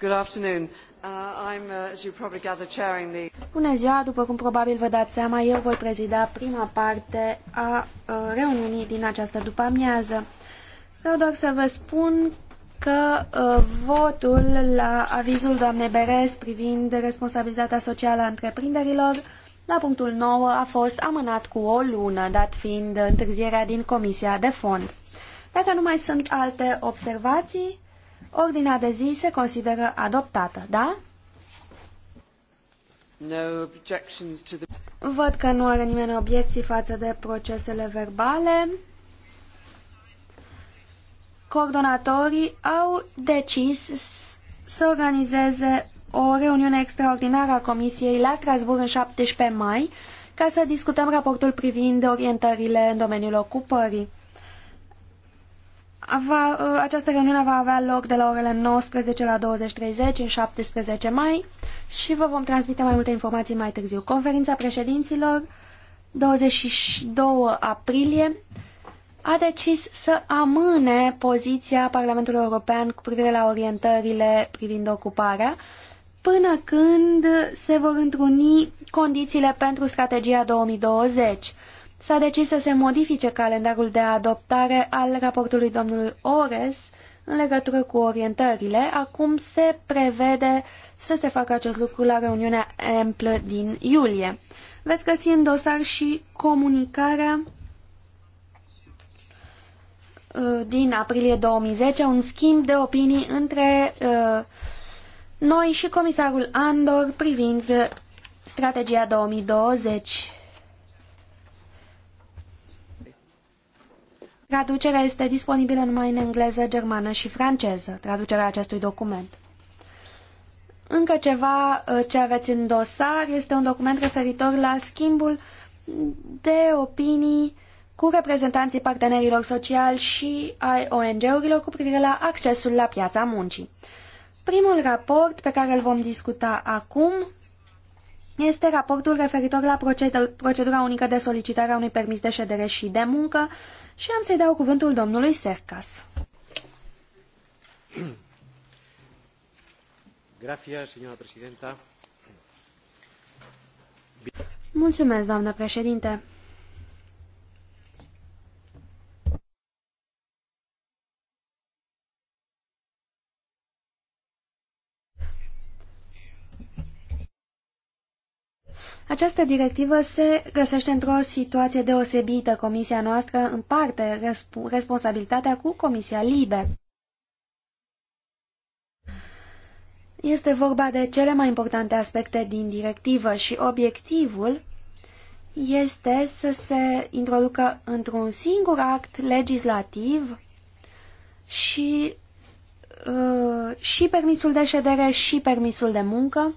Good afternoon. Uh, I'm, uh, as you probably gather, chairing the... Bună ziua! După cum probabil vă dați seama, eu voi prezida prima parte a uh, reuniunii din această după-amiază. Vreau doar să vă spun că uh, votul la avizul doamnei Beres privind responsabilitatea socială a întreprinderilor la punctul 9 a fost amânat cu o lună, dat fiind întârzierea din Comisia de Fond. Dacă nu mai sunt alte observații, Ordinea de zi se consideră adoptată, da? No objections to the... Văd că nu are nimeni obiecții față de procesele verbale. Coordonatorii au decis să organizeze o reuniune extraordinară a Comisiei la Strasbourg în 17 mai ca să discutăm raportul privind orientările în domeniul ocupării va, uh, această reuniune va avea loc de la orele 19 la 20.30 în 17 mai și vă vom transmite mai multe informații mai târziu. Conferința președinților 22 aprilie a decis să amâne poziția Parlamentului European cu privire la orientările privind ocuparea până când se vor întruni condițiile pentru strategia 2020 S-a decis să se modifice calendarul de adoptare al raportului domnului Ores în legătură cu orientările. Acum se prevede să se facă acest lucru la reuniunea amplă din iulie. Veți găsi în dosar și comunicarea uh, din aprilie 2010, un schimb de opinii între uh, noi și comisarul Andor privind strategia 2020 Traducerea este disponibilă numai în engleză, germană și franceză, traducerea acestui document. Încă ceva uh, ce aveți în dosar este un document referitor la schimbul de opinii cu reprezentanții partenerilor sociali și ai ONG-urilor cu privire la accesul la piața muncii. Primul raport pe care îl vom discuta acum este raportul referitor la procedura unică de solicitare a unui permis de ședere și de muncă și am să-i dau cuvântul domnului Sercas. Gracias, señora presidenta. Mulțumesc, doamnă președinte. Această directivă se găsește într-o situație deosebită. Comisia noastră împarte responsabilitatea cu Comisia Libe. Este vorba de cele mai importante aspecte din directivă și obiectivul este să se introducă într-un singur act legislativ și, uh, și permisul de ședere și permisul de muncă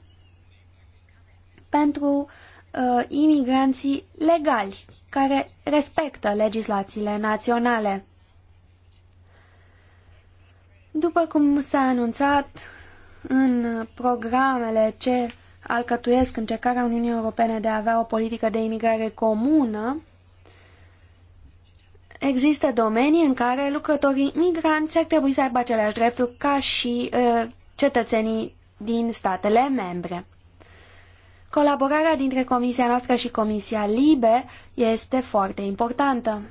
pentru uh, imigranții legali care respectă legislațiile naționale. După cum s-a anunțat în programele ce alcătuiesc încercarea Uniunii Europene de a avea o politică de imigrare comună, există domenii în care lucrătorii migranți ar trebui să aibă aceleași drepturi ca și uh, cetățenii din statele membre. Colaborarea dintre comisia noastră și comisia LIBE este foarte importantă.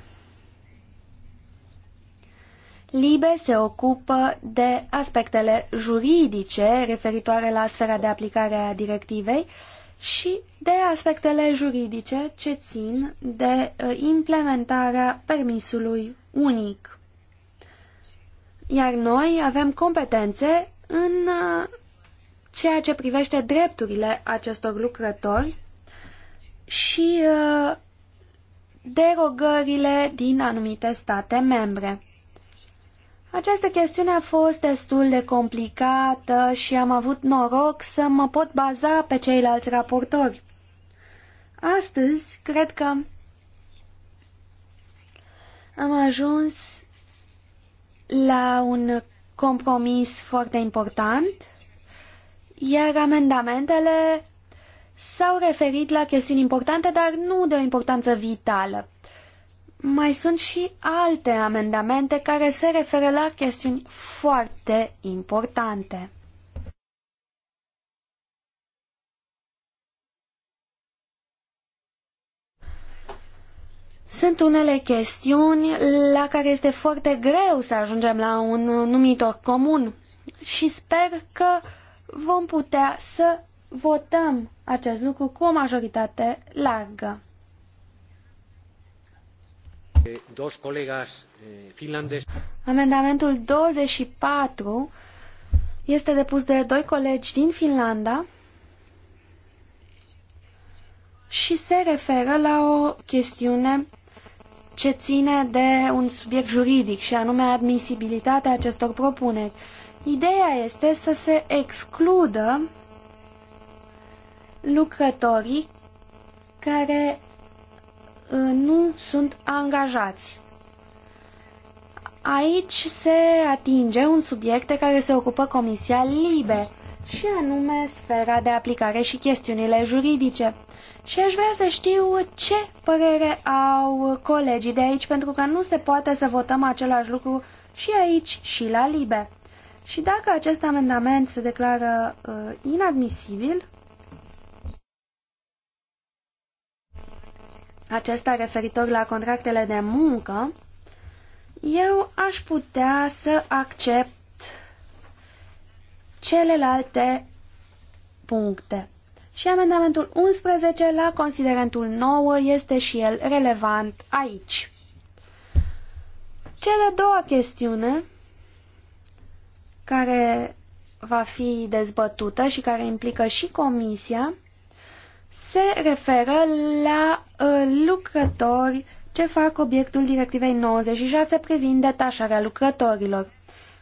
LIBE se ocupă de aspectele juridice referitoare la sfera de aplicare a directivei și de aspectele juridice ce țin de ă, implementarea permisului unic. Iar noi avem competențe în ă, ceea ce privește drepturile acestor lucrători și uh, derogările din anumite state membre. Această chestiune a fost destul de complicată și am avut noroc să mă pot baza pe ceilalți raportori. Astăzi, cred că am ajuns la un compromis foarte important iar amendamentele s-au referit la chestiuni importante, dar nu de o importanță vitală. Mai sunt și alte amendamente care se referă la chestiuni foarte importante. Sunt unele chestiuni la care este foarte greu să ajungem la un numitor comun și sper că vom putea să votăm acest lucru cu o majoritate largă. Dos colegas eh, finlandezi. Amendamentul 24 este depus de doi colegi din Finlanda și se referă la o chestiune ce ține de un subiect juridic și anume admisibilitatea acestor propuneri. Ideea este să se excludă lucrătorii care uh, nu sunt angajați. Aici se atinge un subiect de care se ocupă Comisia Libe, și anume sfera de aplicare și chestiunile juridice. Și aș vrea să știu ce părere au colegii de aici, pentru că nu se poate să votăm același lucru și aici și la Libe. Și dacă acest amendament se declară uh, inadmisibil, acesta referitor la contractele de muncă, eu aș putea să accept celelalte puncte. Și amendamentul 11 la considerentul 9 este și el relevant aici. Cele două chestiune care va fi dezbătută și care implică și Comisia se referă la uh, lucrători ce fac obiectul Directivei 96 privind detașarea lucrătorilor.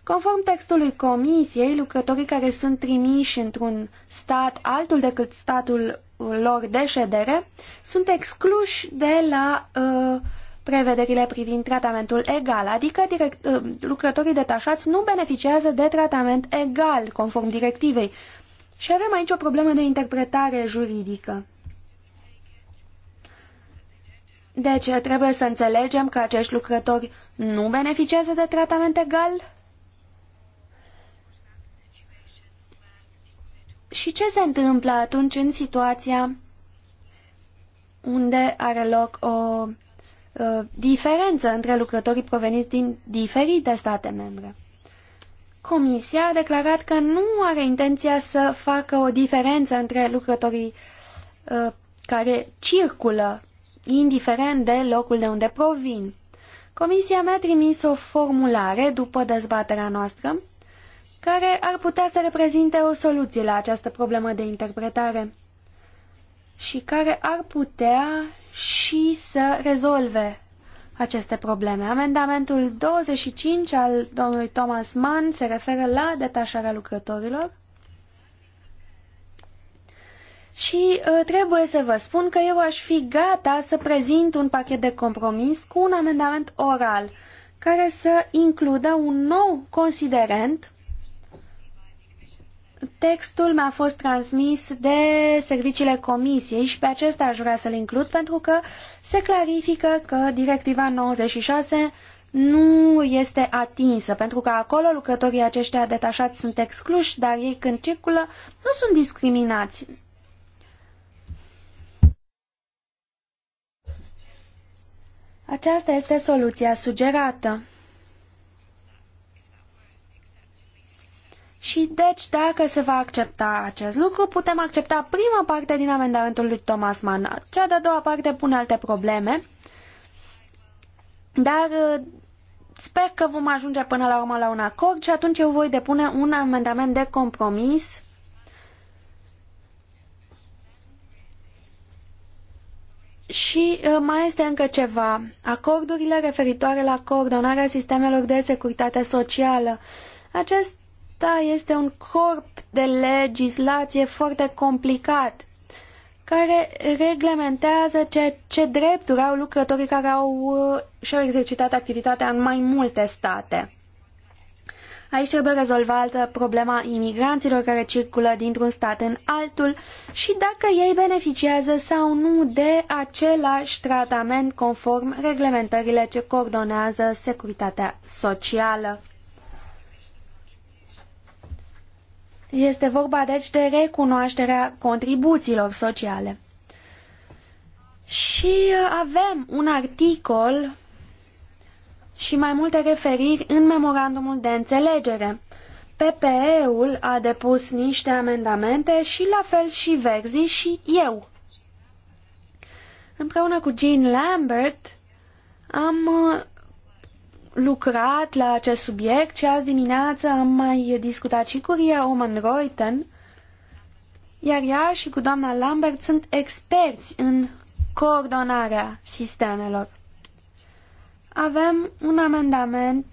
Conform textului Comisiei, lucrătorii care sunt trimiși într-un stat altul decât statul lor de ședere sunt excluși de la uh, Prevederile privind tratamentul egal, adică direct, ă, lucrătorii detașați nu beneficiază de tratament egal, conform directivei. Și avem aici o problemă de interpretare juridică. Deci trebuie să înțelegem că acești lucrători nu beneficiază de tratament egal? Și ce se întâmplă atunci în situația unde are loc o Uh, diferență între lucrătorii proveniți din diferite state membre. Comisia a declarat că nu are intenția să facă o diferență între lucrătorii uh, care circulă, indiferent de locul de unde provin. Comisia mi-a trimis o formulare după dezbaterea noastră care ar putea să reprezinte o soluție la această problemă de interpretare și care ar putea și să rezolve aceste probleme. Amendamentul 25 al domnului Thomas Mann se referă la detașarea lucrătorilor și uh, trebuie să vă spun că eu aș fi gata să prezint un pachet de compromis cu un amendament oral care să includă un nou considerent Textul mi-a fost transmis de serviciile comisiei și pe acesta aș vrea să-l includ pentru că se clarifică că directiva 96 nu este atinsă, pentru că acolo lucrătorii aceștia detașați sunt excluși, dar ei când circulă nu sunt discriminați. Aceasta este soluția sugerată. Și deci, dacă se va accepta acest lucru, putem accepta prima parte din amendamentul lui Thomas Mann. Cea de-a doua parte pune alte probleme, dar uh, sper că vom ajunge până la urmă la un acord și atunci eu voi depune un amendament de compromis Și uh, mai este încă ceva. Acordurile referitoare la coordonarea sistemelor de securitate socială. Acest da, este un corp de legislație foarte complicat care reglementează ce, ce drepturi au lucrătorii care au uh, și-au exercitat activitatea în mai multe state. Aici trebuie rezolvată problema imigranților care circulă dintr-un stat în altul și dacă ei beneficiază sau nu de același tratament conform reglementările ce coordonează securitatea socială. Este vorba deci de recunoașterea contribuțiilor sociale. Și avem un articol și mai multe referiri în memorandumul de înțelegere. PPE-ul a depus niște amendamente și la fel și Verzi și eu. Împreună cu Jean Lambert am lucrat la acest subiect și azi dimineață am mai discutat și cu Ria Oman Reuten, iar ea și cu doamna Lambert sunt experți în coordonarea sistemelor. Avem un amendament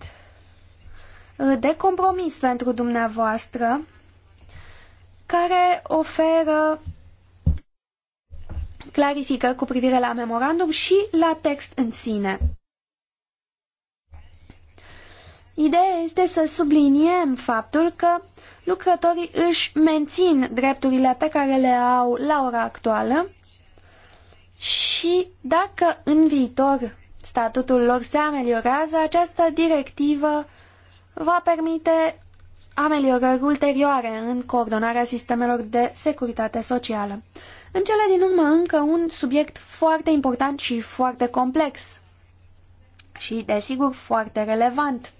uh, de compromis pentru dumneavoastră care oferă clarificări cu privire la memorandum și la text în sine. Ideea este să subliniem faptul că lucrătorii își mențin drepturile pe care le au la ora actuală și dacă în viitor statutul lor se ameliorează, această directivă va permite ameliorări ulterioare în coordonarea sistemelor de securitate socială. În cele din urmă, încă un subiect foarte important și foarte complex și, desigur, foarte relevant.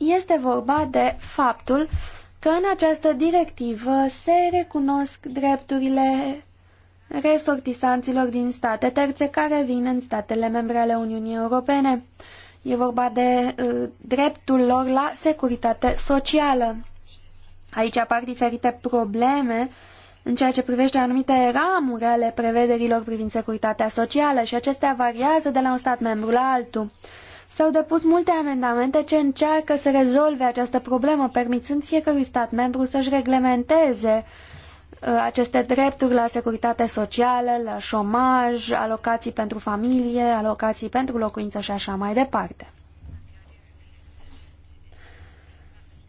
Este vorba de faptul că în această directivă se recunosc drepturile resortisanților din state terțe care vin în statele membre ale Uniunii Europene. E vorba de uh, dreptul lor la securitate socială. Aici apar diferite probleme în ceea ce privește anumite ramuri ale prevederilor privind securitatea socială și acestea variază de la un stat membru la altul. S-au depus multe amendamente ce încearcă să rezolve această problemă, permițând fiecărui stat membru să-și reglementeze uh, aceste drepturi la securitate socială, la șomaj, alocații pentru familie, alocații pentru locuință și așa mai departe.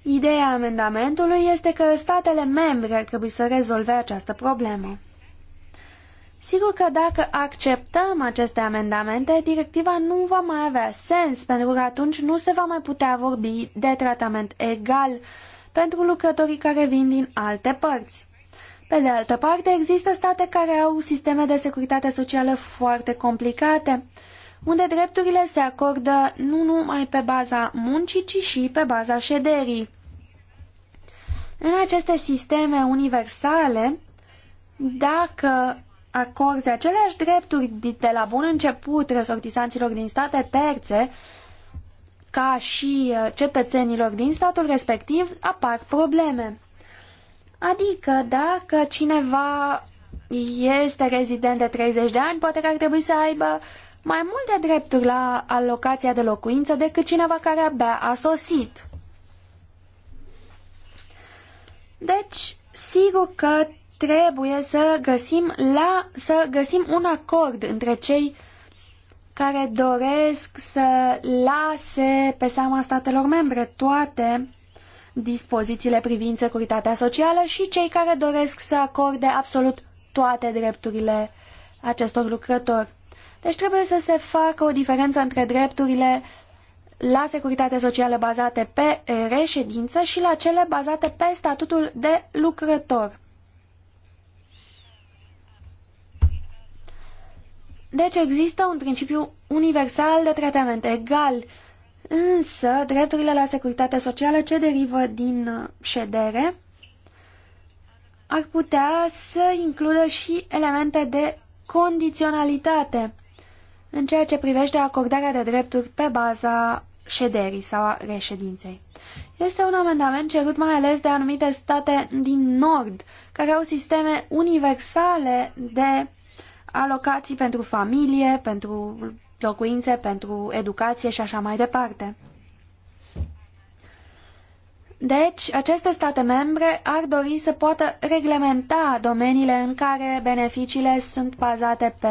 Ideea amendamentului este că statele membre ar trebui să rezolve această problemă. Sigur că dacă acceptăm aceste amendamente, directiva nu va mai avea sens, pentru că atunci nu se va mai putea vorbi de tratament egal pentru lucrătorii care vin din alte părți. Pe de altă parte, există state care au sisteme de securitate socială foarte complicate, unde drepturile se acordă nu numai pe baza muncii, ci și pe baza șederii. În aceste sisteme universale, dacă acorzi aceleași drepturi de la bun început resortisanților din state terțe ca și uh, cetățenilor din statul respectiv, apar probleme. Adică dacă cineva este rezident de 30 de ani, poate că ar trebui să aibă mai multe drepturi la alocația de locuință decât cineva care abia a sosit. Deci, sigur că trebuie să găsim, la, să găsim un acord între cei care doresc să lase pe seama statelor membre toate dispozițiile privind securitatea socială și cei care doresc să acorde absolut toate drepturile acestor lucrători. Deci trebuie să se facă o diferență între drepturile la securitate socială bazate pe reședință și la cele bazate pe statutul de lucrător. Deci există un principiu universal de tratament egal, însă drepturile la securitate socială ce derivă din uh, ședere ar putea să includă și elemente de condiționalitate în ceea ce privește acordarea de drepturi pe baza șederii sau a reședinței. Este un amendament cerut mai ales de anumite state din nord, care au sisteme universale de alocații pentru familie, pentru locuințe, pentru educație și așa mai departe. Deci, aceste state membre ar dori să poată reglementa domeniile în care beneficiile sunt bazate pe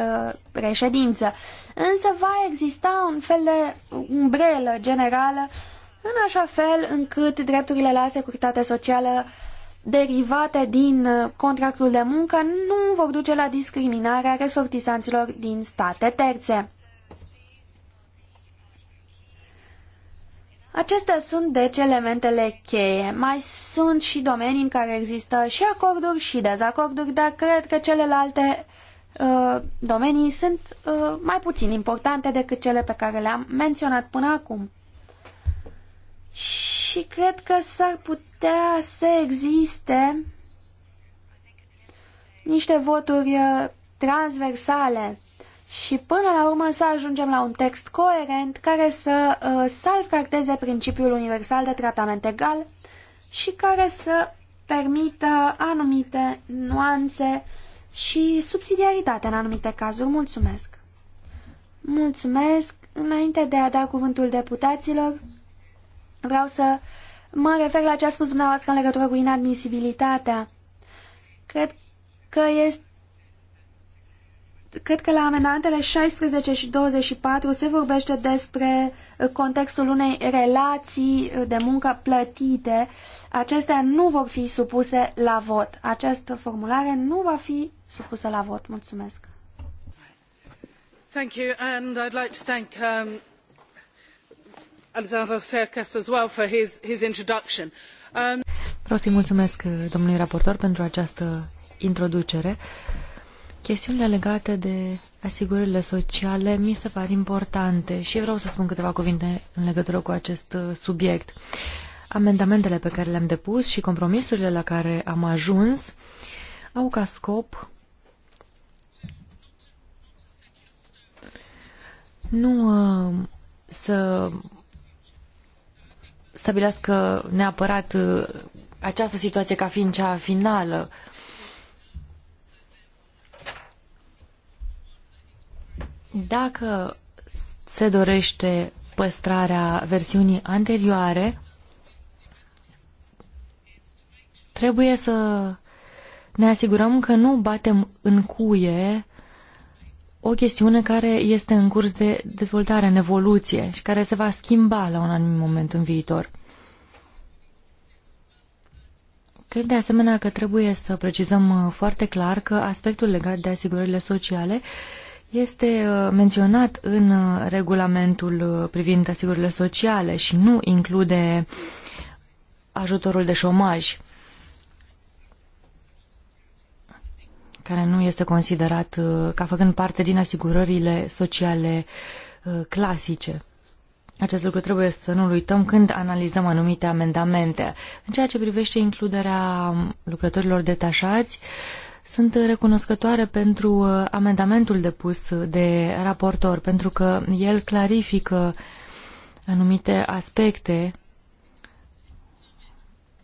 uh, reședință. Însă va exista un fel de umbrelă generală în așa fel încât drepturile la securitate socială derivate din uh, contractul de muncă nu vor duce la discriminarea resortisanților din state terțe. Acestea sunt deci elementele cheie. Mai sunt și domenii în care există și acorduri și dezacorduri, dar cred că celelalte uh, domenii sunt uh, mai puțin importante decât cele pe care le-am menționat până acum și cred că s-ar putea să existe niște voturi uh, transversale și până la urmă să ajungem la un text coerent care să uh, salvgardeze principiul universal de tratament egal și care să permită anumite nuanțe și subsidiaritate în anumite cazuri. Mulțumesc! Mulțumesc! Înainte de a da cuvântul deputaților, Vreau să mă refer la ce a spus dumneavoastră în legătură cu inadmisibilitatea. Cred că este Cred că la amendamentele 16 și 24 se vorbește despre contextul unei relații de muncă plătite. Acestea nu vor fi supuse la vot. Această formulare nu va fi supusă la vot. Mulțumesc! Thank you and I'd like to thank um, alexandru cercas as well for his, his introduction. Um... Vreau să-i mulțumesc uh, domnului raportor pentru această introducere. Chestiunile legate de asigurările sociale mi se par importante și vreau să spun câteva cuvinte în legătură cu acest uh, subiect. Amendamentele pe care le-am depus și compromisurile la care am ajuns au ca scop nu uh, să stabilească neapărat uh, această situație ca fiind cea finală. Dacă se dorește păstrarea versiunii anterioare, trebuie să ne asigurăm că nu batem în cuie o chestiune care este în curs de dezvoltare, în evoluție și care se va schimba la un anumit moment în viitor. Cred de asemenea că trebuie să precizăm uh, foarte clar că aspectul legat de asigurările sociale este uh, menționat în uh, regulamentul privind asigurările sociale și nu include ajutorul de șomaj. care nu este considerat uh, ca făcând parte din asigurările sociale uh, clasice. Acest lucru trebuie să nu-l uităm când analizăm anumite amendamente. În ceea ce privește includerea um, lucrătorilor detașați, sunt recunoscătoare pentru uh, amendamentul depus de raportor, pentru că el clarifică anumite aspecte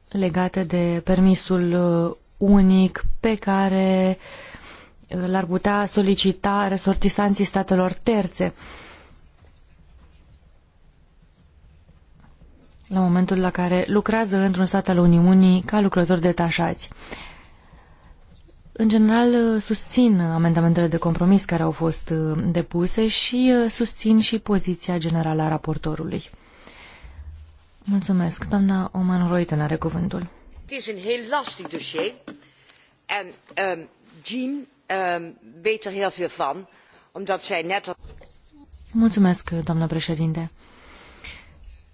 legate de permisul unic pe care uh, l-ar putea solicita resortisanții statelor terțe. la momentul la care lucrează într-un stat al Uniunii ca lucrători detașați. În general, uh, susțin amendamentele de compromis care au fost uh, depuse și susțin și poziția generală a raportorului. Mulțumesc. Doamna Oman Roiten are cuvântul. Het is een heel lastig dossier. En ehm, Jean ehm, weet er heel veel van, omdat zij net... Al... Mulțumesc, doamnă președinte.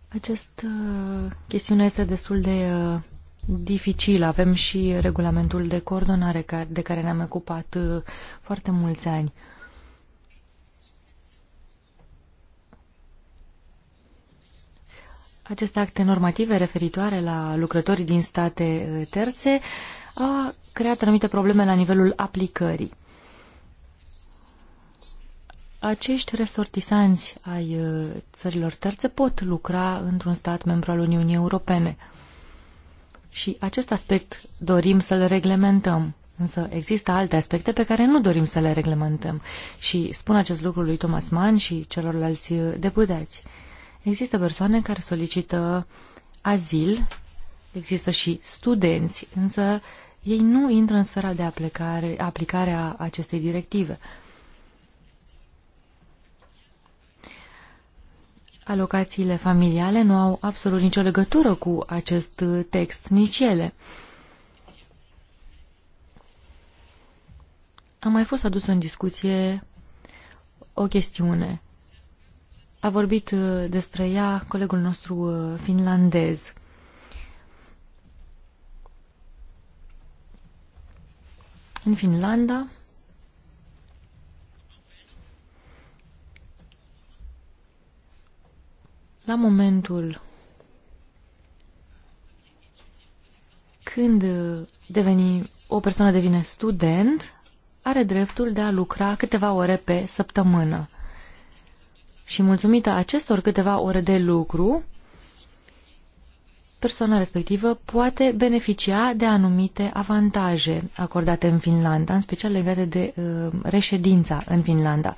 Această uh, chestiune este destul de uh, dificilă. Avem și regulamentul de coordonare de care ne-am ocupat uh, foarte mulți ani. aceste acte normative referitoare la lucrătorii din state uh, terțe a creat anumite probleme la nivelul aplicării. Acești resortisanți ai uh, țărilor terțe pot lucra într-un stat membru al Uniunii Europene. Și acest aspect dorim să-l reglementăm. Însă există alte aspecte pe care nu dorim să le reglementăm. Și spun acest lucru lui Thomas Mann și celorlalți uh, deputați. Există persoane care solicită azil, există și studenți, însă ei nu intră în sfera de aplicare, aplicare a acestei directive. Alocațiile familiale nu au absolut nicio legătură cu acest text, nici ele. A mai fost adusă în discuție o chestiune a vorbit uh, despre ea colegul nostru uh, finlandez. În Finlanda la momentul când uh, deveni, o persoană devine student, are dreptul de a lucra câteva ore pe săptămână. Și mulțumită acestor câteva ore de lucru, persoana respectivă poate beneficia de anumite avantaje acordate în Finlanda, în special legate de uh, reședința în Finlanda.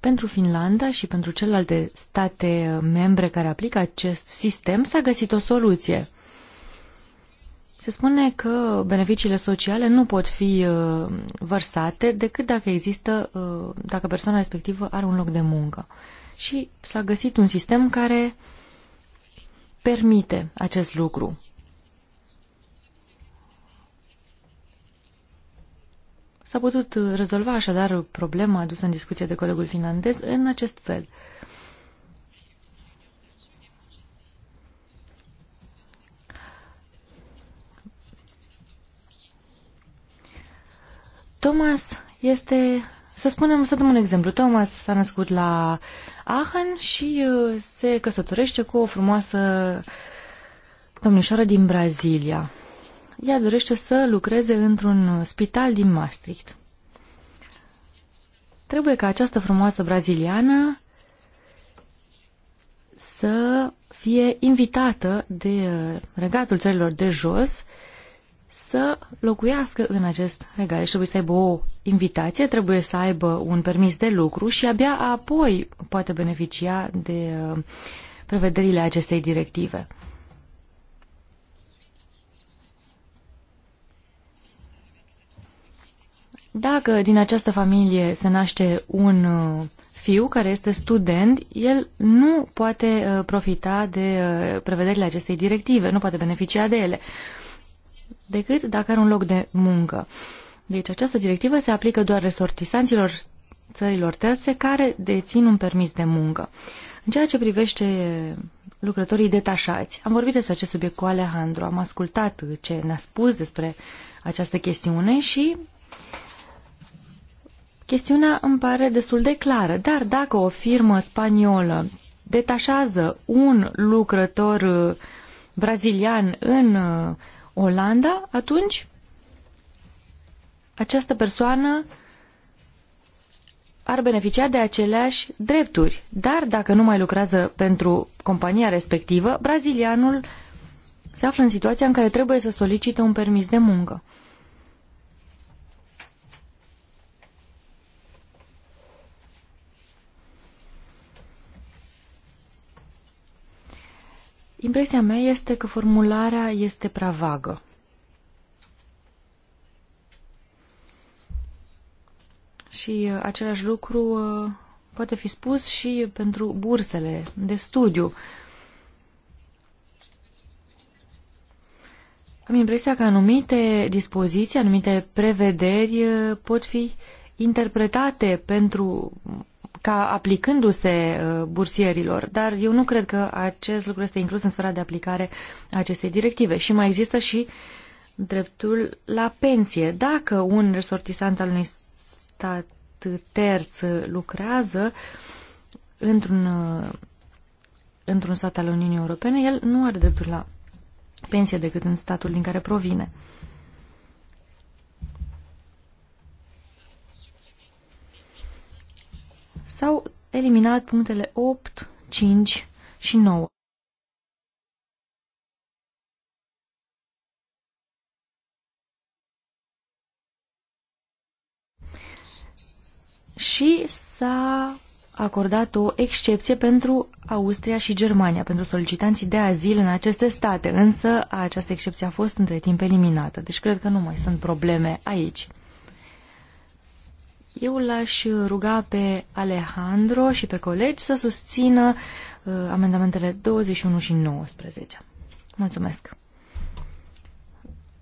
Pentru Finlanda și pentru celelalte state membre care aplică acest sistem s-a găsit o soluție. Se spune că beneficiile sociale nu pot fi uh, vărsate decât dacă există, uh, dacă persoana respectivă are un loc de muncă. Și s-a găsit un sistem care permite acest lucru. S-a putut rezolva așadar problema adusă în discuție de colegul finlandez în acest fel. Uh, Thomas este, să spunem, să dăm un exemplu. Thomas s-a născut la Aachen și uh, se căsătorește cu o frumoasă domnișoară din Brazilia. Ea dorește să lucreze într-un spital din Maastricht. Trebuie ca această frumoasă braziliană să fie invitată de uh, regatul țărilor de jos să locuiască în acest regal. Și deci trebuie să aibă o invitație, trebuie să aibă un permis de lucru și abia apoi poate beneficia de uh, prevederile acestei directive. Dacă din această familie se naște un uh, fiu care este student, el nu poate uh, profita de prevederile acestei directive, nu poate beneficia de ele decât dacă are un loc de muncă. Deci această directivă se aplică doar resortisanților țărilor terțe care dețin un permis de muncă. În ceea ce privește lucrătorii detașați, am vorbit despre acest subiect cu Alejandro, am ascultat ce ne-a spus despre această chestiune și chestiunea îmi pare destul de clară. Dar dacă o firmă spaniolă detașează un lucrător uh, brazilian în uh, Olanda, atunci această persoană ar beneficia de aceleași drepturi. Dar dacă nu mai lucrează pentru compania respectivă, brazilianul se află în situația în care trebuie să solicite un permis de muncă. Impresia mea este că formularea este prea vagă. Și uh, același lucru uh, poate fi spus și pentru bursele de studiu. Am impresia că anumite dispoziții, anumite prevederi uh, pot fi interpretate pentru ca aplicându-se uh, bursierilor, dar eu nu cred că acest lucru este inclus în sfera de aplicare a acestei directive. Și mai există și dreptul la pensie. Dacă un resortisant al unui stat terț lucrează într-un uh, într-un stat al Uniunii Europene, el nu are dreptul la pensie decât în statul din care provine. S-au eliminat punctele 8, 5 și 9. Și s-a acordat o excepție pentru Austria și Germania, pentru solicitanții de azil în aceste state, însă această excepție a fost între timp eliminată, deci cred că nu mai sunt probleme aici. Eu l-aș ruga pe Alejandro și pe colegi să susțină uh, amendamentele 21 și 19. Mulțumesc.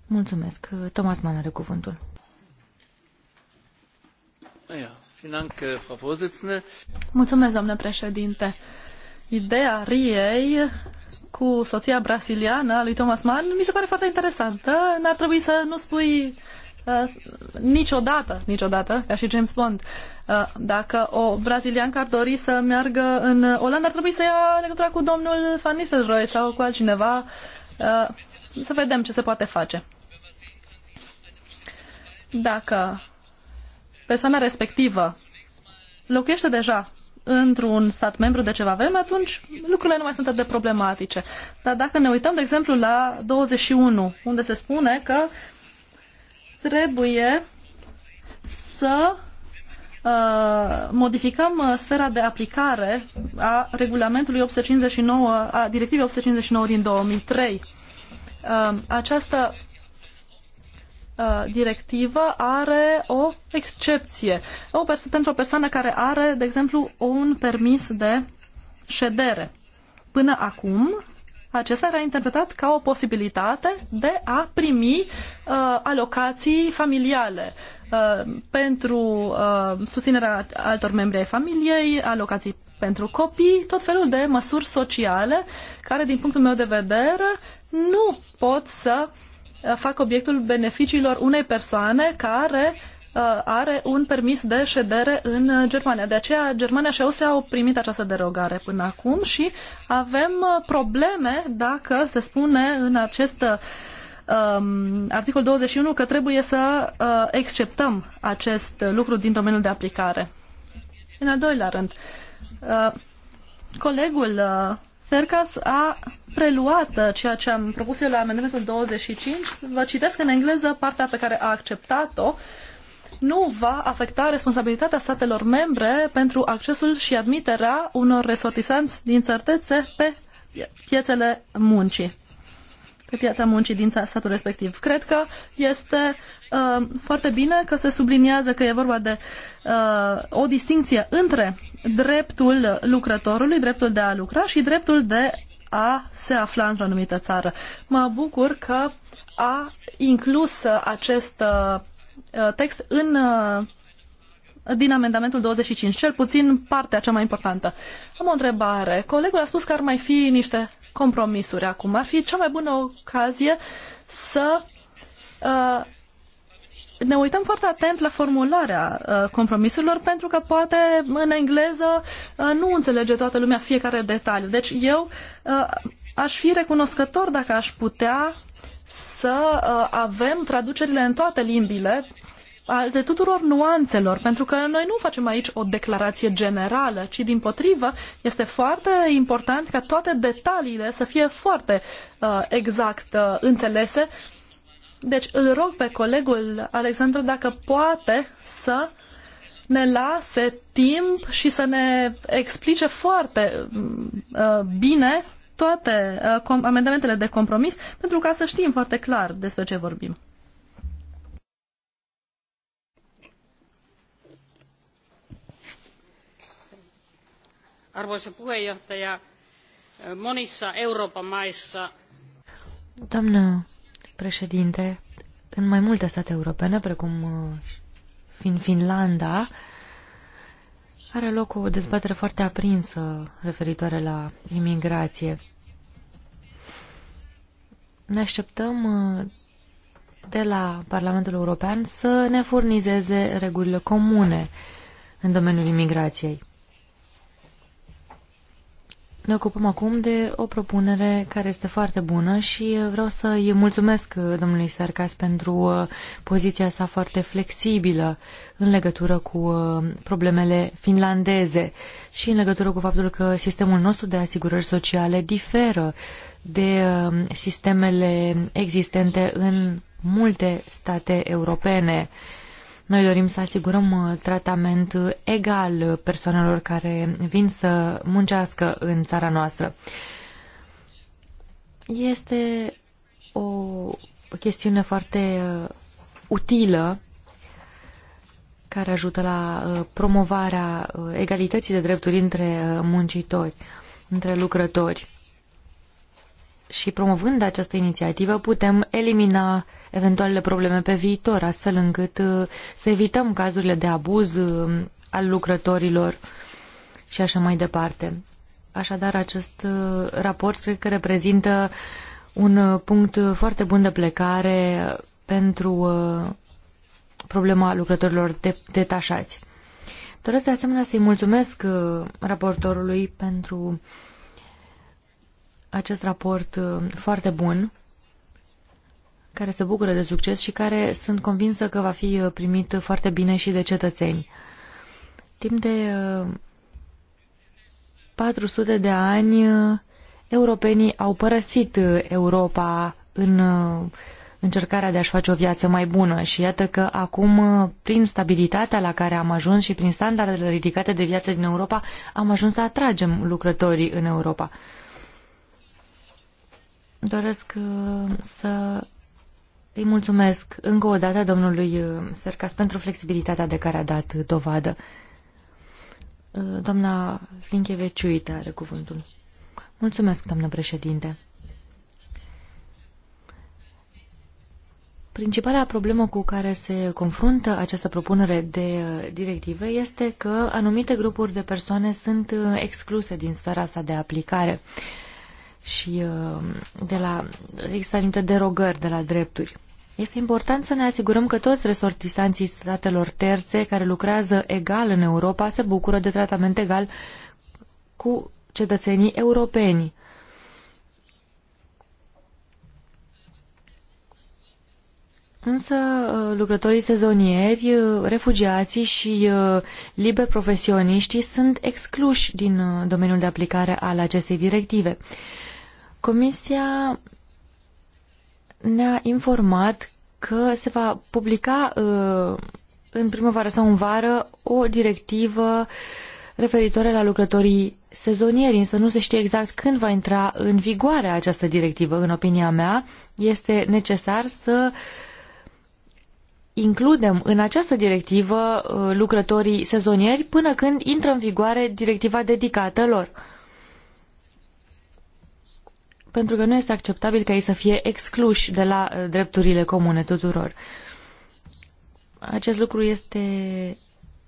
Mulțumesc. Thomas Mann are cuvântul. Äh, Mulțumesc, doamnă președinte. Ideea Riei cu soția brasiliană a lui Thomas Mann mi se pare foarte interesantă. N-ar trebui să nu spui Uh, niciodată, niciodată, ca și James Bond, uh, dacă o braziliancă ar dori să meargă în Olanda, ar trebui să ia legătura cu domnul Van Nistelrooy sau cu altcineva. Uh, să vedem ce se poate face. Dacă persoana respectivă locuiește deja într-un stat membru de ceva vreme, atunci lucrurile nu mai sunt atât de problematice. Dar dacă ne uităm, de exemplu, la 21, unde se spune că trebuie să uh, modificăm uh, sfera de aplicare a regulamentului 859, a directivei 859 din 2003. Uh, această uh, directivă are o excepție. O pentru o persoană care are, de exemplu, un permis de ședere. Până acum, acesta era interpretat ca o posibilitate de a primi uh, alocații familiale uh, pentru uh, susținerea altor membri ai familiei, alocații pentru copii, tot felul de măsuri sociale care, din punctul meu de vedere, nu pot să uh, fac obiectul beneficiilor unei persoane care uh, Uh, are un permis de ședere în uh, Germania. De aceea Germania și Austria au primit această derogare până acum și avem uh, probleme dacă se spune în acest um, articol 21 că trebuie să uh, exceptăm acest lucru din domeniul de aplicare. În al doilea rând, uh, colegul uh, Fercas a preluat ceea ce am propus eu la amendamentul 25. Vă citesc în engleză partea pe care a acceptat-o. Uh, nu va afecta responsabilitatea statelor membre pentru accesul și admiterea unor resortisanți din țărtețe pe piețele muncii pe piața muncii din statul respectiv. Cred că este uh, foarte bine că se subliniază că e vorba de uh, o distinție între dreptul lucrătorului, dreptul de a lucra și dreptul de a se afla într-o anumită țară. Mă bucur că a inclus acest uh, Uh, text în, uh, din amendamentul 25, cel puțin partea cea mai importantă. Am o întrebare. Colegul a spus că ar mai fi niște compromisuri acum. Ar fi cea mai bună ocazie să uh, ne uităm foarte atent la formularea uh, compromisurilor pentru că poate în engleză uh, nu înțelege toată lumea fiecare detaliu. Deci eu uh, aș fi recunoscător dacă aș putea să uh, avem traducerile în toate limbile ale tuturor nuanțelor, pentru că noi nu facem aici o declarație generală, ci din potrivă este foarte important ca toate detaliile să fie foarte uh, exact uh, înțelese. Deci îl rog pe colegul Alexandru dacă poate să ne lase timp și să ne explice foarte mm, uh, bine toate uh, amendamentele de compromis, pentru ca să știm foarte clar despre ce vorbim. Arvoisa puheenjohtaja, monissa Euroopan maissa... Doamnă președinte, în mai multe state europene, precum uh, fiind Finlanda, are loc o dezbatere foarte aprinsă referitoare la imigrație. Ne așteptăm uh, de la Parlamentul European să ne furnizeze regulile comune în domeniul imigrației. Ne ocupăm acum de o propunere care este foarte bună și vreau să îi mulțumesc domnului Sarcas pentru uh, poziția sa foarte flexibilă în legătură cu uh, problemele finlandeze și în legătură cu faptul că sistemul nostru de asigurări sociale diferă de uh, sistemele existente în multe state europene. Uh, noi dorim să asigurăm uh, tratament uh, egal uh, persoanelor care vin să muncească în țara noastră. Este o chestiune foarte utilă care ajută la promovarea egalității de drepturi între muncitori, între lucrători. Și promovând această inițiativă putem elimina eventualele probleme pe viitor, astfel încât uh, să evităm cazurile de abuz uh, al lucrătorilor și așa mai departe. Așadar, acest uh, raport cred că reprezintă un punct foarte bun de plecare pentru problema lucrătorilor detașați. Doresc de asemenea să-i mulțumesc raportorului pentru acest raport foarte bun care se bucură de succes și care sunt convinsă că va fi uh, primit foarte bine și de cetățeni. Timp de 400 uh, de ani, uh, europenii au părăsit Europa în încercarea de a-și face o viață mai bună și iată că acum, prin stabilitatea la care am ajuns și prin standardele ridicate de viață din Europa, am ajuns să atragem lucrătorii în Europa doresc să îi mulțumesc încă o dată domnului uh, Sercas pentru flexibilitatea de care a dat dovadă. Uh, doamna Flincheveciuită are cuvântul. Mulțumesc, doamnă președinte. Principala problemă cu care se confruntă această propunere de uh, directive este că anumite grupuri de persoane sunt excluse din sfera sa de aplicare și de la, există anumite derogări de la drepturi. Este important să ne asigurăm că toți resortisanții statelor terțe care lucrează egal în Europa se bucură de tratament egal cu cetățenii europeni. Însă lucrătorii sezonieri, refugiații și uh, liber profesioniștii sunt excluși din uh, domeniul de aplicare al acestei directive. Comisia ne-a informat că se va publica uh, în primăvară sau în vară o directivă referitoare la lucrătorii sezonieri, însă nu se știe exact când va intra în vigoare această directivă. În opinia mea, este necesar să includem în această directivă uh, lucrătorii sezonieri până când intră în vigoare directiva dedicată lor pentru că nu este acceptabil ca ei să fie excluși de la uh, drepturile comune tuturor. Acest lucru este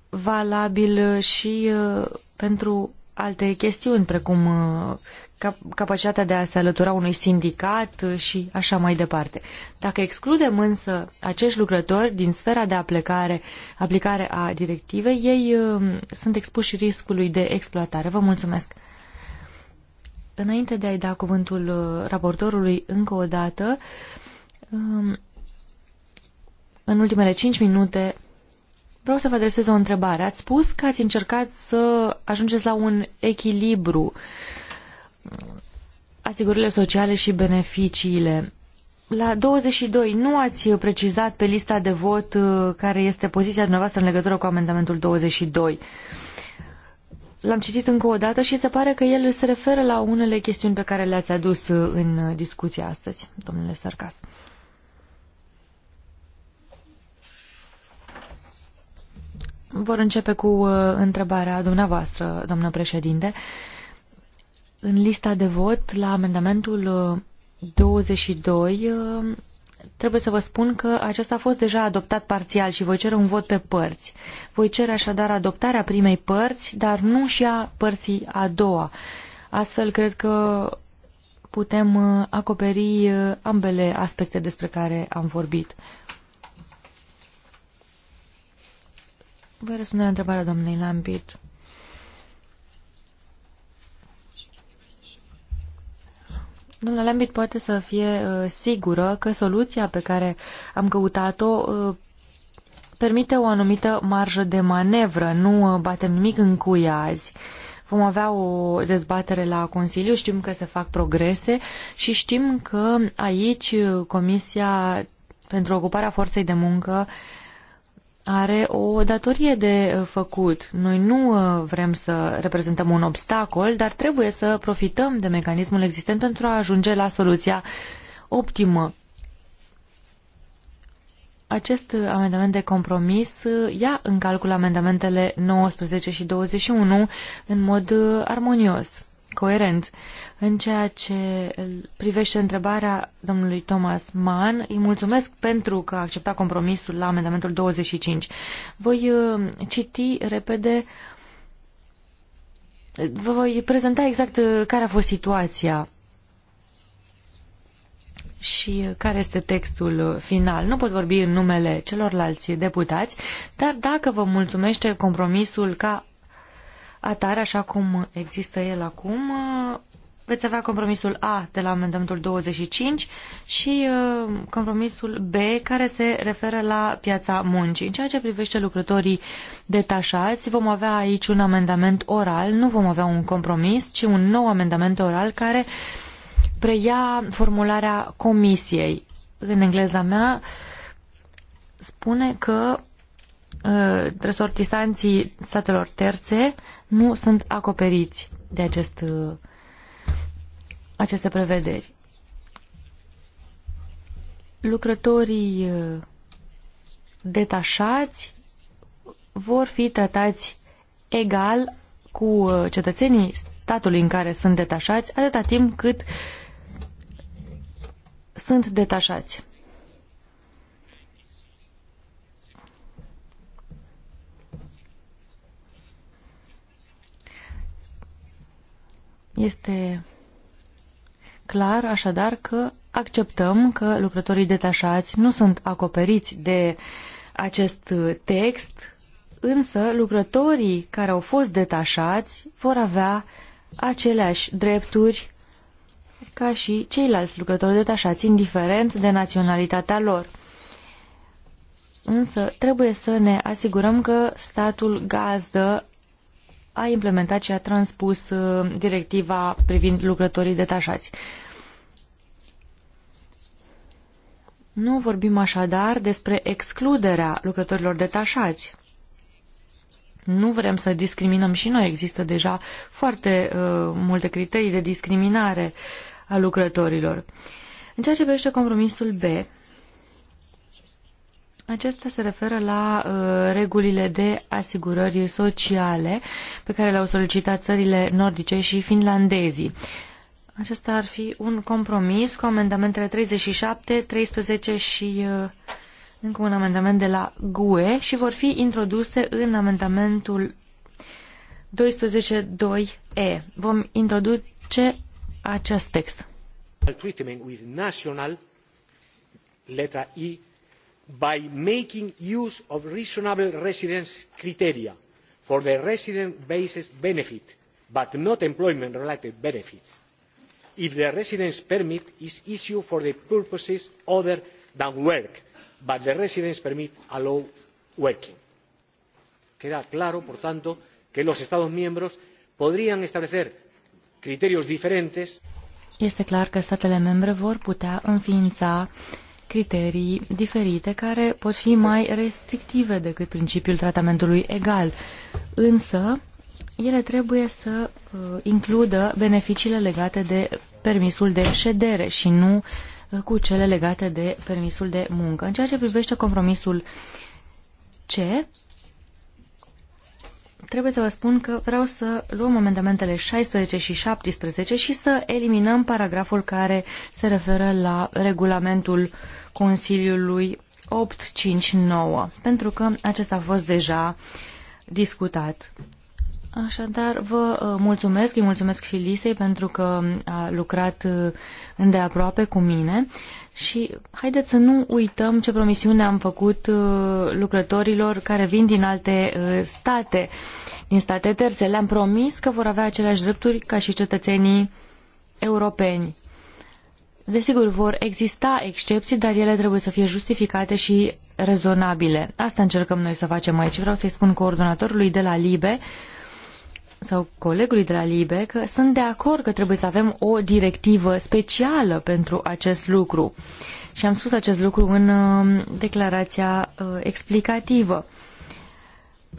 valabil uh, și uh, pentru alte chestiuni, precum capacitatea de a se alătura unui sindicat și așa mai departe. Dacă excludem însă acești lucrători din sfera de aplicare, aplicare a directivei, ei sunt expuși riscului de exploatare. Vă mulțumesc! Înainte de a-i da cuvântul uh, raportorului încă o dată, um, în ultimele 5 minute vreau să vă adresez o întrebare. Ați spus că ați încercat să ajungeți la un echilibru uh, asigurările sociale și beneficiile. La 22 nu ați precizat pe lista de vot uh, care este poziția dumneavoastră în legătură cu amendamentul 22. L-am citit încă o dată și se pare că el se referă la unele chestiuni pe care le-ați adus uh, în discuția astăzi, domnule Sarcas. Vor începe cu uh, întrebarea dumneavoastră, doamnă președinte. În lista de vot, la amendamentul 22, uh, trebuie să vă spun că acesta a fost deja adoptat parțial și voi cere un vot pe părți. Voi cere așadar adoptarea primei părți, dar nu și a părții a doua. Astfel, cred că putem uh, acoperi uh, ambele aspecte despre care am vorbit. Voi răspunde la întrebarea doamnei Lambit. Domnul Lambit poate să fie uh, sigură că soluția pe care am căutat-o uh, permite o anumită marjă de manevră, nu uh, batem nimic în cuie azi. Vom avea o dezbatere la Consiliu, știm că se fac progrese și știm că aici Comisia pentru Ocuparea Forței de Muncă are o datorie de uh, făcut. Noi nu uh, vrem să reprezentăm un obstacol, dar trebuie să profităm de mecanismul existent pentru a ajunge la soluția optimă. Acest uh, amendament de compromis ia în calcul amendamentele 19 și 21 în mod armonios coerent. În ceea ce privește întrebarea domnului Thomas Mann, îi mulțumesc pentru că a acceptat compromisul la amendamentul 25. Voi uh, citi repede Vă voi prezenta exact uh, care a fost situația și uh, care este textul final. Nu pot vorbi în numele celorlalți deputați, dar dacă vă mulțumește compromisul ca atare, așa cum există el acum, veți avea compromisul A de la amendamentul 25 și uh, compromisul B care se referă la piața muncii. În ceea ce privește lucrătorii detașați, vom avea aici un amendament oral, nu vom avea un compromis, ci un nou amendament oral care preia formularea comisiei. În engleza mea spune că uh, resortisanții statelor terțe nu sunt acoperiți de acest, aceste prevederi. Lucrătorii uh, detașați vor fi tratați egal cu uh, cetățenii statului în care sunt detașați, atâta timp cât sunt detașați. Este clar așadar că acceptăm că lucrătorii detașați nu sunt acoperiți de acest text, însă lucrătorii care au fost detașați vor avea aceleași drepturi ca și ceilalți lucrători detașați, indiferent de naționalitatea lor. Însă trebuie să ne asigurăm că statul gazdă a implementat și a transpus uh, directiva privind lucrătorii detașați. Nu vorbim așadar despre excluderea lucrătorilor detașați. Nu vrem să discriminăm și noi. Există deja foarte uh, multe criterii de discriminare a lucrătorilor. În ceea ce privește compromisul B, acesta se referă la uh, regulile de asigurări sociale pe care le-au solicitat țările nordice și finlandezii. Acesta ar fi un compromis cu amendamentele 37, 13 și uh, încă un amendament de la GUE și vor fi introduse în amendamentul 12.2e. Vom introduce acest text. Treatment with national letter I by making use of reasonable residence criteria for the resident based benefit but not employment related benefits if the residence permit is issued for purposes other than work but the residence permit allows working. queda claro por tanto que los estados miembros podrían establecer criterios diferentes este clar că statele membre vor putea înființa criterii diferite care pot fi mai restrictive decât principiul tratamentului egal. Însă, ele trebuie să uh, includă beneficiile legate de permisul de ședere și nu uh, cu cele legate de permisul de muncă. În ceea ce privește compromisul C, trebuie să vă spun că vreau să luăm amendamentele 16 și 17 și să eliminăm paragraful care se referă la regulamentul Consiliului 859, pentru că acesta a fost deja discutat Așadar, vă uh, mulțumesc, îi mulțumesc și Lisei pentru că a lucrat uh, îndeaproape cu mine și haideți să nu uităm ce promisiune am făcut uh, lucrătorilor care vin din alte state, din state terțe. Le-am promis că vor avea aceleași drepturi ca și cetățenii europeni. Desigur, vor exista excepții, dar ele trebuie să fie justificate și rezonabile. Asta încercăm noi să facem aici. Vreau să-i spun coordonatorului de la LIBE sau colegului de la Libe că sunt de acord că trebuie să avem o directivă specială pentru acest lucru. Și am spus acest lucru în uh, declarația uh, explicativă.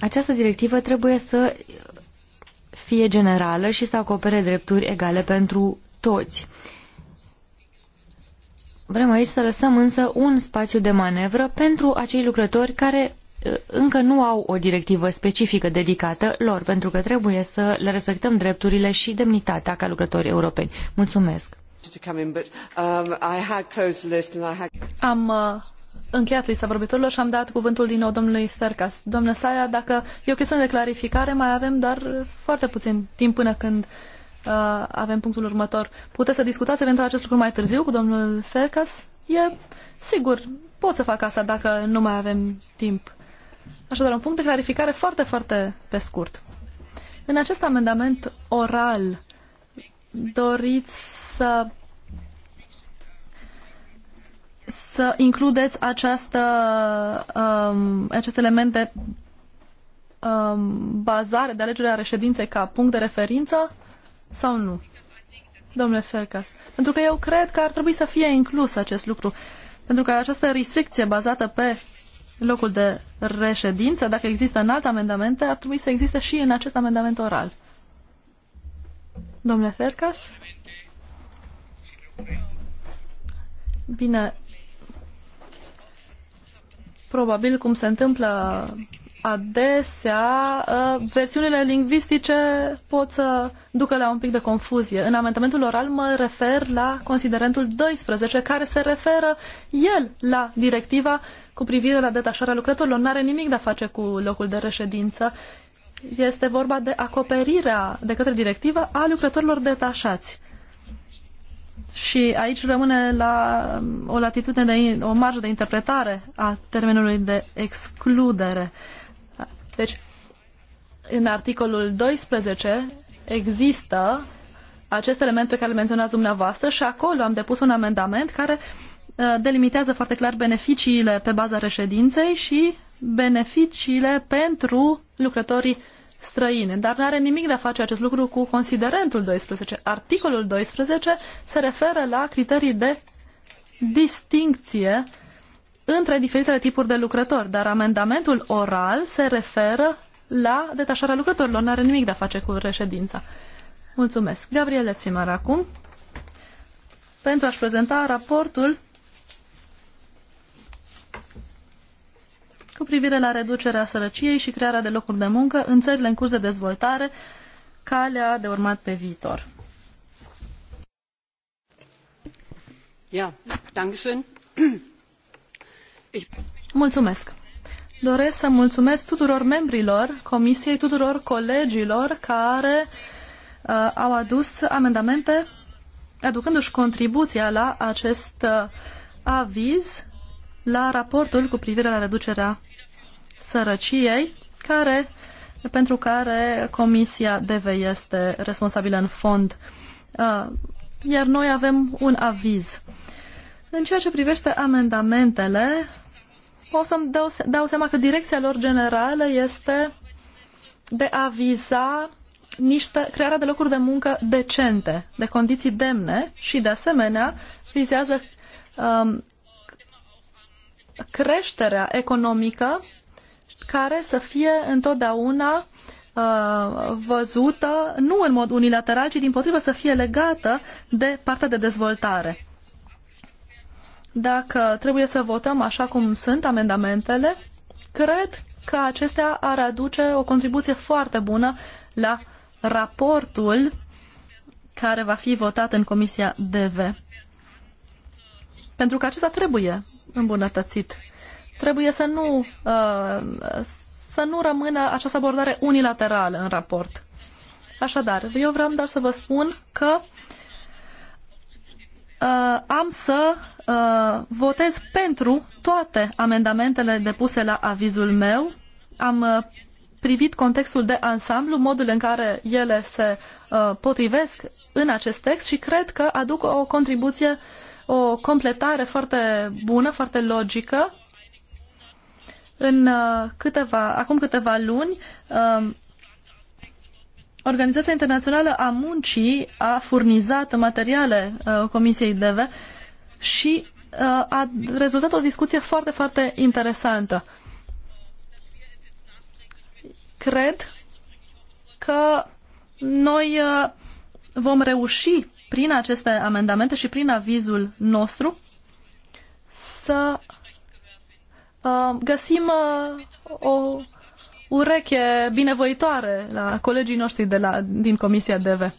Această directivă trebuie să fie generală și să acopere drepturi egale pentru toți. Vrem aici să lăsăm însă un spațiu de manevră pentru acei lucrători care încă nu au o directivă specifică dedicată lor, pentru că trebuie să le respectăm drepturile și demnitatea ca lucrători europeni. Mulțumesc! Um, am uh, încheiat lista vorbitorilor și am dat cuvântul din nou domnului Sercas. Domnule Saia, dacă e o chestiune de clarificare, mai avem doar foarte puțin timp până când uh, avem punctul următor. Puteți să discutați eventual acest lucru mai târziu cu domnul Sercas? E sigur, pot să fac asta dacă nu mai avem timp. Așadar, un punct de clarificare foarte, foarte pe scurt. În acest amendament oral doriți să să includeți această, um, acest element de um, bazare, de alegerea reședinței ca punct de referință sau nu? Domnule Fercas, pentru că eu cred că ar trebui să fie inclus acest lucru, pentru că această restricție bazată pe locul de reședință, dacă există în alte amendamente, ar trebui să existe și în acest amendament oral. Domnule Fercas? Bine, probabil cum se întâmplă adesea, ă, versiunile lingvistice pot să ducă la un pic de confuzie. În amendamentul oral mă refer la considerentul 12, care se referă el la directiva cu privire la detașarea lucrătorilor. N-are nimic de a face cu locul de reședință. Este vorba de acoperirea de către directivă a lucrătorilor detașați. Și aici rămâne la um, o latitudine, de, o marjă de interpretare a termenului de excludere. Deci, în articolul 12 există acest element pe care îl menționați dumneavoastră și acolo am depus un amendament care uh, Uh, delimitează foarte clar beneficiile pe baza reședinței și beneficiile pentru lucrătorii străine, dar nu are nimic de a face acest lucru cu considerentul 12. Articolul 12 se referă la criterii de distincție între diferitele tipuri de lucrători, dar amendamentul oral se referă la detașarea lucrătorilor, nu are nimic de a face cu reședința. Mulțumesc. Gabriele Țimar acum pentru a-și prezenta raportul cu privire la reducerea sărăciei și crearea de locuri de muncă în țările în curs de dezvoltare, calea de urmat pe viitor. Ja, dankeschön. Mulțumesc. Doresc să mulțumesc tuturor membrilor comisiei, tuturor colegilor care uh, au adus amendamente aducându-și contribuția la acest uh, aviz la raportul cu privire la reducerea sărăciei, care, pentru care Comisia DEVE este responsabilă în fond. Uh, iar noi avem un aviz. În ceea ce privește amendamentele, o să-mi dau, se dau seama că direcția lor generală este de a viza niște, crearea de locuri de muncă decente, de condiții demne și, de asemenea, vizează um, creșterea economică care să fie întotdeauna uh, văzută nu în mod unilateral, ci din potrivă să fie legată de partea de dezvoltare. Dacă trebuie să votăm așa cum sunt amendamentele, cred că acestea ar aduce o contribuție foarte bună la raportul care va fi votat în Comisia DV. Pentru că acesta trebuie îmbunătățit trebuie să nu, uh, să nu rămână această abordare unilaterală în raport. Așadar, eu vreau doar să vă spun că uh, am să uh, votez pentru toate amendamentele depuse la avizul meu. Am uh, privit contextul de ansamblu, modul în care ele se uh, potrivesc în acest text și cred că aduc o contribuție, o completare foarte bună, foarte logică în uh, câteva, acum câteva luni, um, Organizația Internațională a Muncii a furnizat materiale uh, Comisiei DEVE și uh, a rezultat o discuție foarte, foarte interesantă. Cred că noi vom reuși prin aceste amendamente și prin avizul nostru să Uh, găsim uh, o ureche binevoitoare la colegii noștri de la, din Comisia DV.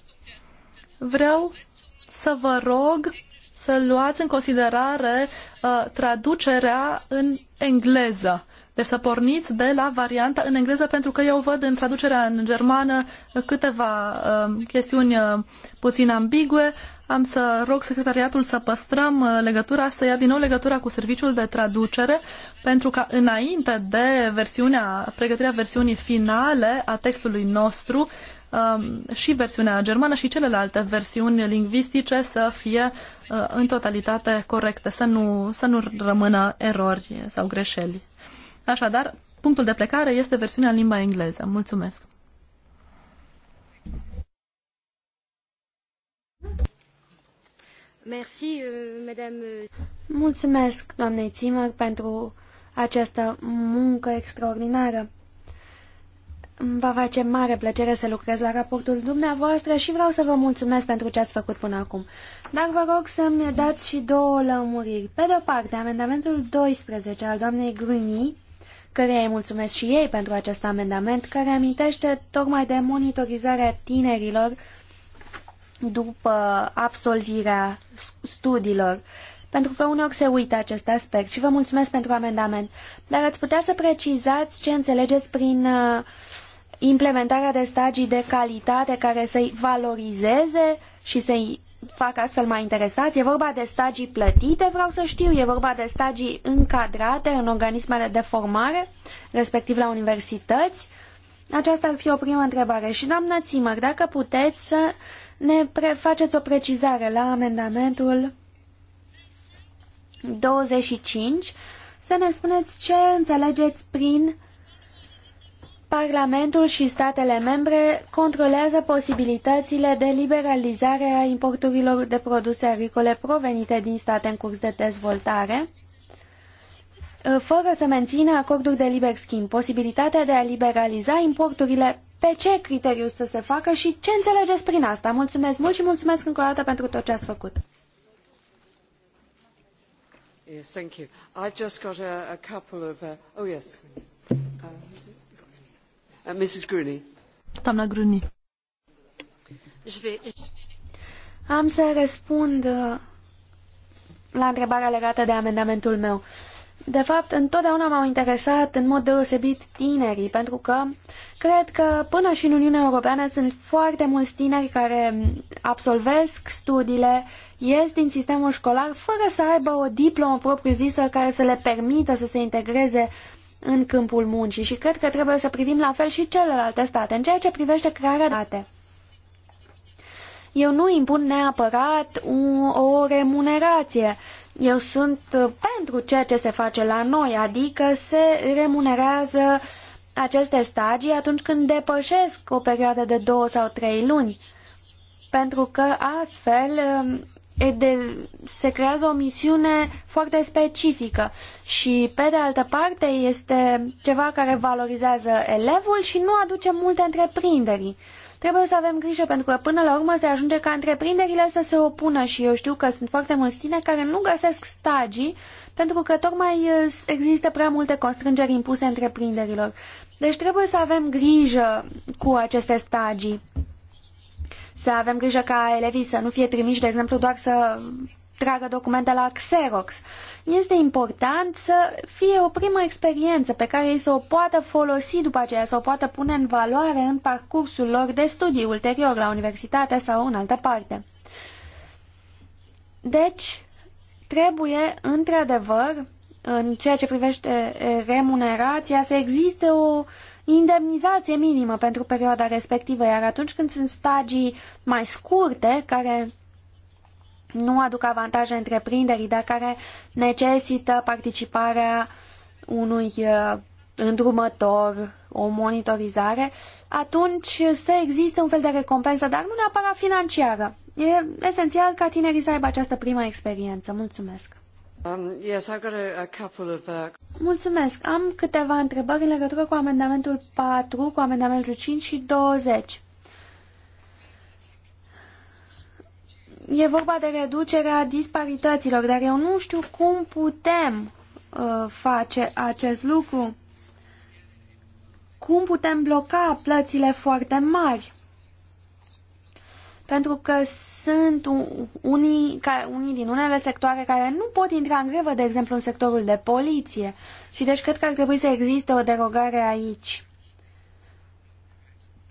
Vreau să vă rog să luați în considerare uh, traducerea în engleză. Deci să porniți de la varianta în engleză, pentru că eu văd în traducerea în germană câteva uh, chestiuni uh, puțin ambigue. Am să rog secretariatul să păstrăm uh, legătura, să ia din nou legătura cu serviciul de traducere, pentru ca înainte de versiunea, pregătirea versiunii finale a textului nostru, um, și versiunea germană și celelalte versiuni lingvistice să fie uh, în totalitate corecte, să nu, să nu rămână erori sau greșeli. Așadar, punctul de plecare este versiunea în limba engleză. Mulțumesc! Euh, euh. Mulțumesc, doamnei Zimmer, pentru această muncă extraordinară. Îmi va face mare plăcere să lucrez la raportul dumneavoastră și vreau să vă mulțumesc pentru ce ați făcut până acum. Dar vă rog să-mi dați și două lămuriri. Pe de-o parte, amendamentul 12 al doamnei Gruni, căreia îi mulțumesc și ei pentru acest amendament, care amintește tocmai de monitorizarea tinerilor după absolvirea studiilor, pentru că uneori se uită acest aspect și vă mulțumesc pentru amendament. Dar ați putea să precizați ce înțelegeți prin uh, implementarea de stagii de calitate care să-i valorizeze și să-i fac astfel mai interesați? E vorba de stagii plătite, vreau să știu, e vorba de stagii încadrate în organismele de formare, respectiv la universități? Aceasta ar fi o primă întrebare. Și doamna Țimăr, dacă puteți să ne faceți o precizare la amendamentul 25 să ne spuneți ce înțelegeți prin Parlamentul și statele membre controlează posibilitățile de liberalizare a importurilor de produse agricole provenite din state în curs de dezvoltare, fără să mențină acorduri de liber schimb, posibilitatea de a liberaliza importurile pe ce criteriu să se facă și ce înțelegeți prin asta. Mulțumesc mult și mulțumesc încă o dată pentru tot ce ați făcut. Yes, thank you. I've just got a, a couple of... Uh, oh, yes. Uh, uh, Mrs. Gruny. Doamna Am să răspund uh, la întrebarea legată de amendamentul meu. De fapt, întotdeauna m-au interesat în mod deosebit tinerii, pentru că cred că până și în Uniunea Europeană sunt foarte mulți tineri care absolvesc studiile, ies din sistemul școlar fără să aibă o diplomă propriu-zisă care să le permită să se integreze în câmpul muncii și cred că trebuie să privim la fel și celelalte state în ceea ce privește crearea date. Eu nu impun neapărat o remunerație, eu sunt uh, pentru ceea ce se face la noi, adică se remunerează aceste stagii atunci când depășesc o perioadă de două sau trei luni, pentru că astfel um, se creează o misiune foarte specifică și, pe de altă parte, este ceva care valorizează elevul și nu aduce multe întreprinderii. Trebuie să avem grijă pentru că până la urmă se ajunge ca întreprinderile să se opună și eu știu că sunt foarte mulți tineri care nu găsesc stagii pentru că tocmai există prea multe constrângeri impuse întreprinderilor. Deci trebuie să avem grijă cu aceste stagii. Să avem grijă ca elevii să nu fie trimiși, de exemplu, doar să tragă documente la Xerox. Este important să fie o primă experiență pe care ei să o poată folosi după aceea, să o poată pune în valoare în parcursul lor de studii ulterior la universitate sau în altă parte. Deci, trebuie, într-adevăr, în ceea ce privește remunerația, să existe o indemnizație minimă pentru perioada respectivă, iar atunci când sunt stagii mai scurte, care nu aduc avantaje întreprinderii, dar care necesită participarea unui uh, îndrumător, o monitorizare, atunci să existe un fel de recompensă, dar nu neapărat financiară. E esențial ca tinerii să aibă această prima experiență. Mulțumesc! Um, yes, a, of, uh... Mulțumesc! Am câteva întrebări în legătură cu amendamentul 4, cu amendamentul 5 și 20. e vorba de reducerea disparităților, dar eu nu știu cum putem uh, face acest lucru. Cum putem bloca plățile foarte mari? Pentru că sunt unii, ca, unii din unele sectoare care nu pot intra în grevă, de exemplu în sectorul de poliție. Și deci cred că ar trebui să existe o derogare aici.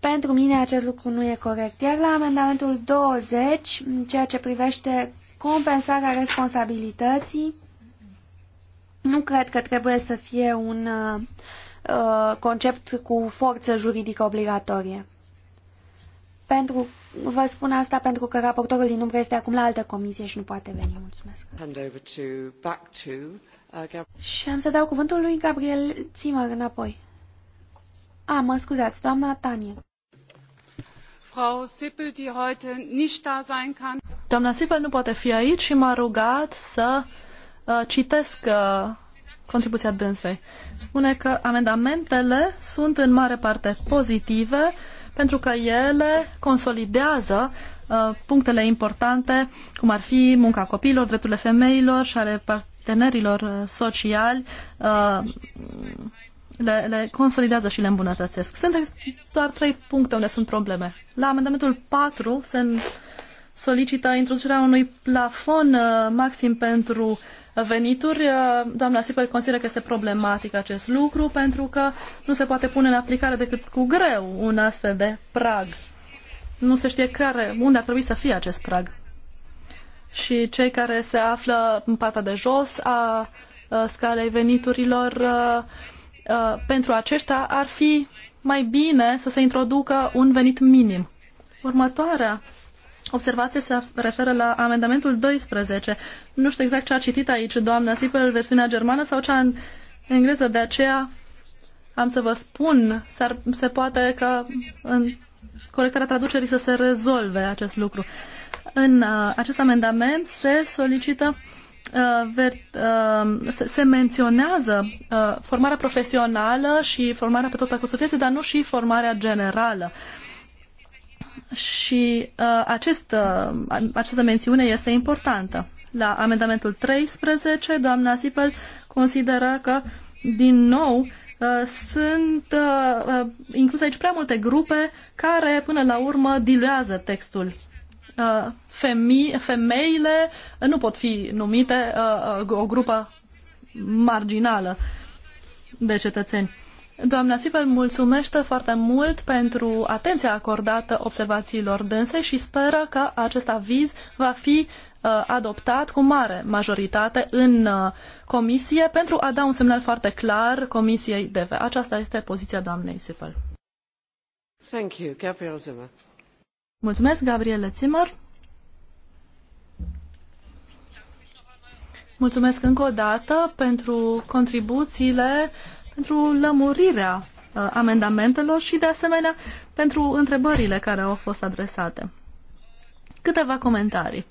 Pentru mine acest lucru nu e corect. Iar la amendamentul 20, în ceea ce privește compensarea responsabilității, nu cred că trebuie să fie un uh, concept cu forță juridică obligatorie. Pentru, vă spun asta pentru că raportorul din umbră este acum la altă comisie și nu poate veni. Mulțumesc. Uh, și am să dau cuvântul lui Gabriel Țimăr înapoi. A, mă scuzați, doamna Tanie. Frau Sippel, die heute nicht da sein kann. Doamna Sippel nu poate fi aici și m-a rugat să uh, citesc uh, contribuția dânsei. Spune că amendamentele sunt în mare parte pozitive pentru că ele consolidează uh, punctele importante, cum ar fi munca copiilor, drepturile femeilor și ale partenerilor uh, sociali, uh, le, le consolidează și le îmbunătățesc. Sunt doar trei puncte unde sunt probleme. La amendamentul 4 se solicită introducerea unui plafon uh, maxim pentru venituri. Uh, doamna Sipel consideră că este problematic acest lucru pentru că nu se poate pune în aplicare decât cu greu un astfel de prag. Nu se știe care, unde ar trebui să fie acest prag. Și cei care se află în partea de jos a uh, scalei veniturilor uh, Uh, pentru aceștia ar fi mai bine să se introducă un venit minim. Următoarea observație se referă la amendamentul 12. Nu știu exact ce a citit aici doamna Sipel, versiunea germană sau cea în engleză, de aceea am să vă spun, se poate că în corectarea traducerii să se rezolve acest lucru. În uh, acest amendament se solicită uh, Uh, uh, se menționează uh, formarea profesională și formarea pe tot parcursul vieții, dar nu și formarea generală. Și uh, acest, uh, această mențiune este importantă. La amendamentul 13, doamna Sipel consideră că, din nou, uh, sunt uh, incluse aici prea multe grupe care, până la urmă, diluează textul Uh, femei, femeile nu pot fi numite uh, uh, o grupă marginală de cetățeni. Doamna Sipel mulțumește foarte mult pentru atenția acordată observațiilor dânse și speră că acest aviz va fi adoptat cu mare majoritate în comisie pentru a da un semnal foarte clar comisiei DV. Aceasta este poziția doamnei Sipel. Thank you, Gabriel Zimmer. Mulțumesc, Gabriele Zimmer. Mulțumesc încă o dată pentru contribuțiile, pentru lămurirea uh, amendamentelor și, de asemenea, pentru întrebările care au fost adresate. Câteva comentarii.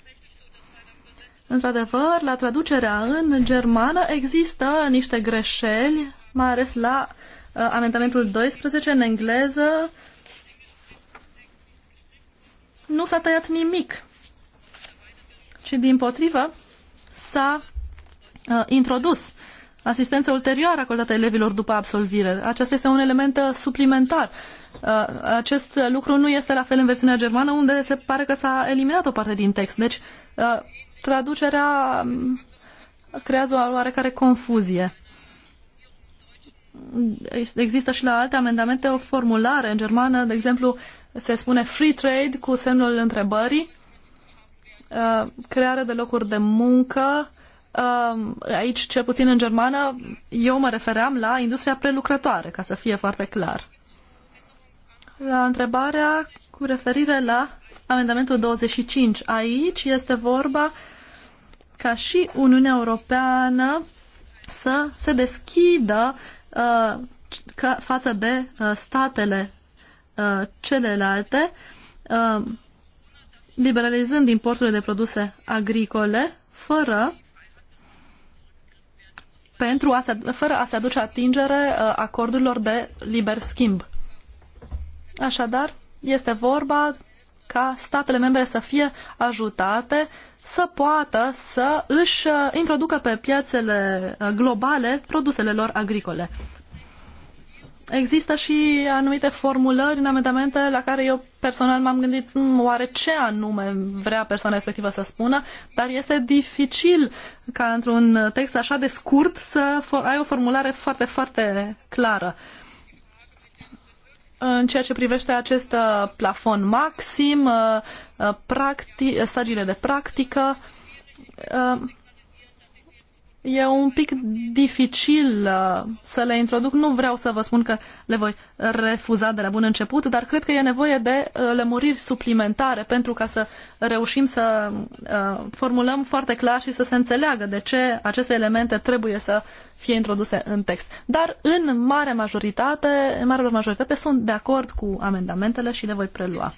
Într-adevăr, la traducerea în germană există niște greșeli, mai ales la uh, amendamentul 12 în engleză nu s-a tăiat nimic, ci din potrivă s-a uh, introdus asistență ulterioară acordată elevilor după absolvire. Acesta este un element uh, suplimentar. Uh, acest lucru nu este la fel în versiunea germană, unde se pare că s-a eliminat o parte din text. Deci, uh, traducerea um, creează o oarecare confuzie. Există și la alte amendamente o formulare în germană, de exemplu, uh, se spune free trade cu semnul întrebării, uh, creare de locuri de muncă, uh, aici cel puțin în germană, eu mă refeream la industria prelucrătoare, ca să fie foarte clar. La întrebarea cu referire la amendamentul 25, aici este vorba ca și Uniunea Europeană să se deschidă uh, ca, față de uh, statele Uh, celelalte, uh, liberalizând importurile de produse agricole, fără pentru a se, fără a se aduce atingere uh, acordurilor de liber schimb. Așadar, este vorba ca statele membre să fie ajutate să poată să își introducă pe piațele globale produsele lor agricole există și anumite formulări în amendamente la care eu personal m-am gândit hmm, oare ce anume vrea persoana respectivă să spună, dar este dificil ca într-un text așa de scurt să ai o formulare foarte, foarte clară. În ceea ce privește acest uh, plafon maxim, uh, uh, stagiile de practică, e un pic dificil uh, să le introduc. Nu vreau să vă spun că le voi refuza de la bun început, dar cred că e nevoie de uh, lămuriri suplimentare pentru ca să reușim să uh, formulăm foarte clar și să se înțeleagă de ce aceste elemente trebuie să fie introduse în text. Dar în mare majoritate, în mare majoritate sunt de acord cu amendamentele și le voi prelua.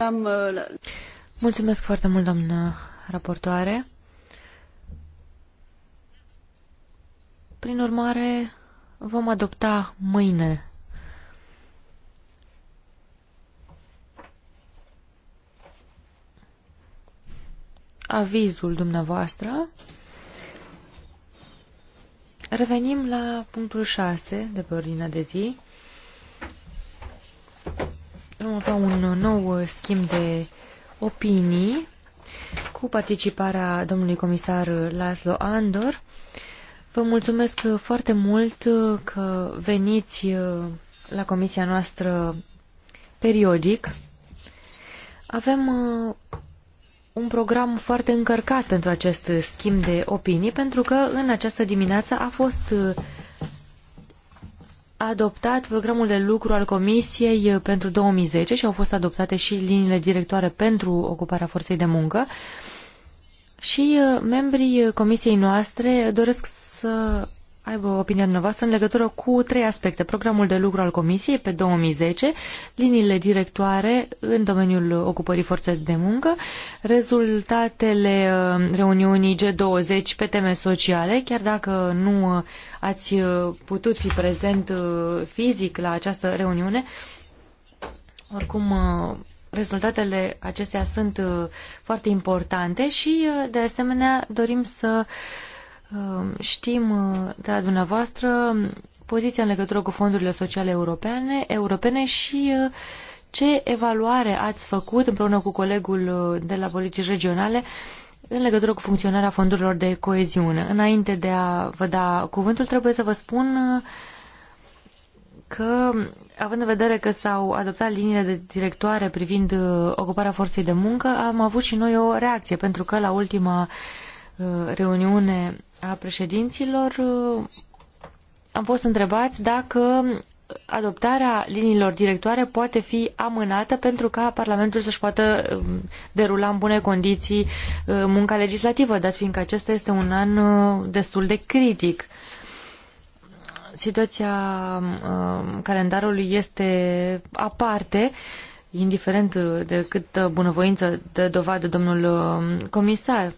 Uh, Mulțumesc foarte mult, doamnă raportoare. Prin urmare, vom adopta mâine avizul dumneavoastră. Revenim la punctul 6 de pe ordinea de zi. Vom avea un nou schimb de opinii cu participarea domnului comisar Laszlo Andor Vă mulțumesc foarte mult că veniți la comisia noastră periodic. Avem uh, un program foarte încărcat pentru acest schimb de opinii, pentru că în această dimineață a fost uh, adoptat programul de lucru al Comisiei uh, pentru 2010 și au fost adoptate și liniile directoare pentru ocuparea forței de muncă. Și membrii comisiei noastre doresc să aibă opinia dumneavoastră în legătură cu trei aspecte. Programul de lucru al Comisiei pe 2010, liniile directoare în domeniul ocupării forței de muncă, rezultatele uh, reuniunii G20 pe teme sociale, chiar dacă nu uh, ați uh, putut fi prezent fizic la această reuniune, oricum rezultatele acestea sunt foarte importante și de asemenea dorim să Um, știm uh, de la dumneavoastră poziția în legătură cu fondurile sociale europene, europene și uh, ce evaluare ați făcut împreună cu colegul uh, de la politici regionale în legătură cu funcționarea fondurilor de coeziune. Înainte de a vă da cuvântul, trebuie să vă spun că, având în vedere că s-au adoptat liniile de directoare privind ocuparea forței de muncă, am avut și noi o reacție, pentru că la ultima uh, Uh, reuniune a președinților, uh, am fost întrebați dacă adoptarea liniilor directoare poate fi amânată pentru ca Parlamentul să-și poată um, derula în bune condiții uh, munca legislativă, dat fiindcă acesta este un an destul de critic. Situația um, calendarului este aparte, indiferent de cât bunăvoință de dovadă domnul um, comisar.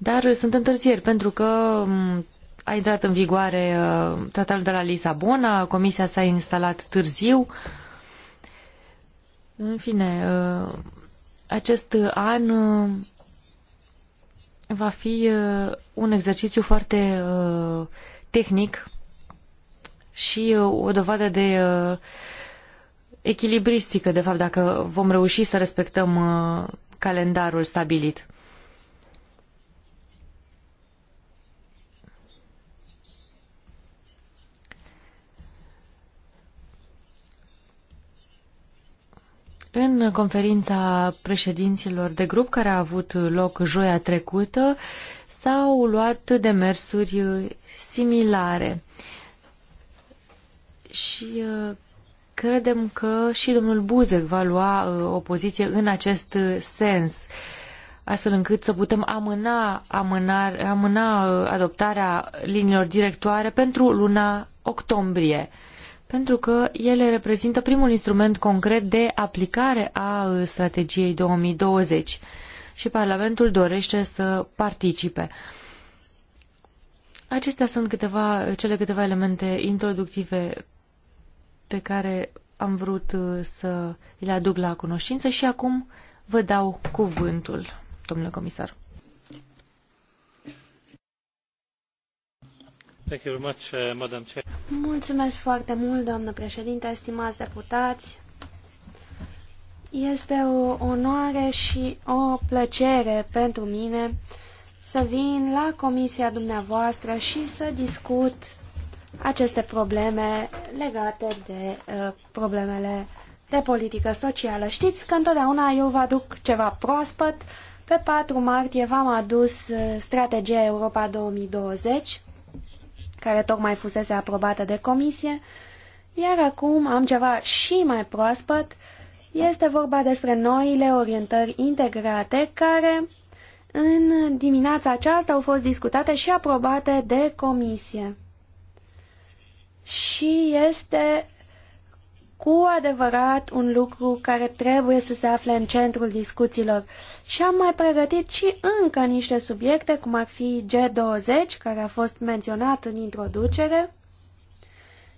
Dar sunt întârzieri pentru că a intrat în vigoare uh, tratatul de la Lisabona, comisia s-a instalat târziu. În fine, uh, acest an uh, va fi un exercițiu foarte tehnic și o dovadă de echilibristică, de fapt, dacă vom reuși să respectăm calendarul stabilit. În conferința președinților de grup care a avut loc joia trecută, s-au luat demersuri similare. Și uh, credem că și domnul Buzek va lua uh, o poziție în acest sens, astfel încât să putem amâna, amânar, amâna uh, adoptarea liniilor directoare pentru luna octombrie pentru că ele reprezintă primul instrument concret de aplicare a uh, strategiei 2020 și Parlamentul dorește să participe. Acestea sunt câteva, cele câteva elemente introductive pe care am vrut uh, să le aduc la cunoștință și acum vă dau cuvântul, domnule comisar. Uh, Mulțumesc foarte mult, doamnă președinte, stimați deputați. Este o onoare și o plăcere pentru mine să vin la comisia dumneavoastră și să discut aceste probleme legate de uh, problemele de politică socială. Știți că întotdeauna eu vă aduc ceva proaspăt. Pe 4 martie v-am adus uh, strategia Europa 2020 care tocmai fusese aprobată de comisie, iar acum am ceva și mai proaspăt, este vorba despre noile orientări integrate care în dimineața aceasta au fost discutate și aprobate de comisie. Și este cu adevărat un lucru care trebuie să se afle în centrul discuțiilor. Și am mai pregătit și încă niște subiecte, cum ar fi G20, care a fost menționat în introducere,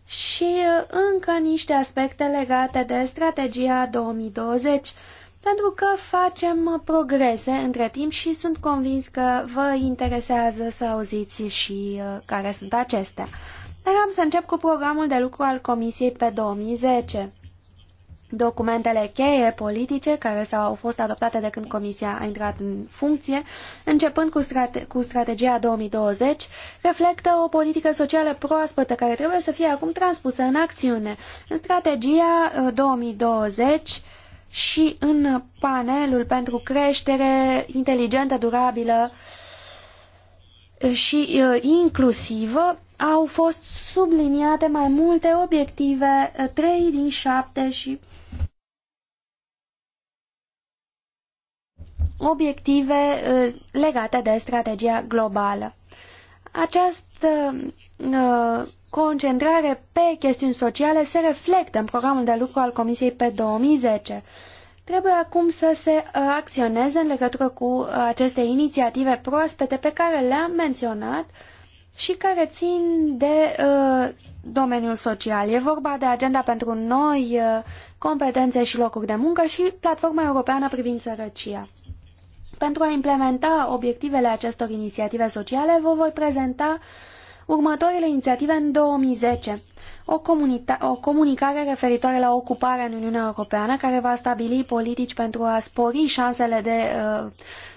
și uh, încă niște aspecte legate de strategia 2020, pentru că facem uh, progrese între timp și sunt convins că vă interesează să auziți și uh, care sunt acestea dar am să încep cu programul de lucru al Comisiei pe 2010. Documentele cheie politice care s-au fost adoptate de când Comisia a intrat în funcție, începând cu, strate cu strategia 2020, reflectă o politică socială proaspătă care trebuie să fie acum transpusă în acțiune. În strategia 2020 uh, și în panelul pentru creștere inteligentă, durabilă și uh, inclusivă, au fost subliniate mai multe obiective, 3 eh, din 7 și obiective eh, legate de strategia globală. Această eh, concentrare pe chestiuni sociale se reflectă în programul de lucru al Comisiei pe 2010. Trebuie acum să se acționeze în legătură cu aceste inițiative proaspete pe care le-am menționat uh, și care țin de uh, domeniul social. E vorba de agenda pentru noi, uh, competențe și locuri de muncă și platforma europeană privind sărăcia. Pentru a implementa obiectivele acestor inițiative sociale, vă voi prezenta următoarele inițiative în 2010 o, o comunicare referitoare la ocuparea în Uniunea Europeană care va stabili politici pentru a spori șansele de uh,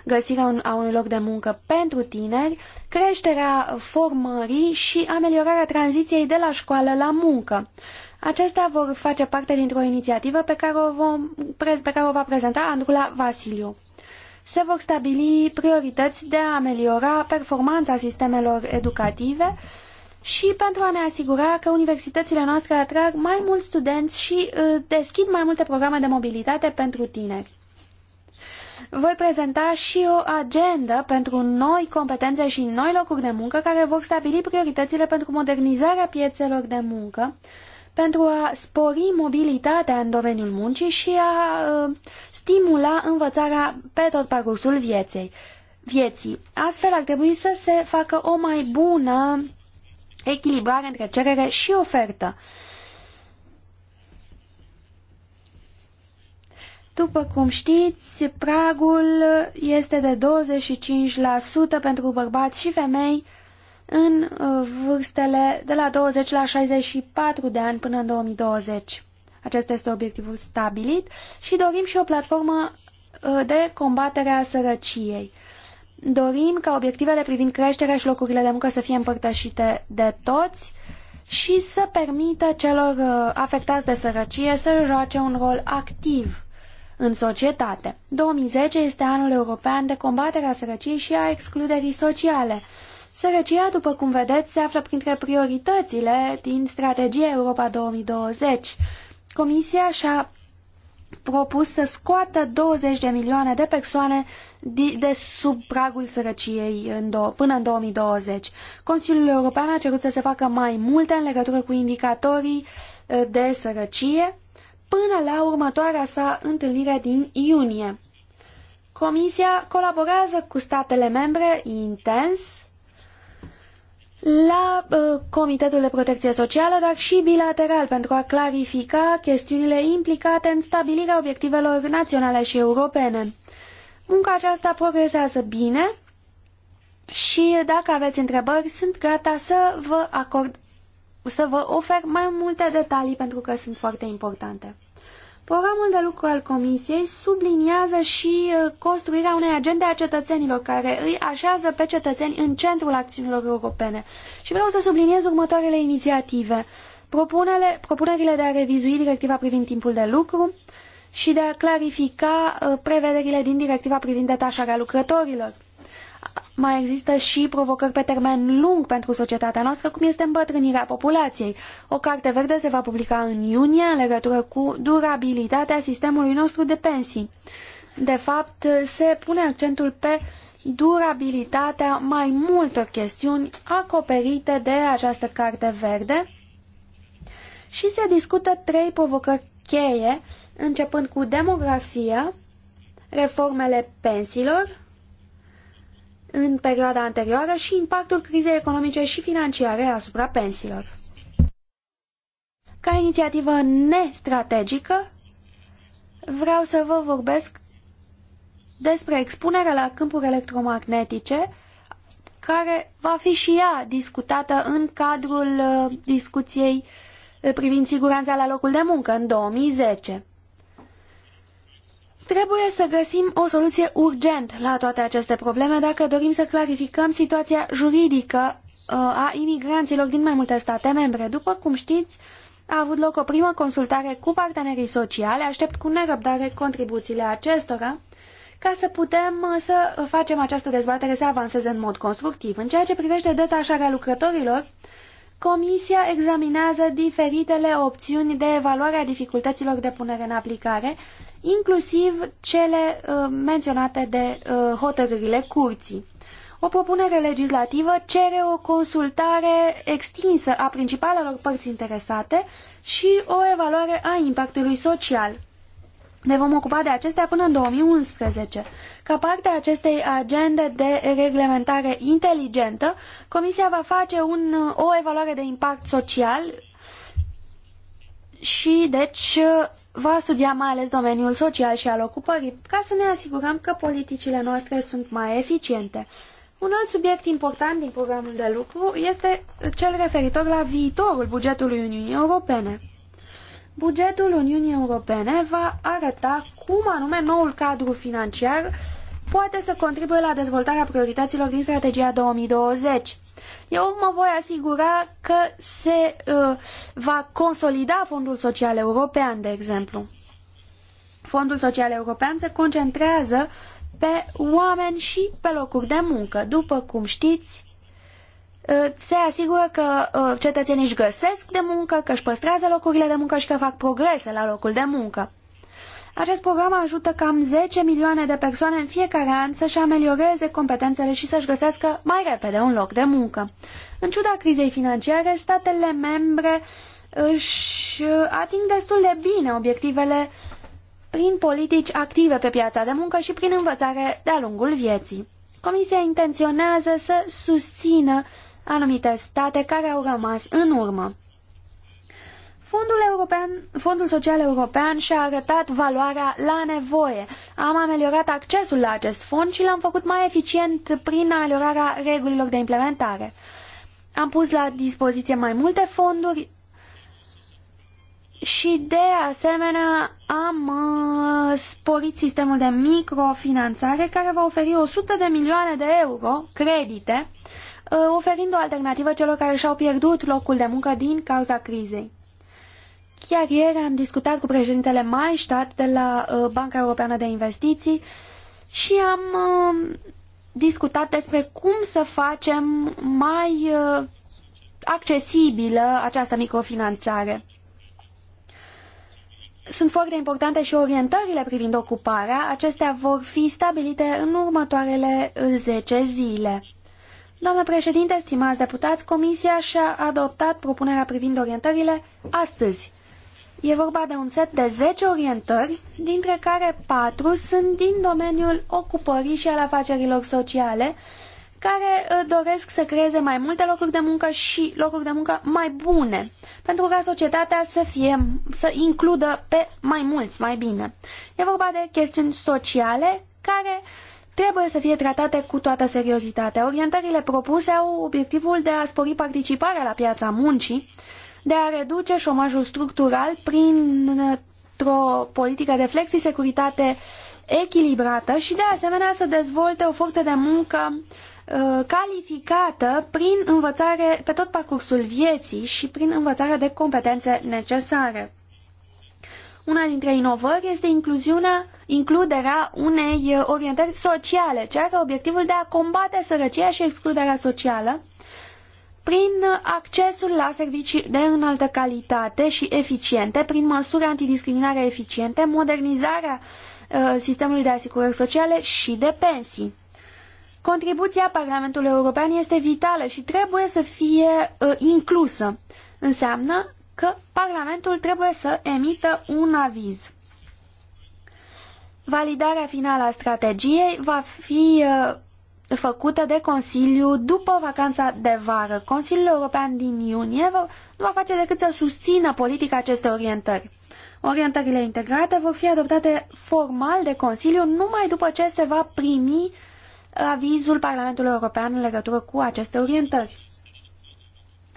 găsire un, a unui loc de muncă pentru tineri, creșterea formării și ameliorarea tranziției de la școală la muncă. Acestea vor face parte dintr-o inițiativă pe care, o vom, pe care o va prezenta Andrula Vasiliu se vor stabili priorități de a ameliora performanța sistemelor educative și pentru a ne asigura că universitățile noastre atrag mai mulți studenți și uh, deschid mai multe programe de mobilitate pentru tineri. Voi prezenta și o agendă pentru noi competențe și noi locuri de muncă care vor stabili prioritățile pentru modernizarea piețelor de muncă, pentru a spori mobilitatea în domeniul muncii și a uh, stimula învățarea pe tot parcursul vieței. Vieții. Astfel ar trebui să se facă o mai bună echilibrare între cerere și ofertă. După cum știți, pragul este de 25% pentru bărbați și femei în uh, vârstele de la 20 la 64 de ani până în 2020. Acesta este obiectivul stabilit și dorim și o platformă uh, de combatere a sărăciei. Dorim ca obiectivele privind creșterea și locurile de muncă să fie împărtășite de toți și să permită celor uh, afectați de sărăcie să joace un rol activ în societate. 2010 este anul european de combatere a sărăciei și a excluderii sociale. Sărăcia, după cum vedeți, se află printre prioritățile din strategia Europa 2020. Comisia și-a propus să scoată 20 de milioane de persoane de sub pragul sărăciei în do- până în 2020. Consiliul European a cerut să se facă mai multe în legătură cu indicatorii eh, de sărăcie până la următoarea sa întâlnire din iunie. Comisia colaborează cu statele membre intens la uh, Comitetul de Protecție Socială, dar și bilateral, pentru a clarifica chestiunile implicate în stabilirea obiectivelor naționale și europene. Munca aceasta progresează bine și dacă aveți întrebări, sunt gata să vă acord să vă ofer mai multe detalii pentru că sunt foarte importante. Programul de lucru al Comisiei subliniază și uh, construirea unei agende a cetățenilor care îi așează pe cetățeni în centrul acțiunilor europene. Și vreau să subliniez următoarele inițiative. Propunele, propunerile de a revizui directiva privind timpul de lucru și de a clarifica uh, prevederile din directiva privind detașarea lucrătorilor mai există și provocări pe termen lung pentru societatea noastră, cum este îmbătrânirea populației. O carte verde se va publica în iunie în legătură cu durabilitatea sistemului nostru de pensii. De fapt, se pune accentul pe durabilitatea mai multor chestiuni acoperite de această carte verde și se discută trei provocări cheie, începând cu demografia, reformele pensiilor, în perioada anterioară și impactul crizei economice și financiare asupra pensiilor. Ca inițiativă nestrategică, vreau să vă vorbesc despre expunerea la câmpuri electromagnetice, care va fi și ea discutată în cadrul uh, discuției uh, privind siguranța la locul de muncă în 2010. Trebuie să găsim o soluție urgent la toate aceste probleme dacă dorim să clarificăm situația juridică uh, a imigranților din mai multe state membre. După cum știți, a avut loc o primă consultare cu partenerii sociale, aștept cu nerăbdare contribuțiile acestora, ca să putem uh, să facem această dezbatere să avanseze în mod constructiv. În ceea ce privește detașarea lucrătorilor, Comisia examinează diferitele opțiuni de evaluare a dificultăților de punere în aplicare inclusiv cele uh, menționate de uh, hotărârile curții. O propunere legislativă cere o consultare extinsă a principalelor părți interesate și o evaluare a impactului social. Ne vom ocupa de acestea până în 2011. Ca parte a acestei agende de reglementare inteligentă, Comisia va face un, uh, o evaluare de impact social și, deci, uh, va studia mai ales domeniul social și al ocupării, ca să ne asigurăm că politicile noastre sunt mai eficiente. Un alt subiect important din programul de lucru este cel referitor la viitorul bugetului Uniunii Europene. Bugetul Uniunii Europene va arăta cum anume noul cadru financiar poate să contribuie la dezvoltarea priorităților din strategia 2020 eu mă voi asigura că se uh, va consolida Fondul Social European, de exemplu. Fondul Social European se concentrează pe oameni și pe locuri de muncă. După cum știți, uh, se asigură că uh, cetățenii își găsesc de muncă, că își păstrează locurile de muncă și că fac progrese la locul de muncă. Acest program ajută cam 10 milioane de persoane în fiecare an să-și amelioreze competențele și să-și găsească mai repede un loc de muncă. În ciuda crizei financiare, statele membre își ating destul de bine obiectivele prin politici active pe piața de muncă și prin învățare de-a lungul vieții. Comisia intenționează să susțină anumite state care au rămas în urmă. Fondul, European, Fondul Social European și-a arătat valoarea la nevoie. Am ameliorat accesul la acest fond și l-am făcut mai eficient prin ameliorarea regulilor de implementare. Am pus la dispoziție mai multe fonduri și de asemenea am uh, sporit sistemul de microfinanțare care va oferi 100 de milioane de euro credite uh, oferind o alternativă celor care și-au pierdut locul de muncă din cauza crizei. Chiar ieri am discutat cu președintele Maistat de la uh, Banca Europeană de Investiții și am uh, discutat despre cum să facem mai uh, accesibilă această microfinanțare. Sunt foarte importante și orientările privind ocuparea. Acestea vor fi stabilite în următoarele zece zile. Doamnă președinte, stimați deputați, Comisia și-a adoptat propunerea privind orientările astăzi. E vorba de un set de 10 orientări, dintre care 4 sunt din domeniul ocupării și al afacerilor sociale, care uh, doresc să creeze mai multe locuri de muncă și locuri de muncă mai bune, pentru ca societatea să fie, să includă pe mai mulți, mai bine. E vorba de chestiuni sociale care trebuie să fie tratate cu toată seriozitatea. Orientările propuse au obiectivul de a spori participarea la piața muncii, de a reduce șomajul structural printr-o politică de flexisecuritate echilibrată și de asemenea să dezvolte o forță de muncă uh, calificată prin învățare pe tot parcursul vieții și prin învățarea de competențe necesare. Una dintre inovări este incluziunea, includerea unei orientări sociale, ceea are obiectivul de a combate sărăcia și excluderea socială, prin accesul la servicii de înaltă calitate și eficiente, prin măsuri antidiscriminare eficiente, modernizarea uh, sistemului de asigurări sociale și de pensii. Contribuția Parlamentului European este vitală și trebuie să fie uh, inclusă. Înseamnă că Parlamentul trebuie să emită un aviz. Validarea finală a strategiei va fi uh, făcută de Consiliu după vacanța de vară. Consiliul European din iunie nu va face decât să susțină politica acestei orientări. Orientările integrate vor fi adoptate formal de Consiliu numai după ce se va primi avizul Parlamentului European în legătură cu aceste orientări.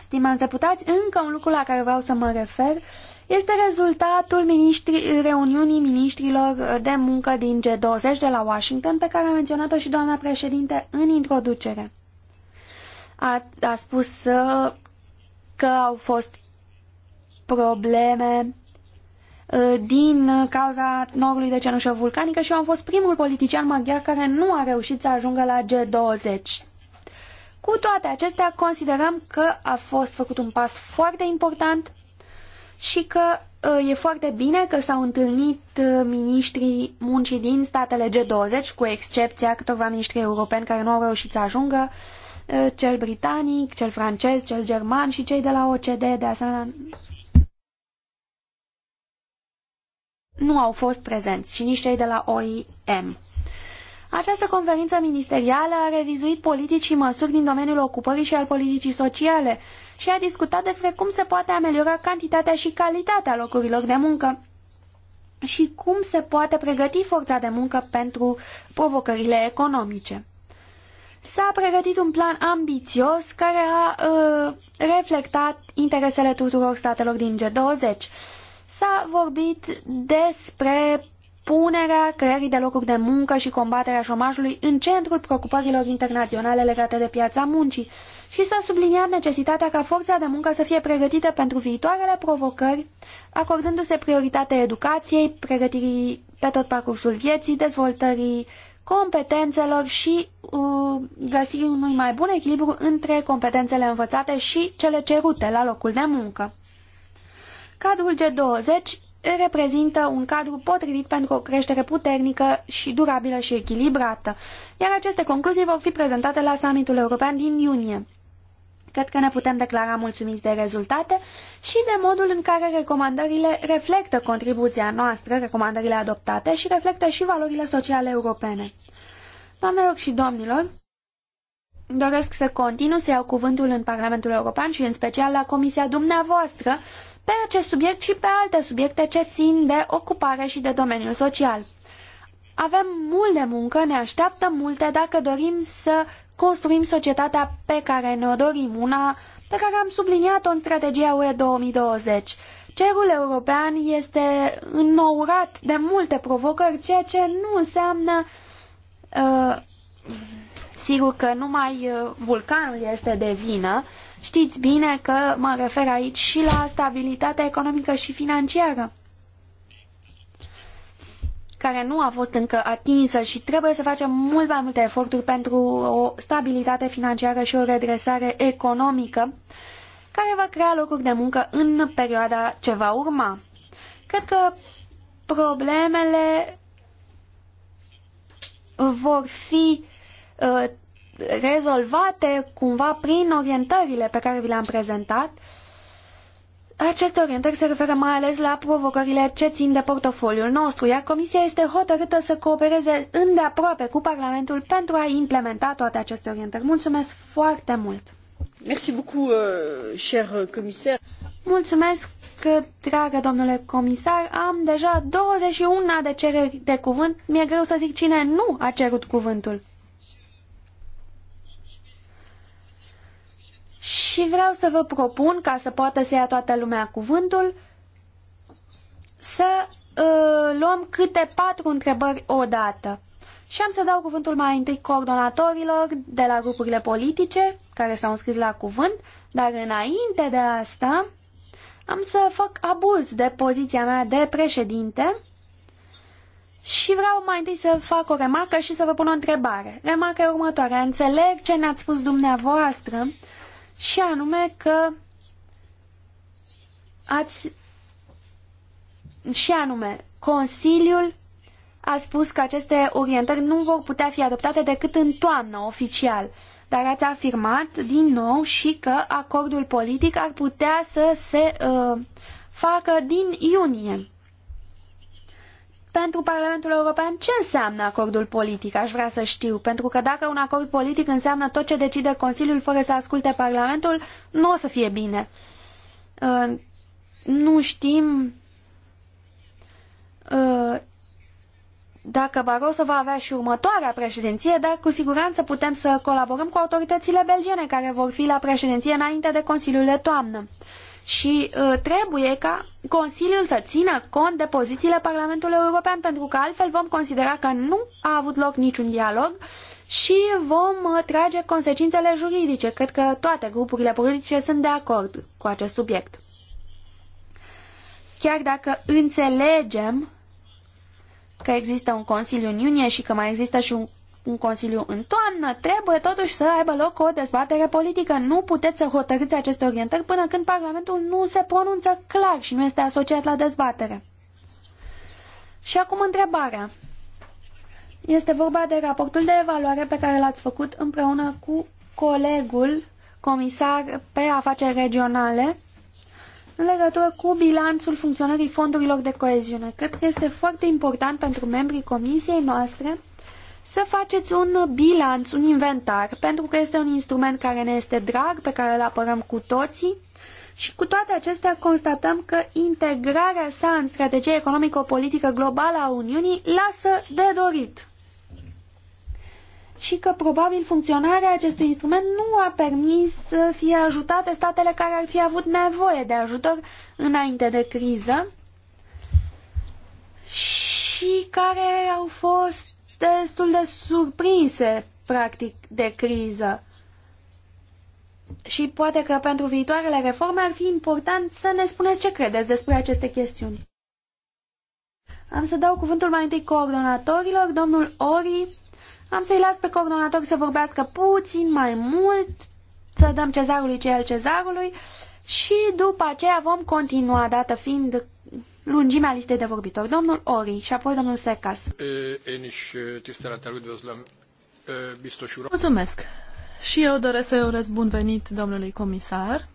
Stimați deputați, încă un lucru la care vreau să mă refer este rezultatul miniștri, reuniunii ministrilor de muncă din G20 de la Washington, pe care a menționat-o și doamna președinte în introducere. A, a spus uh, că au fost probleme uh, din cauza norului de cenușă vulcanică și eu am fost primul politician maghiar care nu a reușit să ajungă la G20. Cu toate acestea, considerăm că a fost făcut un pas foarte important și că uh, e foarte bine că s-au întâlnit uh, miniștrii muncii din statele G20, cu excepția câtorva miniștri europeni care nu au reușit să ajungă, uh, cel britanic, cel francez, cel german și cei de la OCDE, de asemenea, nu au fost prezenți și nici cei de la OIM. Această conferință ministerială a revizuit politici și măsuri din domeniul ocupării și al politicii sociale și a discutat despre cum se poate ameliora cantitatea și calitatea locurilor de muncă și cum se poate pregăti forța de muncă pentru provocările economice. S-a pregătit un plan ambițios care a uh, reflectat interesele tuturor statelor din G20. S-a vorbit despre punerea creării de locuri de muncă și combaterea șomajului în centrul preocupărilor internaționale legate de piața muncii și s-a subliniat necesitatea ca forța de muncă să fie pregătită pentru viitoarele provocări, acordându-se prioritate educației, pregătirii pe tot parcursul vieții, dezvoltării competențelor și uh, găsirii unui mai bun echilibru între competențele învățate și cele cerute la locul de muncă. Cadrul G20 reprezintă un cadru potrivit pentru o creștere puternică și durabilă și echilibrată, iar aceste concluzii vor fi prezentate la summitul european din iunie. Cred că ne putem declara mulțumiți de rezultate și de modul în care recomandările reflectă contribuția noastră, recomandările adoptate și reflectă și valorile sociale europene. Doamnelor și domnilor, doresc să continu să iau cuvântul în Parlamentul European și în special la Comisia dumneavoastră pe acest subiect și pe alte subiecte ce țin de ocupare și de domeniul social. Avem mult de muncă, ne așteaptă multe dacă dorim să construim societatea pe care ne-o dorim, una pe care am subliniat-o în strategia UE 2020. Cerul european este înnourat de multe provocări, ceea ce nu înseamnă uh, Sigur că numai uh, vulcanul este de vină. Știți bine că mă refer aici și la stabilitatea economică și financiară care nu a fost încă atinsă și trebuie să facem mult mai multe eforturi pentru o stabilitate financiară și o redresare economică care va crea locuri de muncă în perioada ce va urma. Cred că problemele vor fi Uh, rezolvate cumva prin orientările pe care vi le-am prezentat. Aceste orientări se referă mai ales la provocările ce țin de portofoliul nostru, iar Comisia este hotărâtă să coopereze îndeaproape cu Parlamentul pentru a implementa toate aceste orientări. Mulțumesc foarte mult! Euh, Mulțumesc, dragă domnule comisar. Am deja 21 de cereri de cuvânt. Mi-e greu să zic cine nu a cerut cuvântul. și vreau să vă propun, ca să poată să ia toată lumea cuvântul, să uh, luăm câte patru întrebări odată. Și am să dau cuvântul mai întâi coordonatorilor de la grupurile politice care s-au înscris la cuvânt, dar înainte de asta am să fac abuz de poziția mea de președinte și vreau mai întâi să fac o remarcă și să vă pun o întrebare. Remarca următoare. Înțeleg ce ne-ați spus dumneavoastră, și anume că ați și anume Consiliul a spus că aceste orientări nu vor putea fi adoptate decât în toamnă oficial, dar ați afirmat din nou și că acordul politic ar putea să se uh, facă din iunie pentru Parlamentul European ce înseamnă acordul politic, aș vrea să știu, pentru că dacă un acord politic înseamnă tot ce decide Consiliul fără să asculte Parlamentul, nu o să fie bine. Uh, nu știm uh, dacă Barroso va avea și următoarea președinție, dar cu siguranță putem să colaborăm cu autoritățile belgiene care vor fi la președinție înainte de Consiliul de toamnă. Uh, și uh, trebuie ca Consiliul să țină cont de pozițiile Parlamentului European, pentru că altfel vom considera că nu a avut loc niciun dialog și vom uh, trage consecințele juridice. Cred că toate grupurile politice sunt de acord cu acest subiect. Chiar dacă înțelegem că există un Consiliu în iunie și că mai există și un un consiliu în toamnă, trebuie totuși să aibă loc o dezbatere politică. Nu puteți să hotărâți aceste orientări până când Parlamentul nu se pronunță clar și nu este asociat la dezbatere. Și acum întrebarea. Este vorba de raportul de evaluare pe care l-ați făcut împreună cu colegul comisar pe afaceri regionale în legătură cu bilanțul funcționării fondurilor de coeziune. Cred că este foarte important pentru membrii comisiei noastre să faceți un bilanț, un inventar, pentru că este un instrument care ne este drag, pe care îl apărăm cu toții și cu toate acestea constatăm că integrarea sa în strategia economico-politică globală a Uniunii lasă de dorit și că probabil funcționarea acestui instrument nu a permis să fie ajutate statele care ar fi avut nevoie de ajutor înainte de criză și care au fost destul de surprinse, practic, de criză. Și poate că pentru viitoarele reforme ar fi important să ne spuneți ce credeți despre aceste chestiuni. Am să dau cuvântul mai întâi coordonatorilor, domnul Ori. Am să-i las pe coordonator să vorbească puțin mai mult, să dăm cezarului cei al cezarului și după aceea vom continua, dată fiind lungimea listei de vorbitori. Domnul Ori și apoi domnul Secas. Mulțumesc. Și eu doresc să-i urez bun venit domnului comisar.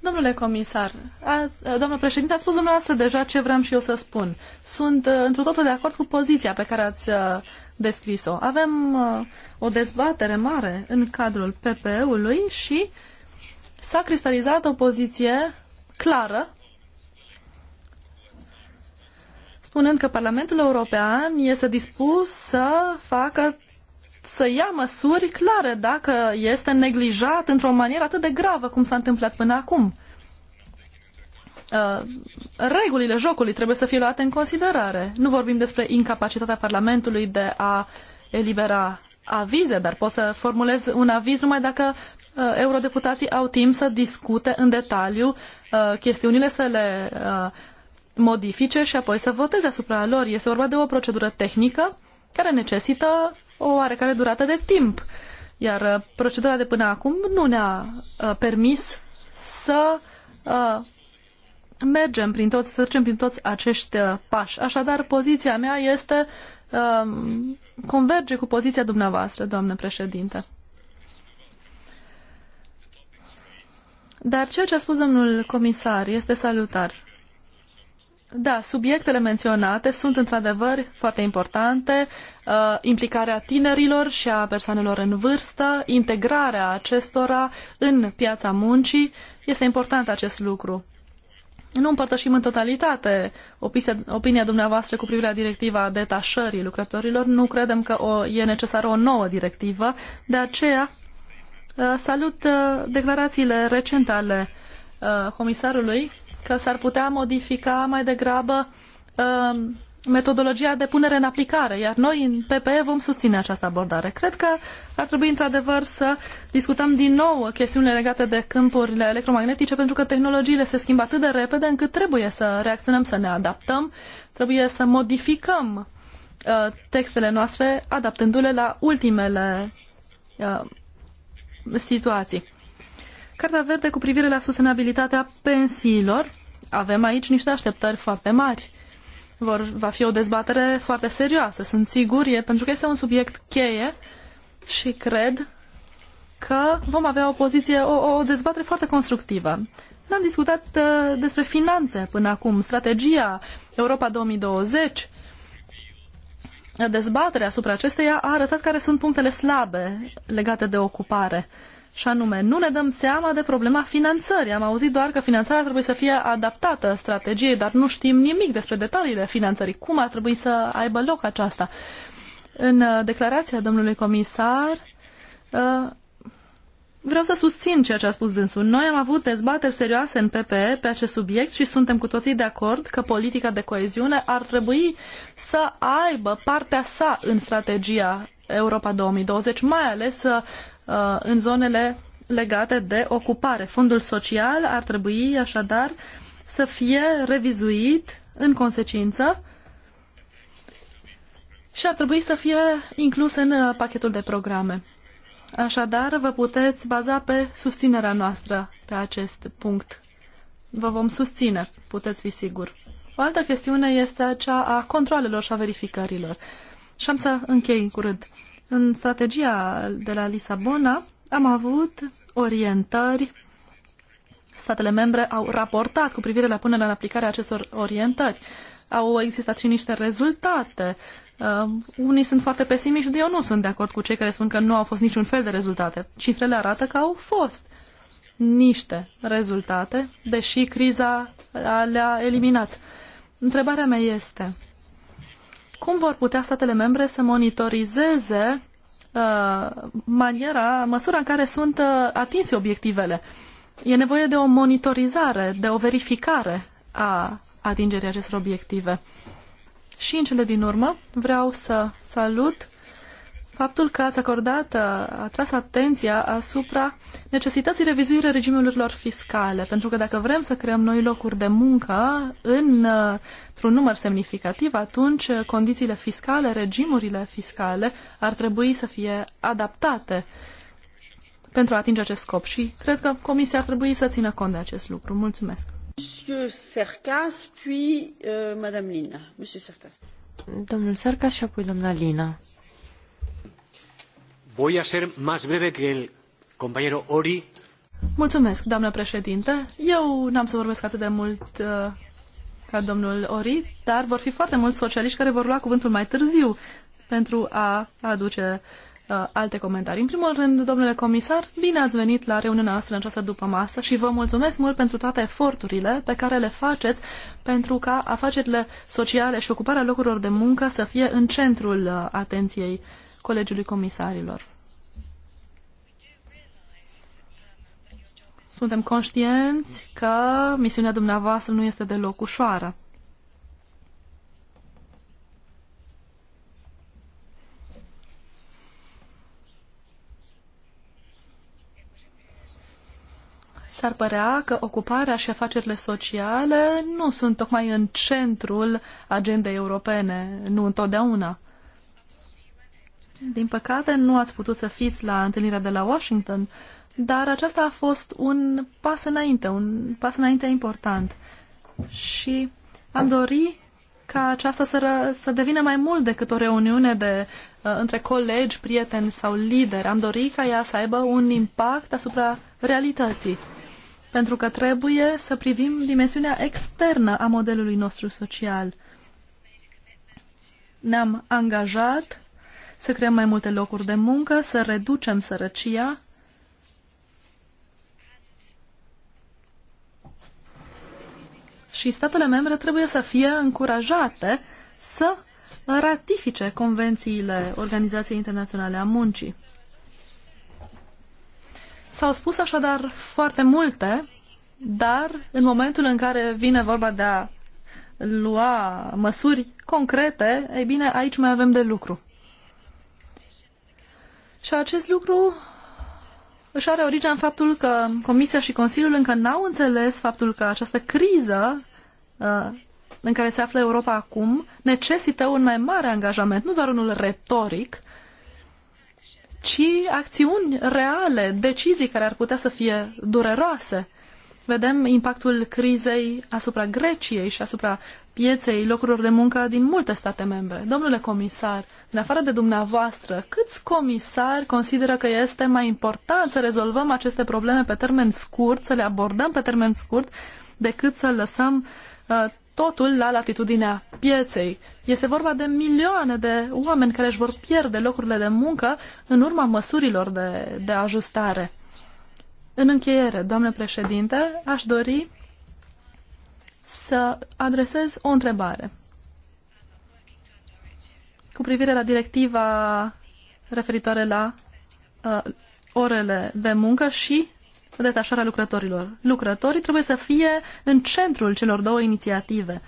Domnule comisar, a, domnul președinte, ați spus dumneavoastră deja ce vreau și eu să spun. Sunt uh, într totul de acord cu poziția pe care ați uh, descris-o. Avem uh, o dezbatere mare în cadrul PPE-ului și s-a cristalizat o poziție clară, spunând că Parlamentul European este dispus să facă să ia măsuri clare dacă este neglijat într-o manieră atât de gravă cum s-a întâmplat până acum. Uh, regulile jocului trebuie să fie luate în considerare. Nu vorbim despre incapacitatea Parlamentului de a elibera avize, dar pot să formulez un aviz numai dacă uh, eurodeputații au timp să discute în detaliu Uh, chestiunile, să le uh, modifice și apoi să voteze asupra lor. Este vorba de o procedură tehnică care necesită o oarecare durată de timp. Iar uh, procedura de până acum nu ne-a permis să mergem prin toți, să trecem prin toți acești pași. Așadar, poziția mea este um, converge cu poziția dumneavoastră, doamnă președinte. Dar ceea ce a spus domnul comisar este salutar. Da, subiectele menționate sunt într-adevăr foarte importante, uh, implicarea tinerilor și a persoanelor în vârstă, integrarea acestora în piața muncii, este important acest lucru. Nu împărtășim în totalitate opinia dumneavoastră cu privire la directiva detașării lucrătorilor. Nu credem că o, e necesară o nouă directivă. De aceea Uh, salut uh, declarațiile recente ale uh, comisarului că s-ar putea modifica mai degrabă metodologia de punere în aplicare, iar noi în PPE vom susține această abordare. Cred că ar trebui într-adevăr să discutăm din nou chestiunile legate de câmpurile electromagnetice, pentru că tehnologiile se schimbă atât de repede încât trebuie să reacționăm, să ne adaptăm, trebuie să modificăm uh, textele noastre, adaptându-le la ultimele uh, situații. Cartea verde cu privire la sustenabilitatea pensiilor. Avem aici niște așteptări foarte mari. Vor, va fi o dezbatere foarte serioasă, sunt sigur, e, pentru că este un subiect cheie și cred că vom avea o poziție, o, o dezbatere foarte constructivă. N-am discutat uh, despre finanțe până acum, strategia Europa 2020, dezbaterea asupra acesteia a arătat care sunt punctele slabe legate de ocupare. Și anume, nu ne dăm seama de problema finanțării. Am auzit doar că finanțarea trebuie să fie adaptată strategiei, dar nu știm nimic despre detaliile finanțării. Cum ar trebui să aibă loc aceasta? În uh, declarația domnului comisar uh, vreau să susțin ceea ce a spus dânsul. Noi am avut dezbateri serioase în PPE pe acest subiect și suntem cu toții de acord că politica de coeziune ar trebui să aibă partea sa în strategia Europa 2020, mai ales uh, în zonele legate de ocupare. Fondul social ar trebui așadar să fie revizuit în consecință și ar trebui să fie inclus în uh, pachetul de programe. Așadar, vă puteți baza pe susținerea noastră pe acest punct. Vă vom susține, puteți fi sigur. O altă chestiune este cea a controlelor și a verificărilor. Și am să închei curând. În strategia de la Lisabona am avut orientări. Statele membre au raportat cu privire la punerea în aplicare a acestor orientări. Au existat și niște rezultate Uh, unii sunt foarte pesimiști, eu nu sunt de acord cu cei care spun că nu au fost niciun fel de rezultate. Cifrele arată că au fost niște rezultate, deși criza le-a eliminat. Întrebarea mea este, cum vor putea statele membre să monitorizeze uh, maniera, măsura în care sunt uh, atinse obiectivele? E nevoie de o monitorizare, de o verificare a atingerii acestor obiective. Și în cele din urmă vreau să salut faptul că ați acordat, uh, atras atenția asupra necesității revizuirii regimurilor fiscale, pentru că dacă vrem să creăm noi locuri de muncă în, uh, într-un număr semnificativ, atunci uh, condițiile fiscale, regimurile fiscale ar trebui să fie adaptate pentru a atinge acest scop și cred că Comisia ar trebui să țină cont de acest lucru. Mulțumesc! Euh, Monsieur Sercas, Domnul Sercas și apoi doamna Lina. Voi a ser más breve que el compañero Ori. Mulțumesc, doamnă președinte. Eu n-am să vorbesc atât de mult uh, ca domnul Ori, dar vor fi foarte mulți socialiști care vor lua cuvântul mai târziu pentru a aduce uh, uh, alte comentarii. În primul rând, domnule comisar, bine ați venit la reuniunea noastră în această după masă și vă mulțumesc mult pentru toate eforturile pe care le faceți pentru ca afacerile sociale și ocuparea locurilor de muncă să fie în centrul uh, atenției Colegiului Comisarilor. Suntem conștienți că misiunea dumneavoastră nu este deloc ușoară. s-ar părea că ocuparea și afacerile sociale nu sunt tocmai în centrul agendei europene, nu întotdeauna. Din păcate, nu ați putut să fiți la întâlnirea de la Washington, dar aceasta a fost un pas înainte, un pas înainte important. Și am dori ca aceasta să, ră, să devină mai mult decât o reuniune de, uh, între colegi, prieteni sau lideri. Am dorit ca ea să aibă un impact asupra realității pentru că trebuie să privim dimensiunea externă a modelului nostru social. Ne-am angajat să creăm mai multe locuri de muncă, să reducem sărăcia, și statele membre trebuie să fie încurajate să ratifice convențiile Organizației Internaționale a Muncii. S-au spus așadar foarte multe, dar în momentul în care vine vorba de a lua măsuri concrete, ei bine, aici mai avem de lucru. Și acest lucru își are origine în faptul că Comisia și Consiliul încă n-au înțeles faptul că această criză uh, în care se află Europa acum necesită un mai mare angajament, nu doar unul retoric, ci acțiuni reale, decizii care ar putea să fie dureroase. Vedem impactul crizei asupra Greciei și asupra pieței locurilor de muncă din multe state membre. Domnule comisar, în afară de dumneavoastră, câți comisari consideră că este mai important să rezolvăm aceste probleme pe termen scurt, să le abordăm pe termen scurt, decât să lăsăm uh, totul la latitudinea pieței. Este vorba de milioane de oameni care își vor pierde locurile de muncă în urma măsurilor de, de ajustare. În încheiere, doamne președinte, aș dori să adresez o întrebare cu privire la directiva referitoare la uh, orele de muncă și detașarea lucrătorilor. Lucrătorii trebuie să fie în centrul celor două inițiative.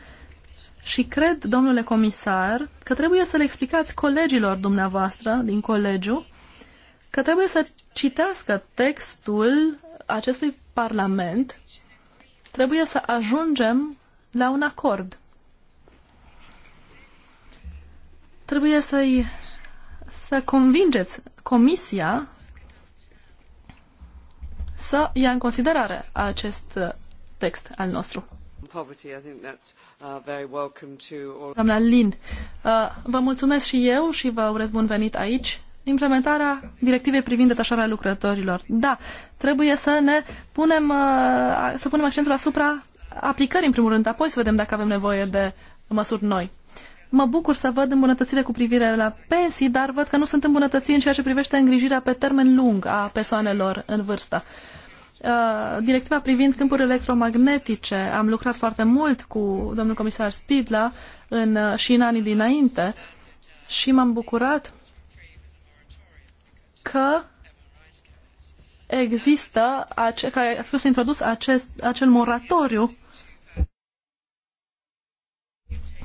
Și cred, domnule comisar, că trebuie să le explicați colegilor dumneavoastră din colegiu că trebuie să citească textul acestui Parlament. Trebuie să ajungem la un acord. Trebuie să-i să convingeți Comisia să ia în considerare acest uh, text al nostru. Uh, Doamna Lin, uh, vă mulțumesc și eu și vă urez bun venit aici. Implementarea directivei privind detașarea lucrătorilor. Da, trebuie să ne punem, să punem accentul asupra aplicării, în primul rând, apoi să vedem dacă avem nevoie de măsuri noi. Mă bucur să văd îmbunătățire cu privire la pensii, dar văd că nu sunt îmbunătățiri în ceea ce privește îngrijirea pe termen lung a persoanelor în vârstă. Uh, directiva privind câmpurile electromagnetice, am lucrat foarte mult cu domnul comisar Spidla în, uh, și în anii dinainte și m-am bucurat că există, că a fost introdus acest, acel moratoriu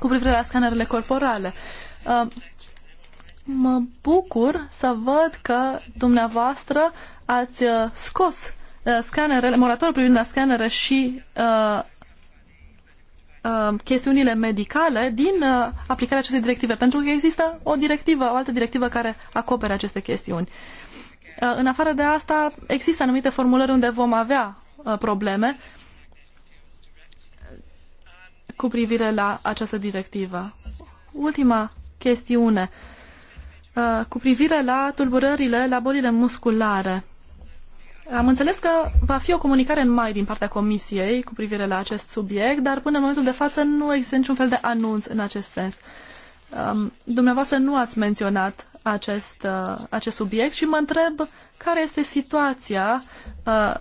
cu privire la scanerele corporale. Uh, mă bucur să văd că dumneavoastră ați uh, scos uh, scanerele, moratorul privind la scanere și uh, uh, chestiunile medicale din uh, aplicarea acestei directive, pentru că există o directivă, o altă directivă care acopere aceste chestiuni. În afară de asta, există anumite formulări unde vom avea probleme cu privire la această directivă. Ultima chestiune, uh, cu privire la tulburările, la bolile musculare. Am înțeles că va fi o comunicare în mai din partea Comisiei cu privire la acest subiect, dar până în momentul de față nu există niciun fel de anunț în acest sens. Um, dumneavoastră nu ați menționat acest, uh, acest subiect și mă întreb care este situația uh,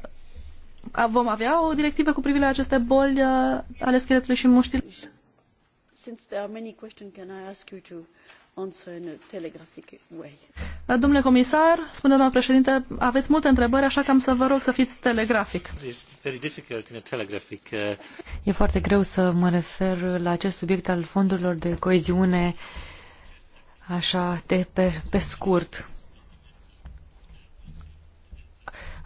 vom avea o directivă cu privire la aceste boli uh, ale scheletului și muștilor? Since there are many questions, can I ask you to answer in a telegraphic way? Uh, domnule comisar, spune doamna președinte, aveți multe întrebări, așa că am să vă rog să fiți telegrafic. Uh, e foarte greu să mă refer la acest subiect al fondurilor de coeziune așa de pe, pe scurt.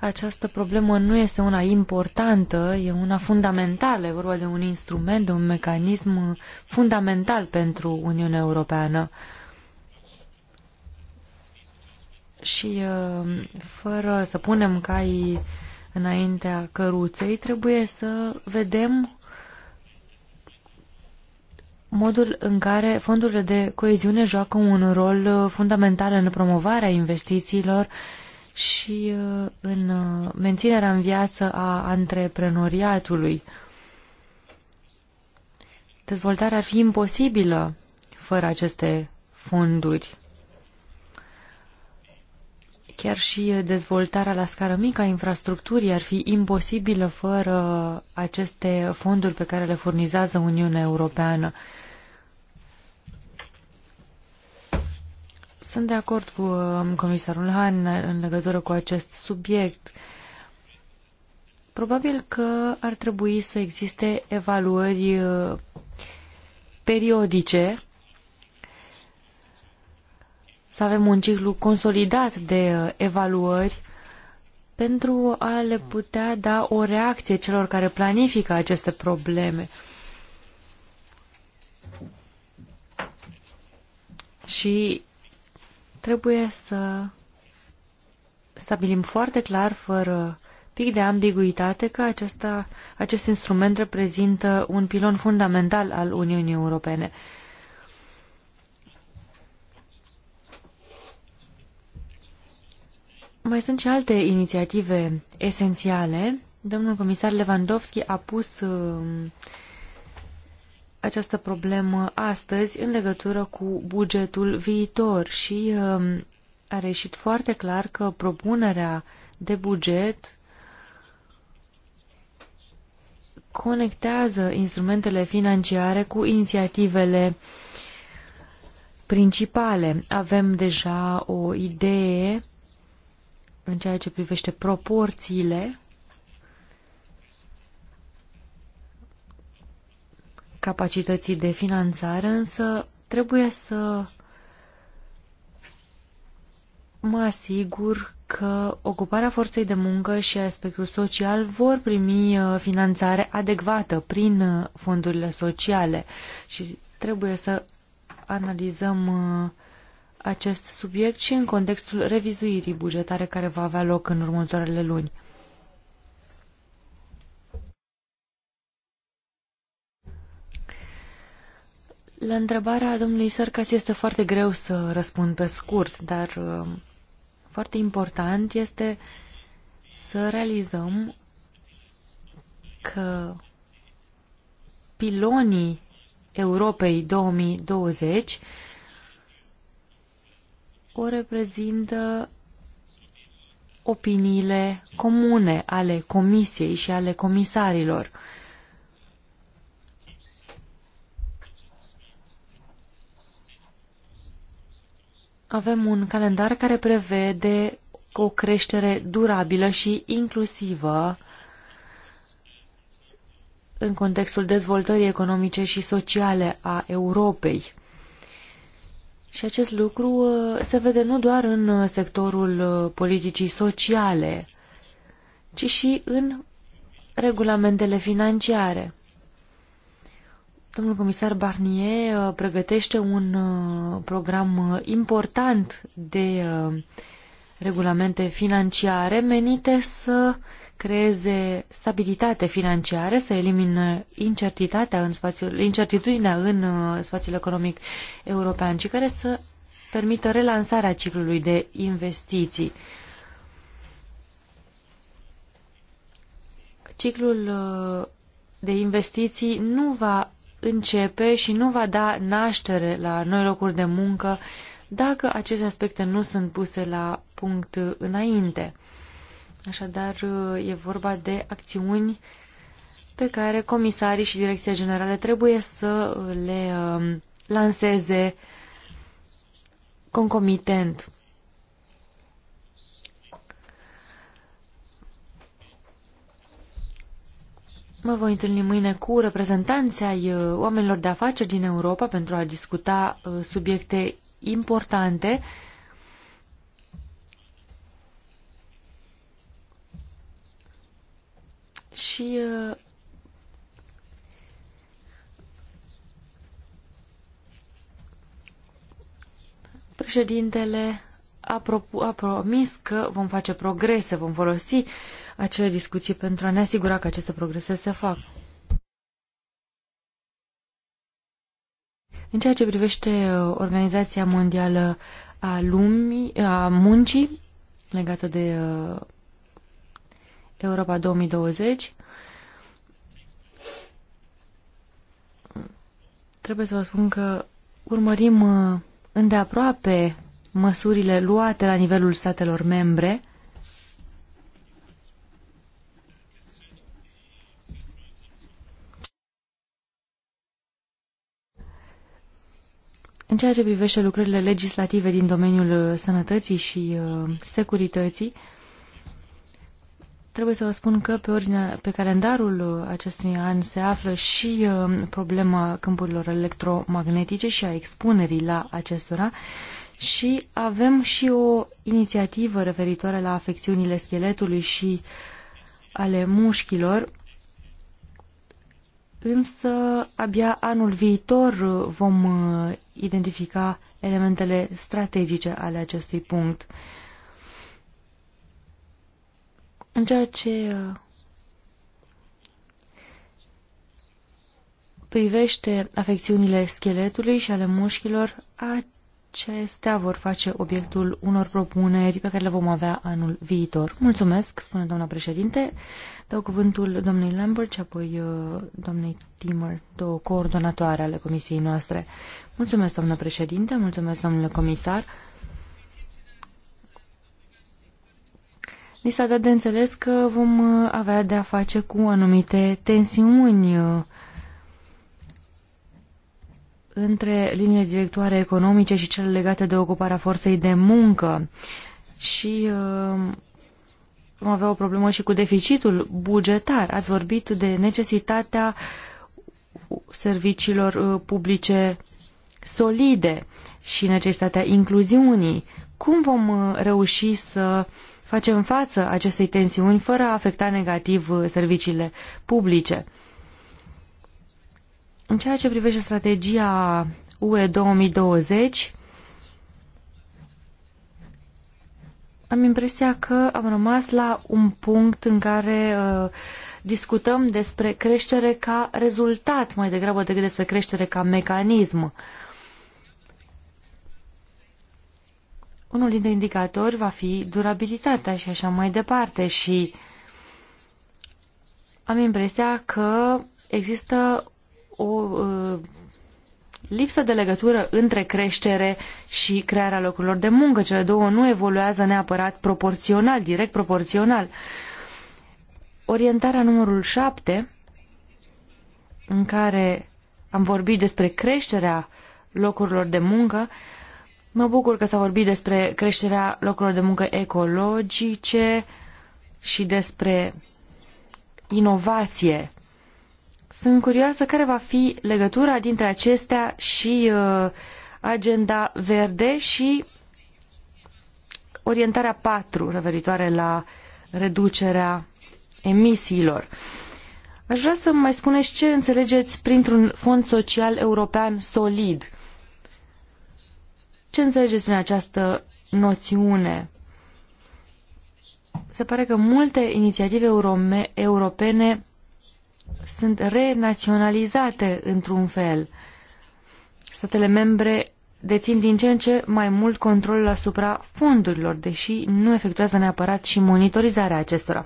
această problemă nu este una importantă, e una fundamentală. E vorba de un instrument, de un mecanism fundamental pentru Uniunea Europeană. Și uh, fără să punem cai înaintea căruței, trebuie să vedem modul în care fondurile de coeziune joacă un rol uh, fundamental în promovarea investițiilor și uh, în uh, menținerea în viață a antreprenoriatului. Dezvoltarea ar fi imposibilă fără aceste fonduri. Chiar și dezvoltarea la scară mică a infrastructurii ar fi imposibilă fără aceste fonduri pe care le furnizează Uniunea Europeană. Sunt de acord cu um, comisarul Han în legătură cu acest subiect. Probabil că ar trebui să existe evaluări uh, periodice, să avem un ciclu consolidat de uh, evaluări pentru a le putea da o reacție celor care planifică aceste probleme. Și Trebuie să stabilim foarte clar, fără pic de ambiguitate, că acesta, acest instrument reprezintă un pilon fundamental al Uniunii Europene. Mai sunt și alte inițiative esențiale. Domnul comisar Lewandowski a pus um, această problemă astăzi în legătură cu bugetul viitor și um, a reșit foarte clar că propunerea de buget conectează instrumentele financiare cu inițiativele principale. Avem deja o idee în ceea ce privește proporțiile capacității de finanțare, însă trebuie să mă asigur că ocuparea forței de muncă și aspectul social vor primi uh, finanțare adecvată prin uh, fondurile sociale și trebuie să analizăm uh, acest subiect și în contextul revizuirii bugetare care va avea loc în următoarele luni. La întrebarea domnului Sărcas este foarte greu să răspund pe scurt, dar um, foarte important este să realizăm că pilonii Europei 2020 o reprezintă opiniile comune ale Comisiei și ale comisarilor. avem un calendar care prevede o creștere durabilă și inclusivă în contextul dezvoltării economice și sociale a Europei. Și acest lucru uh, se vede nu doar în uh, sectorul uh, politicii sociale, ci și în regulamentele financiare. Domnul comisar Barnier uh, pregătește un uh, program uh, important de regulamente financiare menite să creeze stabilitate financiară, să elimine incertitatea în spațiul, incertitudinea în spațiul economic european și care să permită relansarea ciclului de investiții. Ciclul de investiții nu va începe și nu va da naștere la noi locuri de muncă dacă aceste aspecte nu sunt puse la punct înainte. Așadar, e vorba de acțiuni pe care comisarii și direcția generală trebuie să le um, lanseze concomitent. Mă voi întâlni mâine cu reprezentanții ai uh, oamenilor de afaceri din Europa pentru a discuta uh, subiecte importante. Și uh, președintele a, propu- a promis că vom face progrese, vom folosi uh, acele discuții pentru a ne asigura că aceste progrese se fac. În ceea ce privește Organizația Mondială a, lumii, a Muncii, legată de uh, Europa 2020, trebuie să vă spun că urmărim uh, îndeaproape măsurile luate la nivelul statelor membre În ceea ce privește lucrările legislative din domeniul uh, sănătății și uh, securității, trebuie să vă spun că pe, ordine, pe calendarul uh, acestui an se află și uh, problema câmpurilor electromagnetice și a expunerii la acestora și avem și o inițiativă referitoare la afecțiunile scheletului și ale mușchilor însă abia anul viitor vom uh, identifica elementele strategice ale acestui punct. În ceea ce uh, privește afecțiunile scheletului și ale mușchilor, acestea vor face obiectul unor propuneri pe care le vom avea anul viitor. Mulțumesc, spune doamna președinte. Dau cuvântul domnului Lambert și apoi uh, domnului Timmer, două coordonatoare ale comisiei noastre. Mulțumesc, doamnă președinte, mulțumesc, domnule comisar. Ni s-a dat de înțeles că vom uh, avea de-a face cu anumite tensiuni uh, între liniile directoare economice și cele legate de ocuparea forței de muncă. Și Vom avea o problemă și cu deficitul bugetar. Ați vorbit de necesitatea serviciilor uh, publice solide și necesitatea incluziunii. Cum vom uh, reuși să facem față acestei tensiuni fără a afecta negativ uh, serviciile publice? În ceea ce privește strategia UE 2020, Am impresia că am rămas la un punct în care uh, discutăm despre creștere ca rezultat mai degrabă decât despre creștere ca mecanism. Unul dintre indicatori va fi durabilitatea și așa mai departe și am impresia că există o uh, lipsă de legătură între creștere și crearea locurilor de muncă. Cele două nu evoluează neapărat proporțional, direct proporțional. Orientarea numărul 7, în care am vorbit despre creșterea locurilor de muncă, mă bucur că s-a vorbit despre creșterea locurilor de muncă ecologice și despre inovație sunt curioasă care va fi legătura dintre acestea și uh, agenda verde și orientarea 4 referitoare la reducerea emisiilor. Aș vrea să mai spuneți ce înțelegeți printr-un fond social european solid. Ce înțelegeți prin această noțiune? Se pare că multe inițiative europene sunt renaționalizate într-un fel. Statele membre dețin din ce în ce mai mult control asupra fondurilor, deși nu efectuează neapărat și monitorizarea acestora.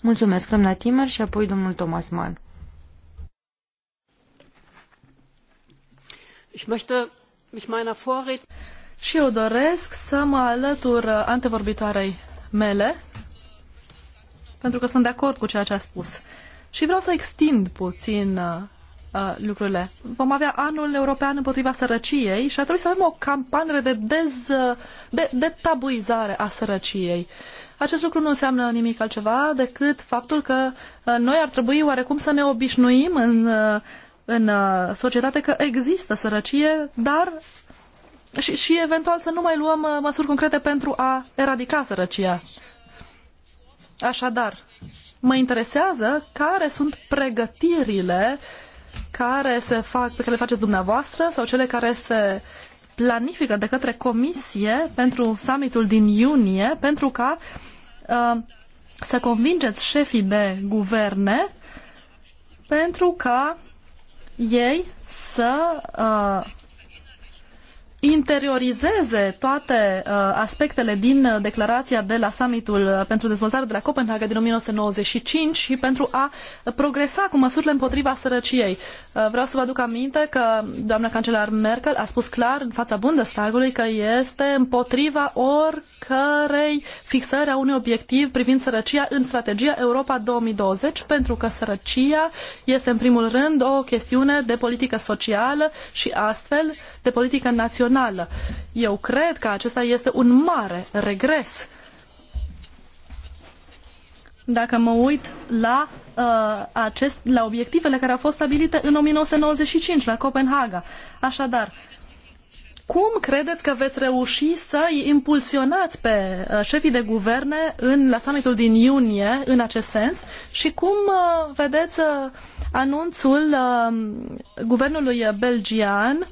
Mulțumesc, doamna Timer, și apoi domnul Thomas Mann. Ich möchte mich meiner Vorred și eu doresc să mă alătur antevorbitoarei mele, pentru că sunt de acord cu ceea ce a spus. Și vreau să extind puțin uh, uh, lucrurile. Vom avea anul european împotriva sărăciei și trebuit să avem o campanie de, dez, uh, de, de tabuizare a sărăciei. Acest lucru nu înseamnă nimic altceva decât faptul că uh, noi ar trebui oarecum să ne obișnuim în, în societate că există sărăcie, dar și, și eventual să nu mai luăm măsuri concrete pentru a eradica sărăcia. Așadar, mă interesează care sunt pregătirile care se fac, pe care le faceți dumneavoastră sau cele care se planifică de către comisie pentru summitul din iunie pentru ca uh, să convingeți șefii de guverne pentru ca ei să uh, interiorizeze toate uh, aspectele din uh, declarația de la summitul uh, pentru dezvoltare de la Copenhaga din 1995 și pentru a progresa cu măsurile împotriva sărăciei. Uh, vreau să vă aduc aminte că doamna cancelar Merkel a spus clar în fața Bundestagului că este împotriva oricărei fixări a unui obiectiv privind sărăcia în strategia Europa 2020 pentru că sărăcia este în primul rând o chestiune de politică socială și astfel de politică națională. Eu cred că acesta este un mare regres. Dacă mă uit la, uh, acest, la obiectivele care au fost stabilite în 1995 la Copenhaga. Așadar, cum credeți că veți reuși să îi impulsionați pe uh, șefii de guverne în, la summitul din iunie în acest sens și cum uh, vedeți uh, anunțul guvernului belgian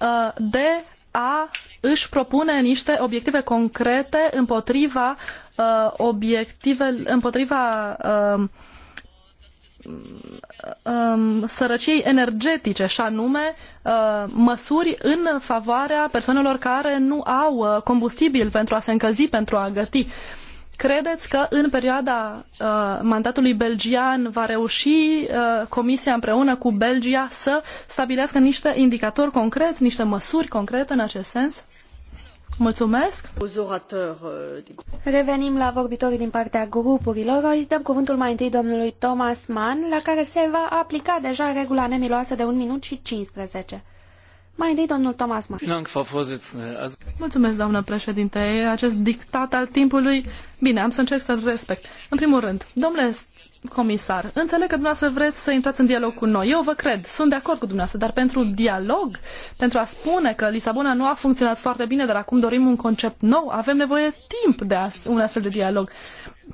Uh, de a își propune niște obiective concrete împotriva uh, obiective, împotriva uh, um, sărăciei energetice și anume uh, măsuri în favoarea persoanelor care nu au uh, combustibil pentru a se încălzi, pentru a găti. Uh, Credeți că în perioada uh, mandatului belgian va reuși uh, Comisia împreună cu Belgia să stabilească niște indicatori concreți, niște măsuri concrete în acest sens? Mulțumesc! Revenim la vorbitorii din partea grupurilor. Îi dăm cuvântul mai întâi domnului Thomas Mann, la care se va aplica deja regula nemiloasă de 1 minut și 15. Mai întâi, domnul Thomas Mann. Mulțumesc, doamnă președinte. Acest dictat al timpului, bine, am să încerc să-l respect. În primul rând, domnule comisar, înțeleg că dumneavoastră vreți să intrați în dialog cu noi. Eu vă cred, sunt de acord cu dumneavoastră, dar pentru dialog, pentru a spune că Lisabona nu a funcționat foarte bine, dar acum dorim un concept nou, avem nevoie timp de un astfel de dialog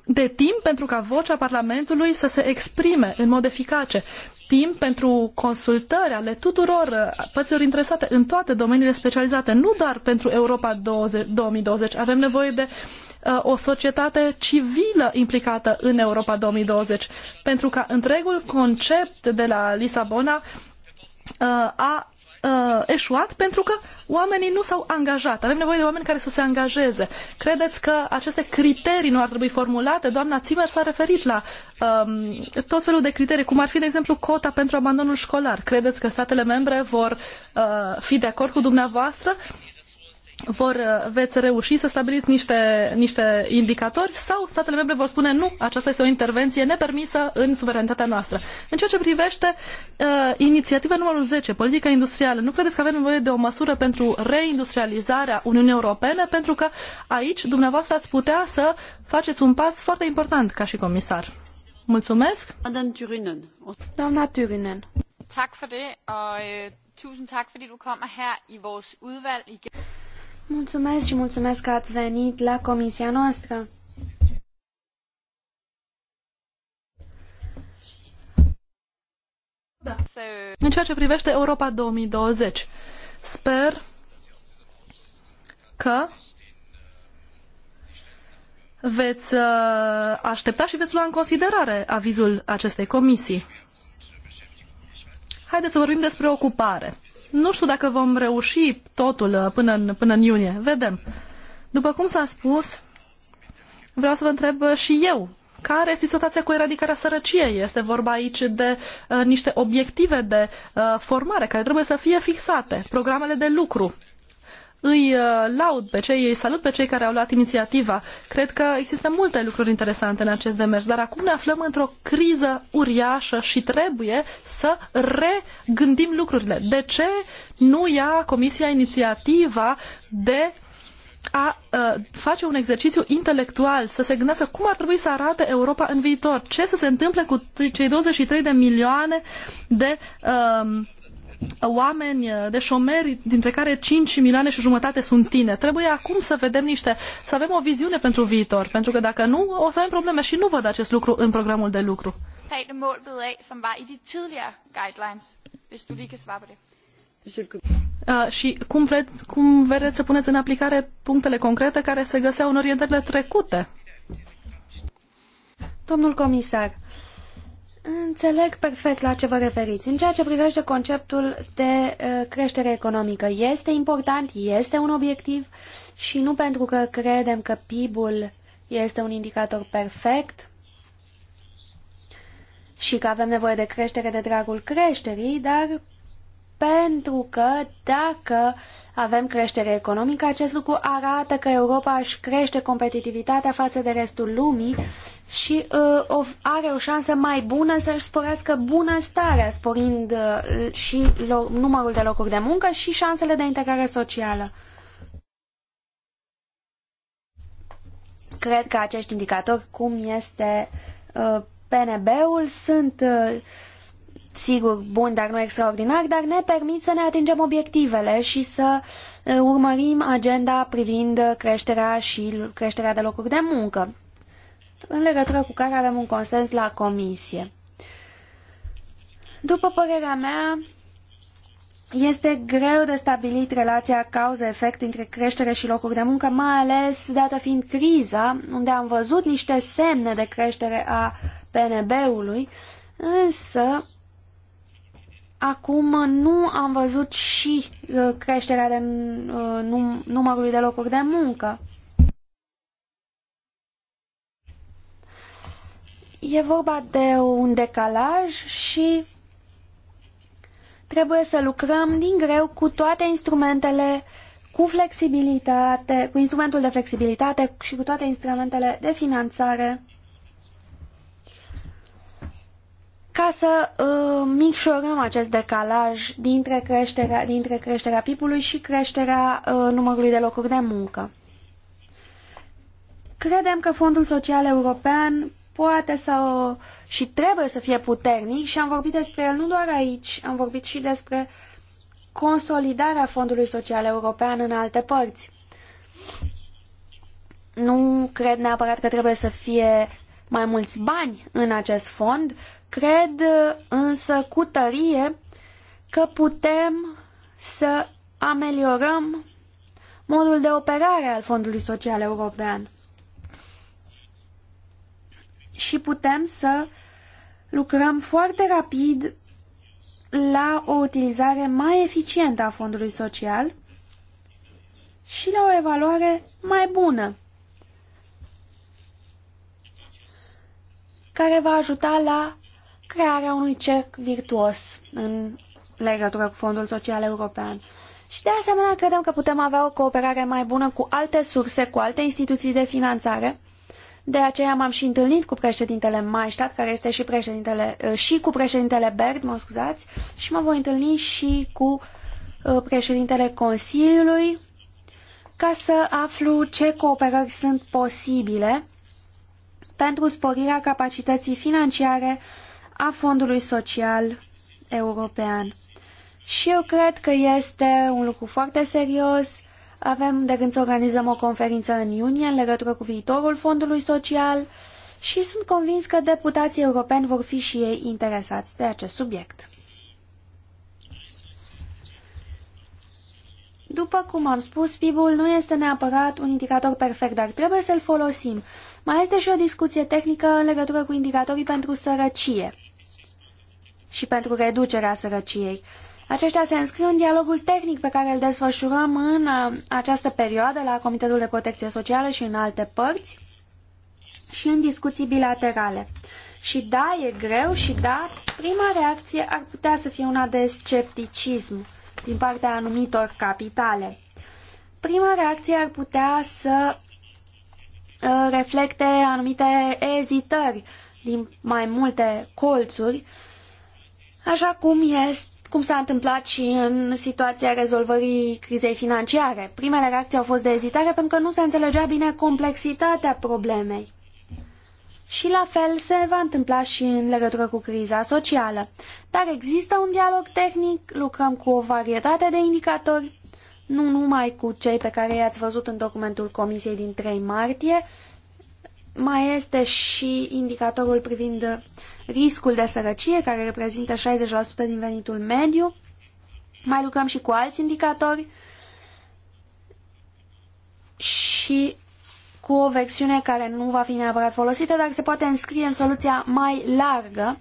de timp pentru ca vocea Parlamentului să se exprime în mod eficace timp pentru consultări ale tuturor uh, părților interesate în toate domeniile specializate, nu doar pentru Europa 20, 2020. Avem nevoie de uh, o societate civilă implicată în Europa 2020, pentru ca întregul concept de la Lisabona uh, a uh, eșuat pentru că oamenii nu s-au angajat. Avem nevoie de oameni care să se angajeze. Credeți că aceste criterii nu ar trebui formulate? Doamna Țimer s-a referit la um, tot felul de criterii, cum ar fi, de exemplu, cota pentru abandonul școlar. Credeți că statele membre vor uh, fi de acord cu dumneavoastră? vor, uh, veți reuși să stabiliți niște, niște indicatori sau statele membre vor spune nu, aceasta este o intervenție nepermisă în suveranitatea noastră. În ceea ce privește uh, inițiativa numărul 10, politica industrială, nu credeți că avem nevoie de o măsură pentru reindustrializarea Uniunii Europene? Pentru că aici dumneavoastră ați putea să faceți un pas foarte important ca și comisar. Mulțumesc! Doamna Turinen. Tak for det, og øh, tusind tak, fordi du kommer her i vores udvalg igen. Mulțumesc și mulțumesc că ați venit la comisia noastră. Da. În ceea ce privește Europa 2020, sper că veți uh, aștepta și veți lua în considerare avizul acestei comisii. Haideți să vorbim despre ocupare nu știu dacă vom reuși totul uh, până în, până în iunie. Vedem. După cum s-a spus, vreau să vă întreb uh, și eu. Care este situația cu eradicarea sărăciei? Este vorba aici de uh, niște obiective de uh, formare care trebuie să fie fixate, programele de lucru îi uh, laud pe cei, îi salut pe cei care au luat inițiativa. Cred că există multe lucruri interesante în acest demers, dar acum ne aflăm într-o criză uriașă și trebuie să regândim lucrurile. De ce nu ia Comisia inițiativa de a uh, face un exercițiu intelectual, să se gândească cum ar trebui să arate Europa în viitor, ce să se întâmple cu cei 23 de milioane de uh, oameni eh, de șomeri, dintre care 5 milioane și jumătate sunt tine. Trebuie acum să vedem niște, să avem o viziune pentru viitor, pentru că dacă nu, o să avem probleme și nu văd acest lucru în programul de lucru. Deci eh, și cum, vre- cum vedeți să puneți în aplicare punctele concrete care se găseau în orientările trecute? Domnul comisar, Înțeleg perfect la ce vă referiți. În ceea ce privește conceptul de uh, creștere economică, este important, este un obiectiv și nu pentru că credem că PIB-ul este un indicator perfect și că avem nevoie de creștere de dragul creșterii, dar pentru că dacă avem creștere economică, acest lucru arată că Europa își crește competitivitatea față de restul lumii și uh, are o șansă mai bună să-și sporească bunăstarea, sporind uh, și numărul de locuri de muncă și șansele de integrare socială. Cred că acești indicatori, cum este uh, PNB-ul, sunt uh, sigur buni, dar nu extraordinari, dar ne permit să ne atingem obiectivele și să uh, urmărim agenda privind creșterea și creșterea de locuri de muncă în legătură cu care avem un consens la comisie. După părerea mea, este greu de stabilit relația cauză-efect între creștere și locuri de muncă, mai ales dată fiind criza, unde am văzut niște semne de creștere a PNB-ului, însă acum nu am văzut și uh, creșterea de uh, num numărului de locuri de muncă. E vorba de un decalaj și trebuie să lucrăm din greu cu toate instrumentele, cu flexibilitate, cu instrumentul de flexibilitate și cu toate instrumentele de finanțare ca să uh, micșorăm acest decalaj dintre creșterea, dintre creșterea PIB-ului și creșterea uh, numărului de locuri de muncă. Credem că Fondul Social European poate să și trebuie să fie puternic și am vorbit despre el nu doar aici, am vorbit și despre consolidarea Fondului Social European în alte părți. Nu cred neapărat că trebuie să fie mai mulți bani în acest fond, cred însă cu tărie că putem să ameliorăm modul de operare al Fondului Social European și putem să lucrăm foarte rapid la o utilizare mai eficientă a fondului social și la o evaluare mai bună, care va ajuta la crearea unui cerc virtuos în legătură cu Fondul Social European. Și de asemenea credem că putem avea o cooperare mai bună cu alte surse, cu alte instituții de finanțare, de aceea m-am și întâlnit cu președintele Maistat, care este și, președintele, uh, și cu președintele Berg, mă scuzați, și mă voi întâlni și cu uh, președintele Consiliului ca să aflu ce cooperări sunt posibile pentru sporirea capacității financiare a Fondului Social European. Și eu cred că este un lucru foarte serios avem de gând să organizăm o conferință în iunie în legătură cu viitorul fondului social și sunt convins că deputații europeni vor fi și ei interesați de acest subiect. După cum am spus, PIB-ul nu este neapărat un indicator perfect, dar trebuie să-l folosim. Mai este și o discuție tehnică în legătură cu indicatorii pentru sărăcie și pentru reducerea sărăciei. Aceștia se înscriu în dialogul tehnic pe care îl desfășurăm în uh, această perioadă la Comitetul de Protecție Socială și în alte părți și în discuții bilaterale. Și da, e greu și da, prima reacție ar putea să fie una de scepticism din partea anumitor capitale. Prima reacție ar putea să uh, reflecte anumite ezitări din mai multe colțuri, așa cum este cum s-a întâmplat și în situația rezolvării crizei financiare. Primele reacții au fost de ezitare pentru că nu se înțelegea bine complexitatea problemei. Și la fel se va întâmpla și în legătură cu criza socială. Dar există un dialog tehnic, lucrăm cu o varietate de indicatori, nu numai cu cei pe care i-ați văzut în documentul Comisiei din 3 martie, mai este și indicatorul privind riscul de sărăcie, care reprezintă 60% din venitul mediu. Mai lucrăm și cu alți indicatori și cu o versiune care nu va fi neapărat folosită, dar se poate înscrie în soluția mai largă.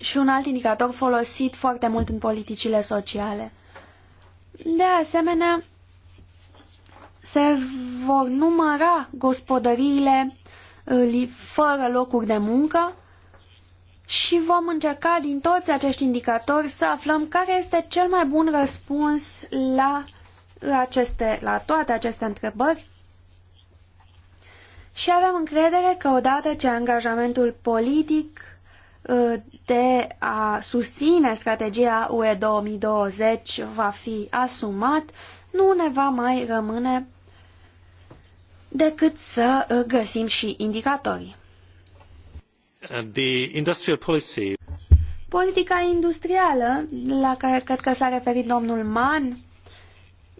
Și un alt indicator folosit foarte mult în politicile sociale. De asemenea, se vor număra gospodăriile fără locuri de muncă și vom încerca din toți acești indicatori să aflăm care este cel mai bun răspuns la, aceste, la toate aceste întrebări și avem încredere că odată ce angajamentul politic ă, de a susține strategia UE 2020 va fi asumat, nu ne va mai rămâne decât să uh, găsim și indicatorii. Uh, the industrial policy. Politica industrială, la care cred că s-a referit domnul Mann,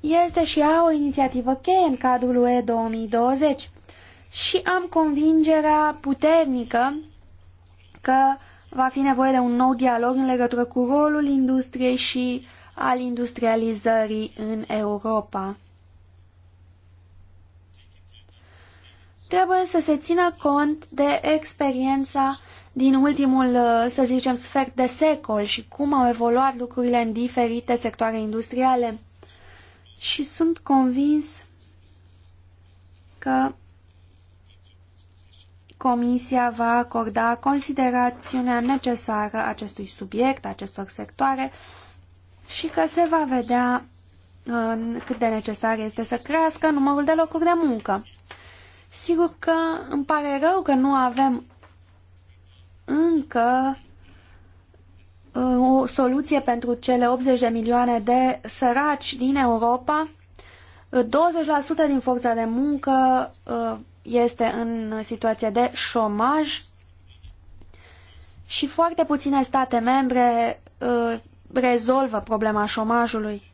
este și ea o inițiativă cheie în cadrul UE 2020 și am convingerea puternică că va fi nevoie de un nou dialog în legătură cu rolul industriei și al industrializării în Europa. trebuie să se țină cont de experiența din ultimul, uh, să zicem, sfert de secol și cum au evoluat lucrurile în diferite sectoare industriale. Și sunt convins că Comisia va acorda considerațiunea necesară acestui subiect, acestor sectoare și că se va vedea uh, cât de necesar este să crească numărul de locuri de muncă. Sigur că îmi pare rău că nu avem încă uh, o soluție pentru cele 80 de milioane de săraci din Europa. 20% din forța de muncă uh, este în situație de șomaj și foarte puține state membre uh, rezolvă problema șomajului.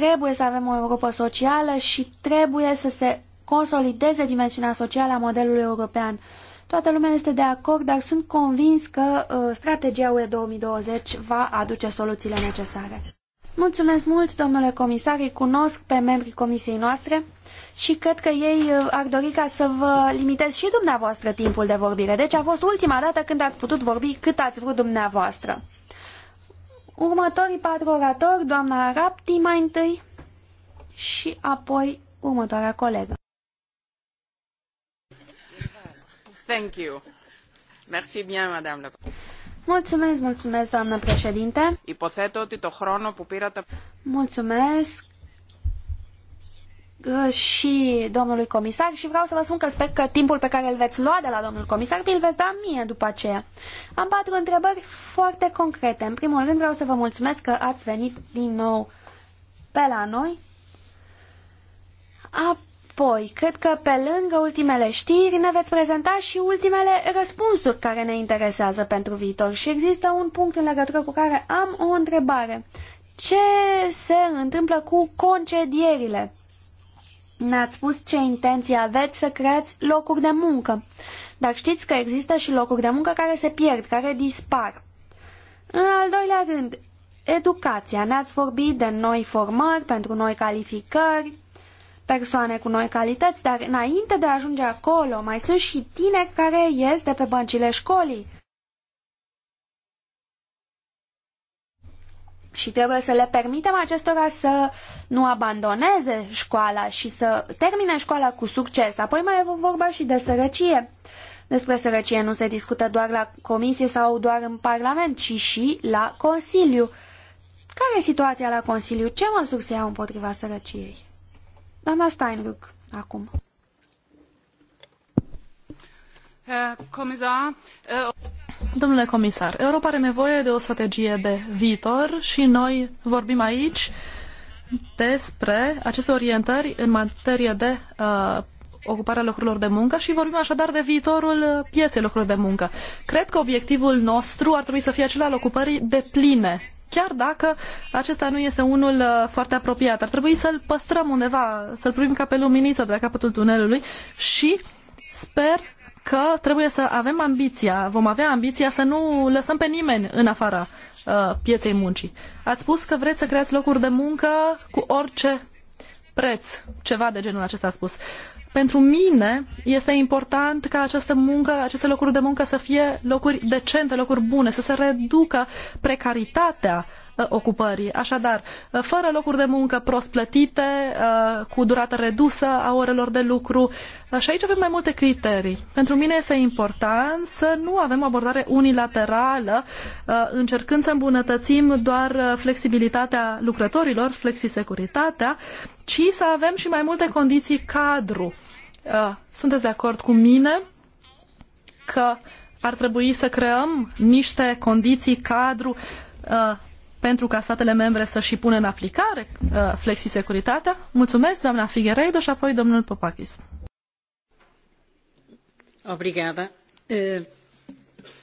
Trebuie să avem o Europa socială și trebuie să se consolideze dimensiunea socială a modelului european. Toată lumea este de acord, dar sunt convins că uh, strategia UE 2020 va aduce soluțiile necesare. Mulțumesc mult, domnule comisar, îi cunosc pe membrii comisiei noastre și cred că ei uh, ar dori ca să vă limitez și dumneavoastră timpul de vorbire. Deci a fost ultima dată când ați putut vorbi cât ați vrut dumneavoastră. Următorii patru oratori, doamna Rapti mai întâi și apoi următoarea colegă. Thank you. Merci bien, madame la Mulțumesc, mulțumesc, doamnă președinte. Ipotheto ότι το χρόνο Mulțumesc și domnului comisar și vreau să vă spun că sper că timpul pe care îl veți lua de la domnul comisar mi-l veți da mie după aceea. Am patru întrebări foarte concrete. În primul rând vreau să vă mulțumesc că ați venit din nou pe la noi. Apoi, cred că pe lângă ultimele știri ne veți prezenta și ultimele răspunsuri care ne interesează pentru viitor și există un punct în legătură cu care am o întrebare. Ce se întâmplă cu concedierile? Ne-ați spus ce intenții aveți să creați locuri de muncă. Dar știți că există și locuri de muncă care se pierd, care dispar. În al doilea rând, educația. Ne-ați vorbit de noi formări, pentru noi calificări, persoane cu noi calități, dar înainte de a ajunge acolo, mai sunt și tineri care ies de pe băncile școlii și trebuie să le permitem acestora să nu abandoneze școala și să termine școala cu succes. Apoi mai e vorba și de sărăcie. Despre sărăcie nu se discută doar la comisie sau doar în Parlament, ci și la Consiliu. Care e situația la Consiliu? Ce măsuri se iau împotriva sărăciei? Doamna Steinruck, acum. Comisar, uh... Äh, Domnule comisar, Europa are nevoie de o strategie de viitor și noi vorbim aici despre aceste orientări în materie de uh, ocuparea locurilor de muncă și vorbim așadar de viitorul pieței locurilor de muncă. Cred că obiectivul nostru ar trebui să fie acela al ocupării de pline, chiar dacă acesta nu este unul uh, foarte apropiat. Ar trebui să-l păstrăm undeva, să-l privim ca pe luminiță de la capătul tunelului și sper că trebuie să avem ambiția, vom avea ambiția să nu lăsăm pe nimeni în afara uh, pieței muncii. Ați spus că vreți să creați locuri de muncă cu orice preț, ceva de genul acesta ați spus. Pentru mine este important ca această muncă, aceste locuri de muncă să fie locuri decente, locuri bune, să se reducă precaritatea Uh, ocupării. Așadar, uh, fără locuri de muncă prost plătite, uh, cu durată redusă a orelor de lucru, și aici avem mai multe criterii. Pentru mine este important să nu avem abordare unilaterală, încercând să îmbunătățim doar flexibilitatea lucrătorilor, flexisecuritatea, ci să avem și mai multe condiții cadru. Sunteți de acord cu mine că ar trebui să creăm niște condiții cadru pentru ca statele membre să și pună în aplicare uh, flexisecuritatea. Mulțumesc, doamna Figueiredo și apoi domnul Popakis. Obrigada. Eh,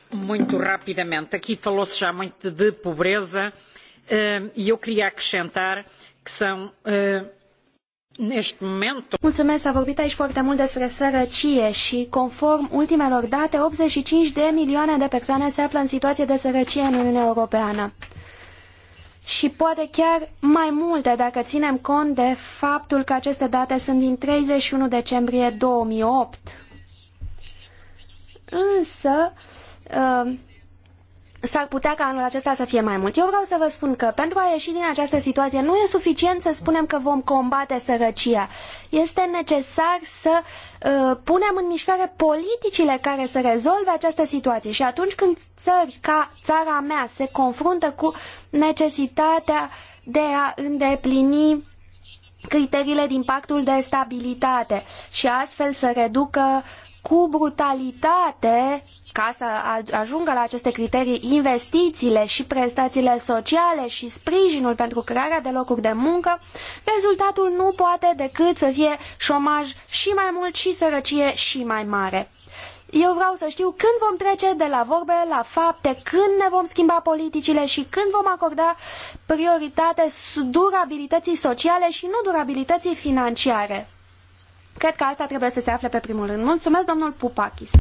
muito rapidamente, aqui falou-se já muito de pobreza e eh, eu queria acrescentar que são eh, neste momento... Mulțumesc, s-a vorbit aici foarte mult despre sărăcie și conform ultimelor date, 85 de milioane de persoane se află în situație de sărăcie în Uniunea Europeană și poate chiar mai multe dacă ținem cont de faptul că aceste date sunt din 31 decembrie 2008. Însă, uh, s-ar putea ca anul acesta să fie mai mult. Eu vreau să vă spun că pentru a ieși din această situație nu e suficient să spunem că vom combate sărăcia. Este necesar să uh, punem în mișcare politicile care să rezolve această situație și atunci când țări ca țara mea se confruntă cu necesitatea de a îndeplini criteriile din pactul de stabilitate și astfel să reducă cu brutalitate ca să ajungă la aceste criterii investițiile și prestațiile sociale și sprijinul pentru crearea de locuri de muncă, rezultatul nu poate decât să fie șomaj și mai mult și sărăcie și mai mare. Eu vreau să știu când vom trece de la vorbe la fapte, când ne vom schimba politicile și când vom acorda prioritate durabilității sociale și nu durabilității financiare. Cred că asta trebuie să se afle pe primul rând. Mulțumesc, domnul Pupakis.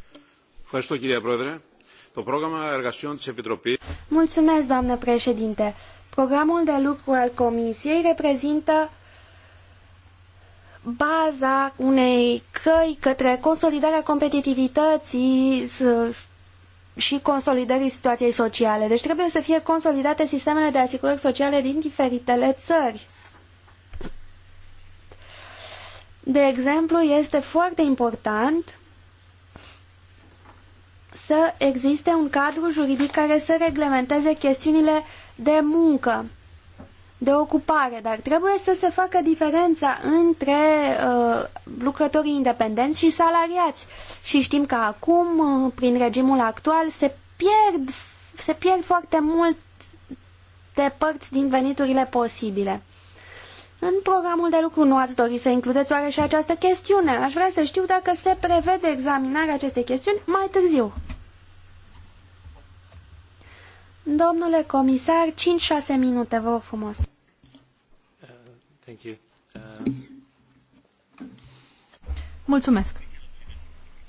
Mulțumesc, doamnă președinte. Programul de lucru al Comisiei reprezintă baza unei căi către consolidarea competitivității și consolidării situației sociale. Deci trebuie să fie consolidate sistemele de asigurări sociale din diferitele țări. De exemplu, este foarte important să existe un cadru juridic care să reglementeze chestiunile de muncă, de ocupare, dar trebuie să se facă diferența între uh, lucrătorii independenți și salariați. Și știm că acum, uh, prin regimul actual, se pierd, se pierd foarte mult de părți din veniturile posibile. În programul de lucru nu ați dori să includeți oare și această chestiune. Aș vrea să știu dacă se prevede examinarea acestei chestiuni mai târziu. Domnule comisar, 5-6 minute, vă rog frumos. Uh, thank you. Uh... Mulțumesc.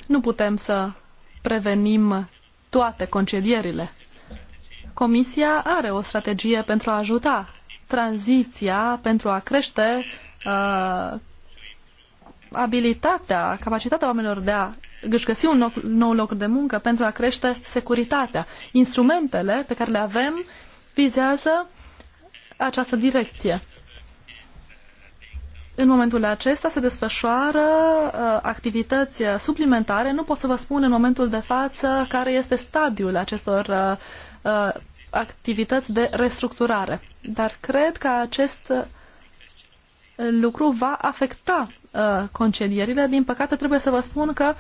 Nu putem să prevenim toate concedierile. Comisia are o strategie pentru a ajuta tranziția pentru a crește uh, abilitatea, capacitatea oamenilor de a își găsi un nou, nou loc de muncă pentru a crește securitatea. Instrumentele pe care le avem vizează această direcție. În momentul acesta se desfășoară uh, activități suplimentare. Nu pot să vă spun în momentul de față care este stadiul acestor uh, uh activități de restructurare. Dar cred că acest uh, lucru va afecta uh, concedierile. Din păcate, trebuie să vă spun că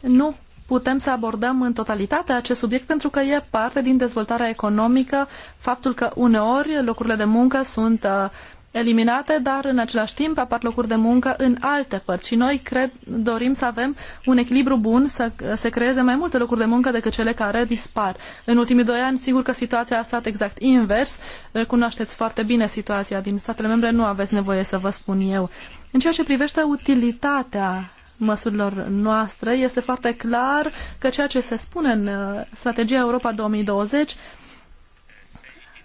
nu putem să abordăm în totalitate acest subiect pentru că e parte din dezvoltarea economică, faptul că uneori locurile de muncă sunt uh, eliminate, dar în același timp apar locuri de muncă în alte părți. Și noi cred, dorim să avem un echilibru bun, să se creeze mai multe locuri de muncă decât cele care dispar. În ultimii doi ani, sigur că situația a stat exact invers. Cunoașteți foarte bine situația din statele membre, nu aveți nevoie să vă spun eu. În ceea ce privește utilitatea măsurilor noastre, este foarte clar că ceea ce se spune în uh, strategia Europa 2020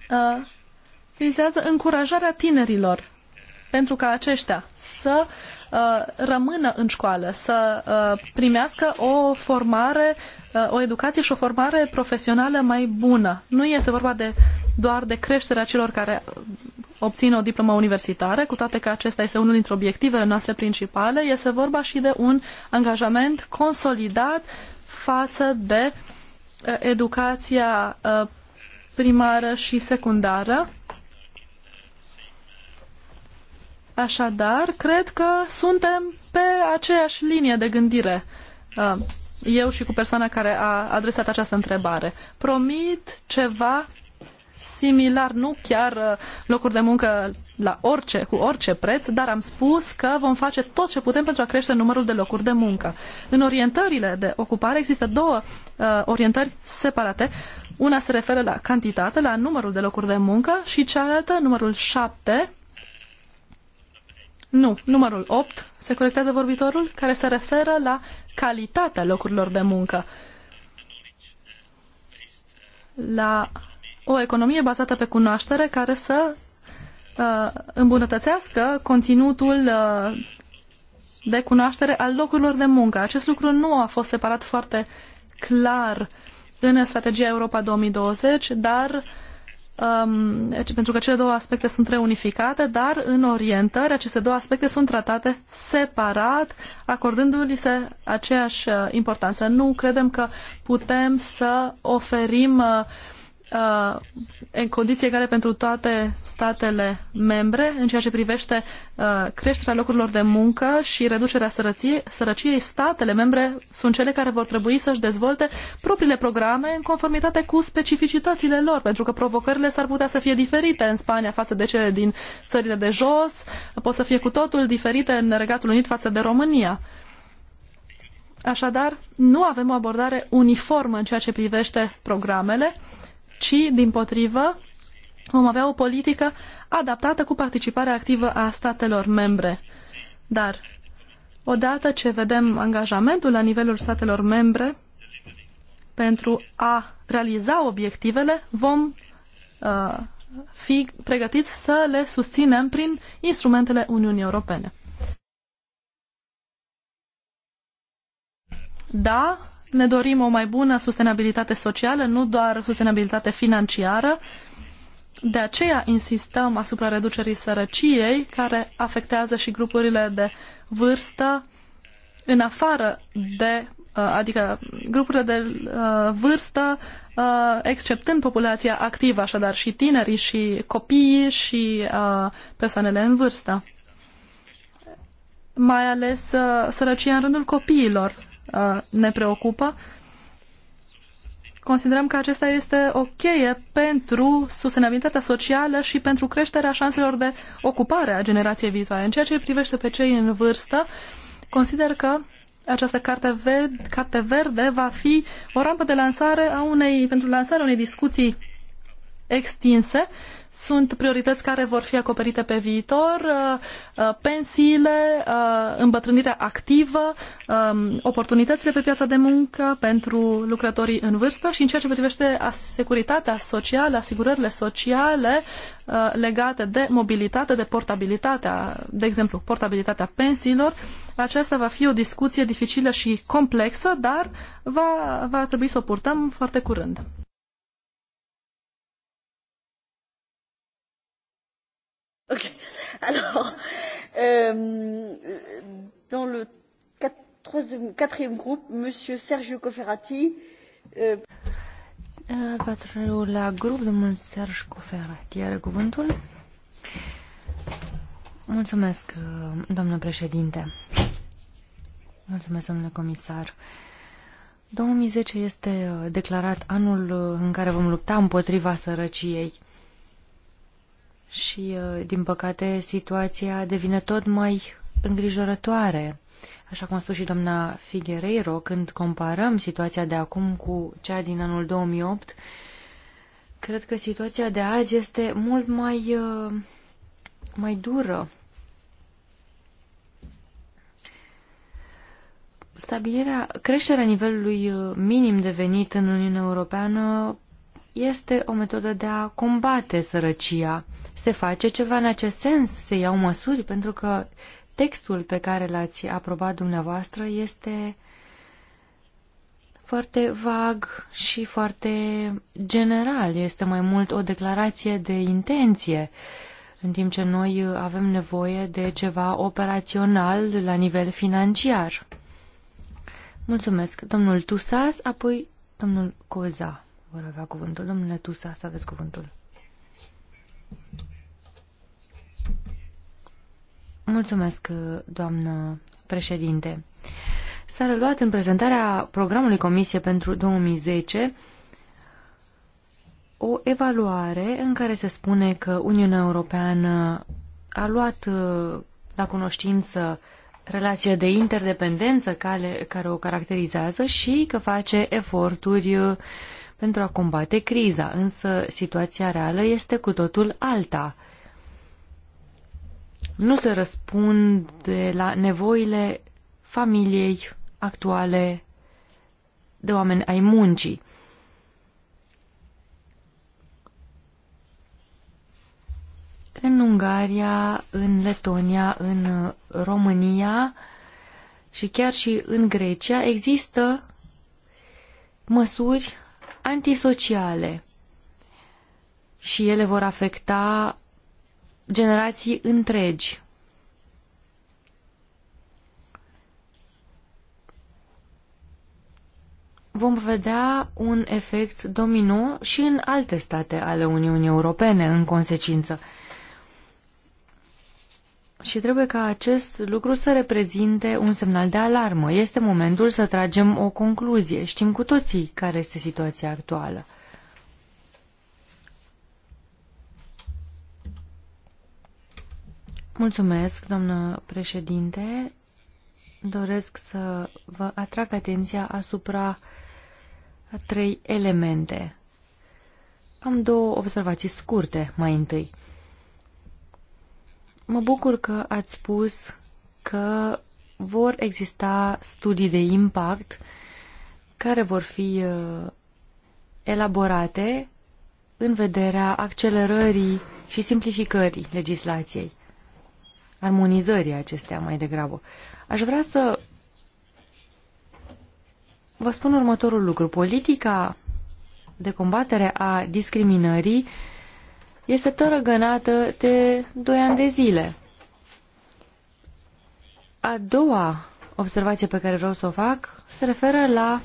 uh, vizează încurajarea tinerilor pentru ca aceștia să uh, rămână în școală, să uh, primească o formare, uh, o educație și o formare profesională mai bună. Nu este vorba de, doar de creșterea celor care obțin o diplomă universitară, cu toate că acesta este unul dintre obiectivele noastre principale, este vorba și de un angajament consolidat față de uh, educația uh, primară și secundară, Așadar, cred că suntem pe aceeași linie de gândire, uh, eu și cu persoana care a adresat această întrebare. Promit ceva similar, nu chiar uh, locuri de muncă la orice, cu orice preț, dar am spus că vom face tot ce putem pentru a crește numărul de locuri de muncă. În orientările de ocupare există două uh, orientări separate. Una se referă la cantitate, la numărul de locuri de muncă și cealaltă, numărul 7, nu, numărul 8, se corectează vorbitorul, care se referă la calitatea locurilor de muncă. La o economie bazată pe cunoaștere care să uh, îmbunătățească conținutul uh, de cunoaștere al locurilor de muncă. Acest lucru nu a fost separat foarte clar în strategia Europa 2020, dar uh, um, pentru că cele două aspecte sunt reunificate, dar în orientări aceste două aspecte sunt tratate separat, acordându-li se aceeași uh, importanță. Nu credem că putem să oferim uh, Uh, în condiții egale pentru toate statele membre în ceea ce privește uh, creșterea locurilor de muncă și reducerea sărăciei, sărăciei, statele membre sunt cele care vor trebui să-și dezvolte propriile programe în conformitate cu specificitățile lor, pentru că provocările s-ar putea să fie diferite în Spania față de cele din țările de jos, pot să fie cu totul diferite în Regatul Unit față de România. Așadar, nu avem o abordare uniformă în ceea ce privește programele ci, din potrivă, vom avea o politică adaptată cu participarea activă a statelor membre. Dar, odată ce vedem angajamentul la nivelul statelor membre pentru a realiza obiectivele, vom uh, fi pregătiți să le susținem prin instrumentele Uniunii Europene. Da, ne dorim o mai bună sustenabilitate socială, nu doar sustenabilitate financiară. De aceea insistăm asupra reducerii sărăciei, care afectează și grupurile de vârstă în afară de, uh, adică grupurile de uh, vârstă, uh, exceptând populația activă, așadar și tinerii, și copiii, și persoanele în vârstă. Mai ales sărăcia în rândul copiilor Uh, ne preocupă. Considerăm că acesta este o cheie pentru sustenabilitatea socială și pentru creșterea șanselor de ocupare a generației viitoare. În ceea ce privește pe cei în vârstă, consider că această carte, ved, carte verde va fi o rampă de lansare a unei, pentru lansarea unei discuții extinse uh, sunt priorități care vor fi acoperite pe viitor, uh, uh, pensiile, uh, îmbătrânirea activă, um, oportunitățile pe piața de muncă pentru lucrătorii în vârstă și în ceea ce privește securitatea socială, asigurările sociale legate de mobilitate, de portabilitatea, de exemplu, portabilitatea pensiilor. Aceasta va fi o discuție dificilă și complexă, dar va, va trebui să o purtăm foarte curând. Ok. Alors, euh, dans le quatrième groupe, Monsieur Sergio Cofferati. Euh... Al patrulea grup, domnul Serge Cuferati are cuvântul. Mulțumesc, uh, domnule președinte. Mulțumesc, domnule comisar. 2010 este uh, declarat anul uh, în care vom lupta împotriva sărăciei și, uh, din păcate, situația devine tot mai îngrijorătoare. Așa cum a spus și doamna Figueiredo, când comparăm situația de acum cu cea din anul 2008, cred că situația de azi este mult mai, uh, mai dură. Stabilirea, creșterea nivelului uh, minim de venit în Uniunea Europeană este o metodă de a combate sărăcia. Se face ceva în acest sens, se iau măsuri, pentru că textul pe care l-ați aprobat dumneavoastră este foarte vag și foarte general. Este mai mult o declarație de intenție, în timp ce noi avem nevoie de ceva operațional la nivel financiar. Mulțumesc, domnul Tusas, apoi domnul Coza vor avea cuvântul. Domnule Tusa, să aveți cuvântul. Mulțumesc, doamnă președinte. S-a reluat în prezentarea programului Comisie pentru 2010 o evaluare în care se spune că Uniunea Europeană a luat uh, la cunoștință relația de interdependență care, care o caracterizează și că face eforturi uh, pentru a combate criza, însă situația reală este cu totul alta. Nu se răspunde la nevoile familiei actuale de oameni ai muncii. În Ungaria, în Letonia, în România și chiar și în Grecia există măsuri antisociale și ele vor afecta generații întregi. Vom vedea un efect domino și în alte state ale Uniunii Europene în consecință și trebuie ca acest lucru să reprezinte un semnal de alarmă. Este momentul să tragem o concluzie. Știm cu toții care este situația actuală. Mulțumesc, doamnă președinte. Doresc să vă atrag atenția asupra trei elemente. Am două observații scurte mai întâi. Mă bucur că ați spus că vor exista studii de impact care vor fi uh, elaborate în vederea accelerării și simplificării legislației, armonizării acestea mai degrabă. Aș vrea să vă spun următorul lucru. Politica de combatere a discriminării uh, este tărăgănată de doi ani de zile. A doua observație pe care vreau să o fac se referă la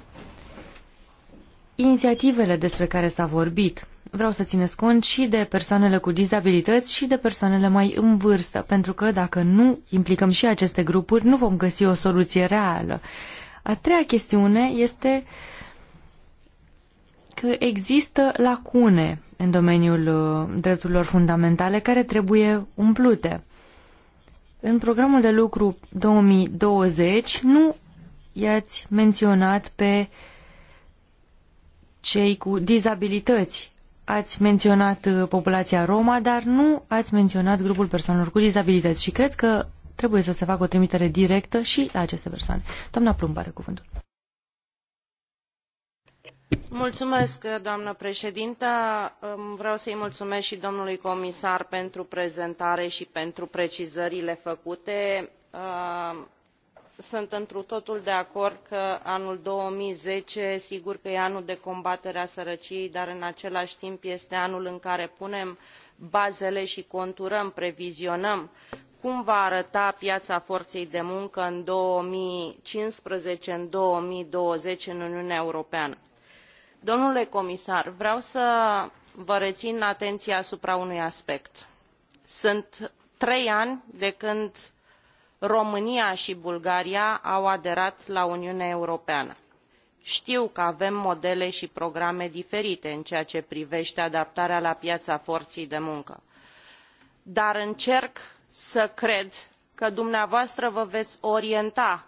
inițiativele despre care s-a vorbit. Vreau să țineți cont și de persoanele cu dizabilități și de persoanele mai în vârstă, pentru că dacă nu implicăm și aceste grupuri, nu vom găsi o soluție reală. A treia chestiune este că există lacune în domeniul uh, drepturilor fundamentale care trebuie umplute. În programul de lucru 2020 nu i-ați menționat pe cei cu dizabilități. Ați menționat uh, populația Roma, dar nu ați menționat grupul persoanelor cu dizabilități și cred că trebuie să se facă o trimitere directă și la aceste persoane. Doamna Plumb are cuvântul. Mulțumesc, doamnă președintă. Vreau să-i mulțumesc și domnului comisar pentru prezentare și pentru precizările făcute. Uh, sunt întru totul de acord că anul 2010, sigur că e anul de combatere a sărăciei, dar în același timp este anul în care punem bazele și conturăm, previzionăm cum va arăta piața forței de muncă în două mii cincisprezece în două mii douăzeci în uniunea europeană. Domnule comisar, vreau să vă rețin atenția asupra unui aspect. Sunt trei ani de când România și Bulgaria au aderat la Uniunea Europeană. Știu că avem modele și programe diferite în ceea ce privește adaptarea la piața forței de muncă, dar încerc să cred că dumneavoastră vă veți orienta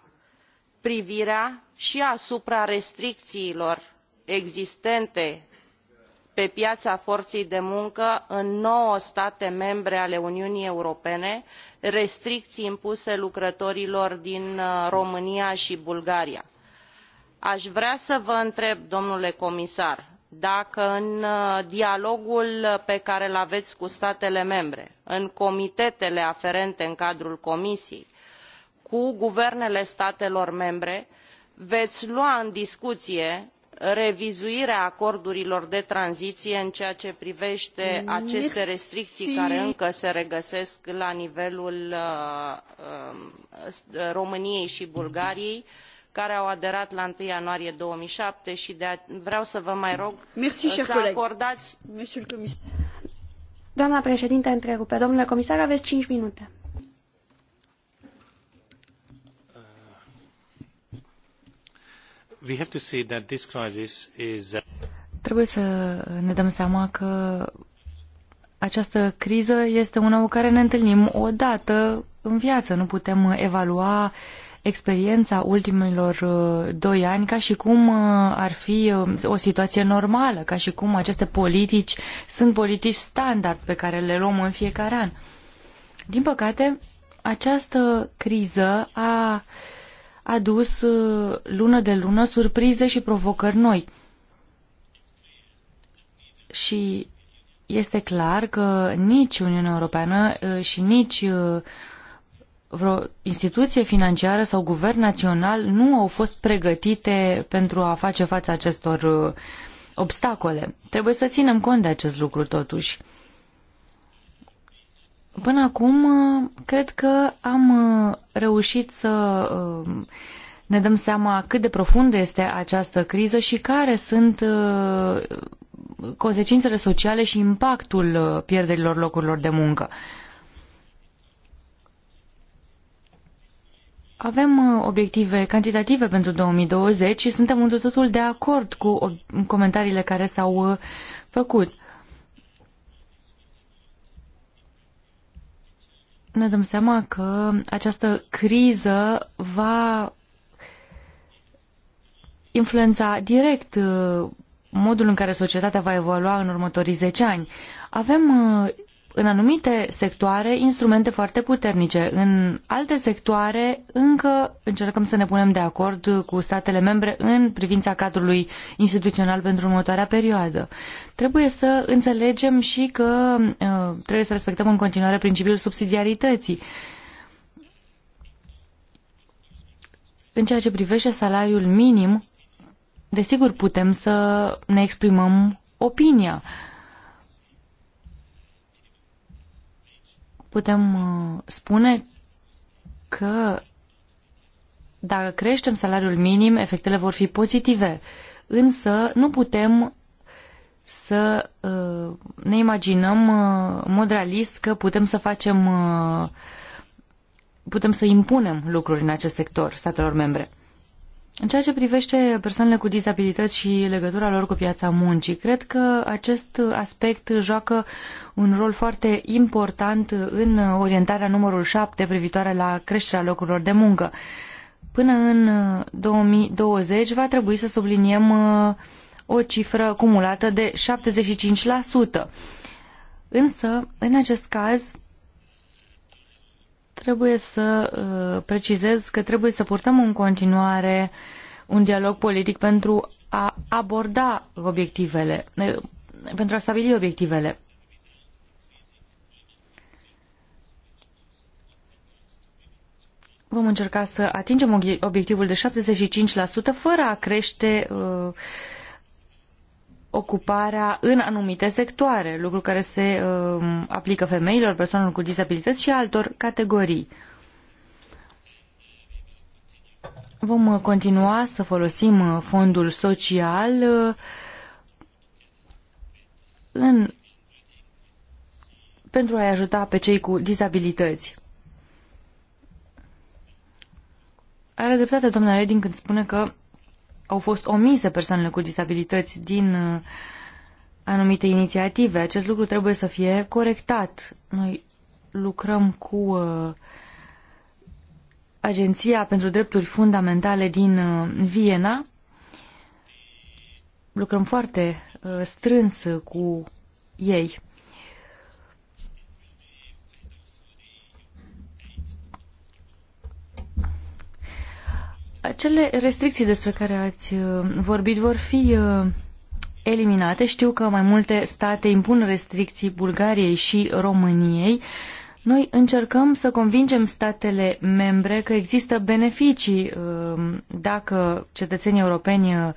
privirea și asupra restricțiilor existente pe piaa forei de muncă în nouă state membre ale uniunii europene restricii impuse lucrătorilor din uh, românia i bulgaria. a vrea să vă întreb domnule comisar dacă în uh, dialogul pe care îl avei cu statele membre în comitetele aferente în cadrul comisiei cu guvernele statelor membre vei lua în discuie Revizuirea acordurilor de tranziie în ceea ce privete aceste restricii care încă se regăsesc la nivelul uh, uh, româniei i bulgariei care au aderat la unu ianuarie 2007. mii șapte i vreau să vă mai rog uh, să acordai doamna preedintă întrerupe domnule comisar aveți 5 minute. Trebuie să ne dăm seama că această criză este una cu care ne întâlnim o dată în viață. Nu putem evalua experiența ultimilor uh, doi ani ca și cum uh, ar fi uh, o situație normală, ca și cum aceste politici sunt politici standard pe care le luăm în fiecare an. Din păcate, această criză a uh, adus uh, lună de lună surprize și provocări noi. Și este clar că nici Uniunea Europeană uh, și nici uh, vreo instituție financiară sau guvern național nu au fost pregătite pentru a face față acestor obstacole. Trebuie să ținem cont de acest lucru totuși. Până acum, uh, cred că am uh, reușit să uh, ne dăm seama cât de profundă este această criză și care sunt consecințele sociale și impactul pierderilor locurilor de muncă. Avem obiective cantitative pentru 2020 și suntem într totul de acord cu comentariile care s-au făcut. ne dăm seama că această criză va influența direct uh, modul în care societatea va evolua în următorii 10 ani. Avem uh, în anumite sectoare instrumente foarte puternice. În alte sectoare încă încercăm să ne punem de acord cu statele membre în privința cadrului instituțional pentru următoarea perioadă. Trebuie să înțelegem și că uh, trebuie să respectăm în continuare principiul subsidiarității. În ceea ce privește salariul minim, desigur putem să ne exprimăm opinia. Uh, putem uh, spune că dacă creștem salariul minim, efectele vor fi pozitive. Însă nu putem să uh, ne imaginăm uh, în mod realist că putem să facem putem să impunem lucruri în acest sector statelor membre. În ceea ce privește persoanele cu dizabilități și legătura lor cu piața muncii, cred că acest aspect joacă un rol foarte important în orientarea numărul 7 privitoare la creșterea locurilor de muncă. Până în 2020 uh, va trebui să subliniem uh, o cifră cumulată de 75%. Însă, în acest caz, trebuie să uh, precizez că trebuie să purtăm în continuare un dialog politic pentru a aborda obiectivele, uh, pentru a stabili obiectivele. Vom încerca să atingem obiectivul de 75% fără a crește uh, ocuparea în anumite sectoare, lucru care se uh, aplică femeilor, persoanelor cu dizabilități și altor categorii. Vom uh, continua să folosim uh, fondul social uh, în, pentru a-i ajuta pe cei cu dizabilități. Are dreptate doamna Redin când spune că au fost omise persoanele cu disabilități din uh, anumite inițiative. Acest lucru trebuie să fie corectat. Noi lucrăm cu uh, Agenția pentru Drepturi Fundamentale din uh, Viena. Lucrăm foarte strâns cu ei. Acele restricții despre care ați uh, vorbit vor fi uh, eliminate. Știu că mai multe state impun restricții Bulgariei și României. Noi încercăm să convingem statele membre că există beneficii uh, dacă cetățenii europeni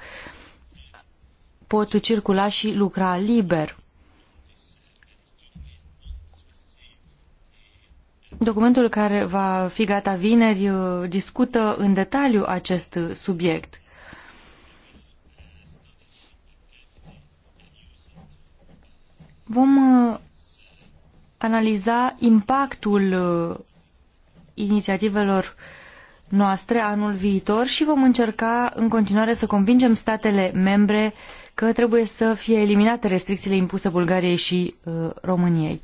pot circula și lucra liber. Documentul care va fi gata vineri uh, discută în detaliu acest subiect. Vom uh, analiza impactul uh, inițiativelor noastre anul viitor și vom încerca în continuare să convingem statele membre că trebuie să fie eliminate restricțiile impuse Bulgariei și uh, României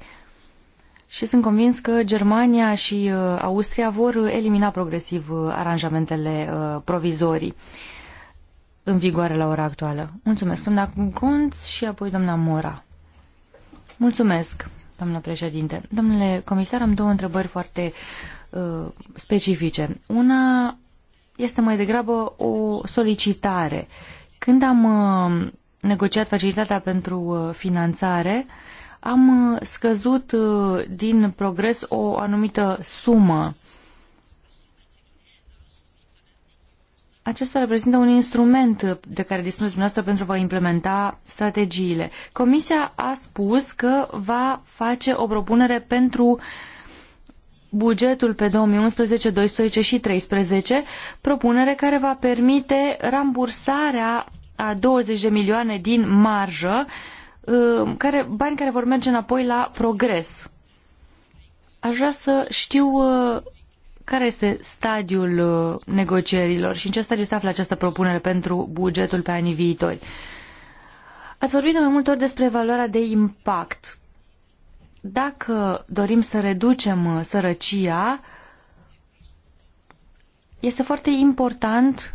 și sunt convins că Germania și uh, Austria vor elimina progresiv uh, aranjamentele uh, provizorii în vigoare la ora actuală. Mulțumesc, doamna Conț și apoi doamna Mora. Mulțumesc, doamna președinte. Domnule comisar, am două întrebări foarte uh, specifice. Una este mai degrabă o solicitare. Când am uh, negociat facilitatea pentru uh, finanțare, uh, am uh, scăzut uh, din progres o anumită sumă. Acesta reprezintă un instrument uh, de care dispuneți dumneavoastră pentru a vă implementa strategiile. Comisia a spus că va face o propunere pentru bugetul pe 2011, 2012 și 2013, propunere care va permite rambursarea a 20 de milioane din marjă uh, Um, care, bani care vor merge înapoi la progres. Aș vrea să știu uh, care este stadiul uh, negocierilor și în ce stadiu se află această propunere pentru bugetul pe anii viitori. Ați vorbit de mai multe ori despre valoarea de impact. Dacă dorim să reducem uh, sărăcia, este foarte important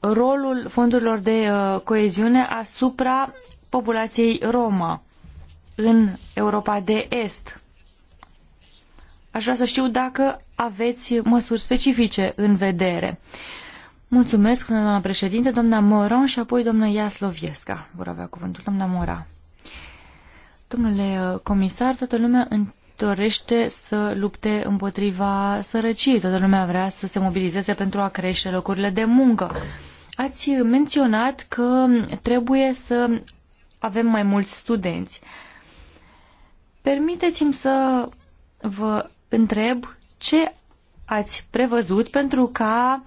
rolul fondurilor de uh, coeziune asupra populației romă în Europa de Est. Aș vrea să știu dacă aveți măsuri specifice în vedere. Mulțumesc, doamna președinte, doamna Moran și apoi doamna Iaslovieska. Vor avea cuvântul doamna Mora. Domnule uh, comisar, toată lumea în dorește să lupte împotriva sărăciei. Toată lumea vrea să se mobilizeze pentru a crește locurile de muncă. Ați menționat că trebuie să avem mai mulți studenți. Permiteți-mi să vă întreb ce ați prevăzut pentru ca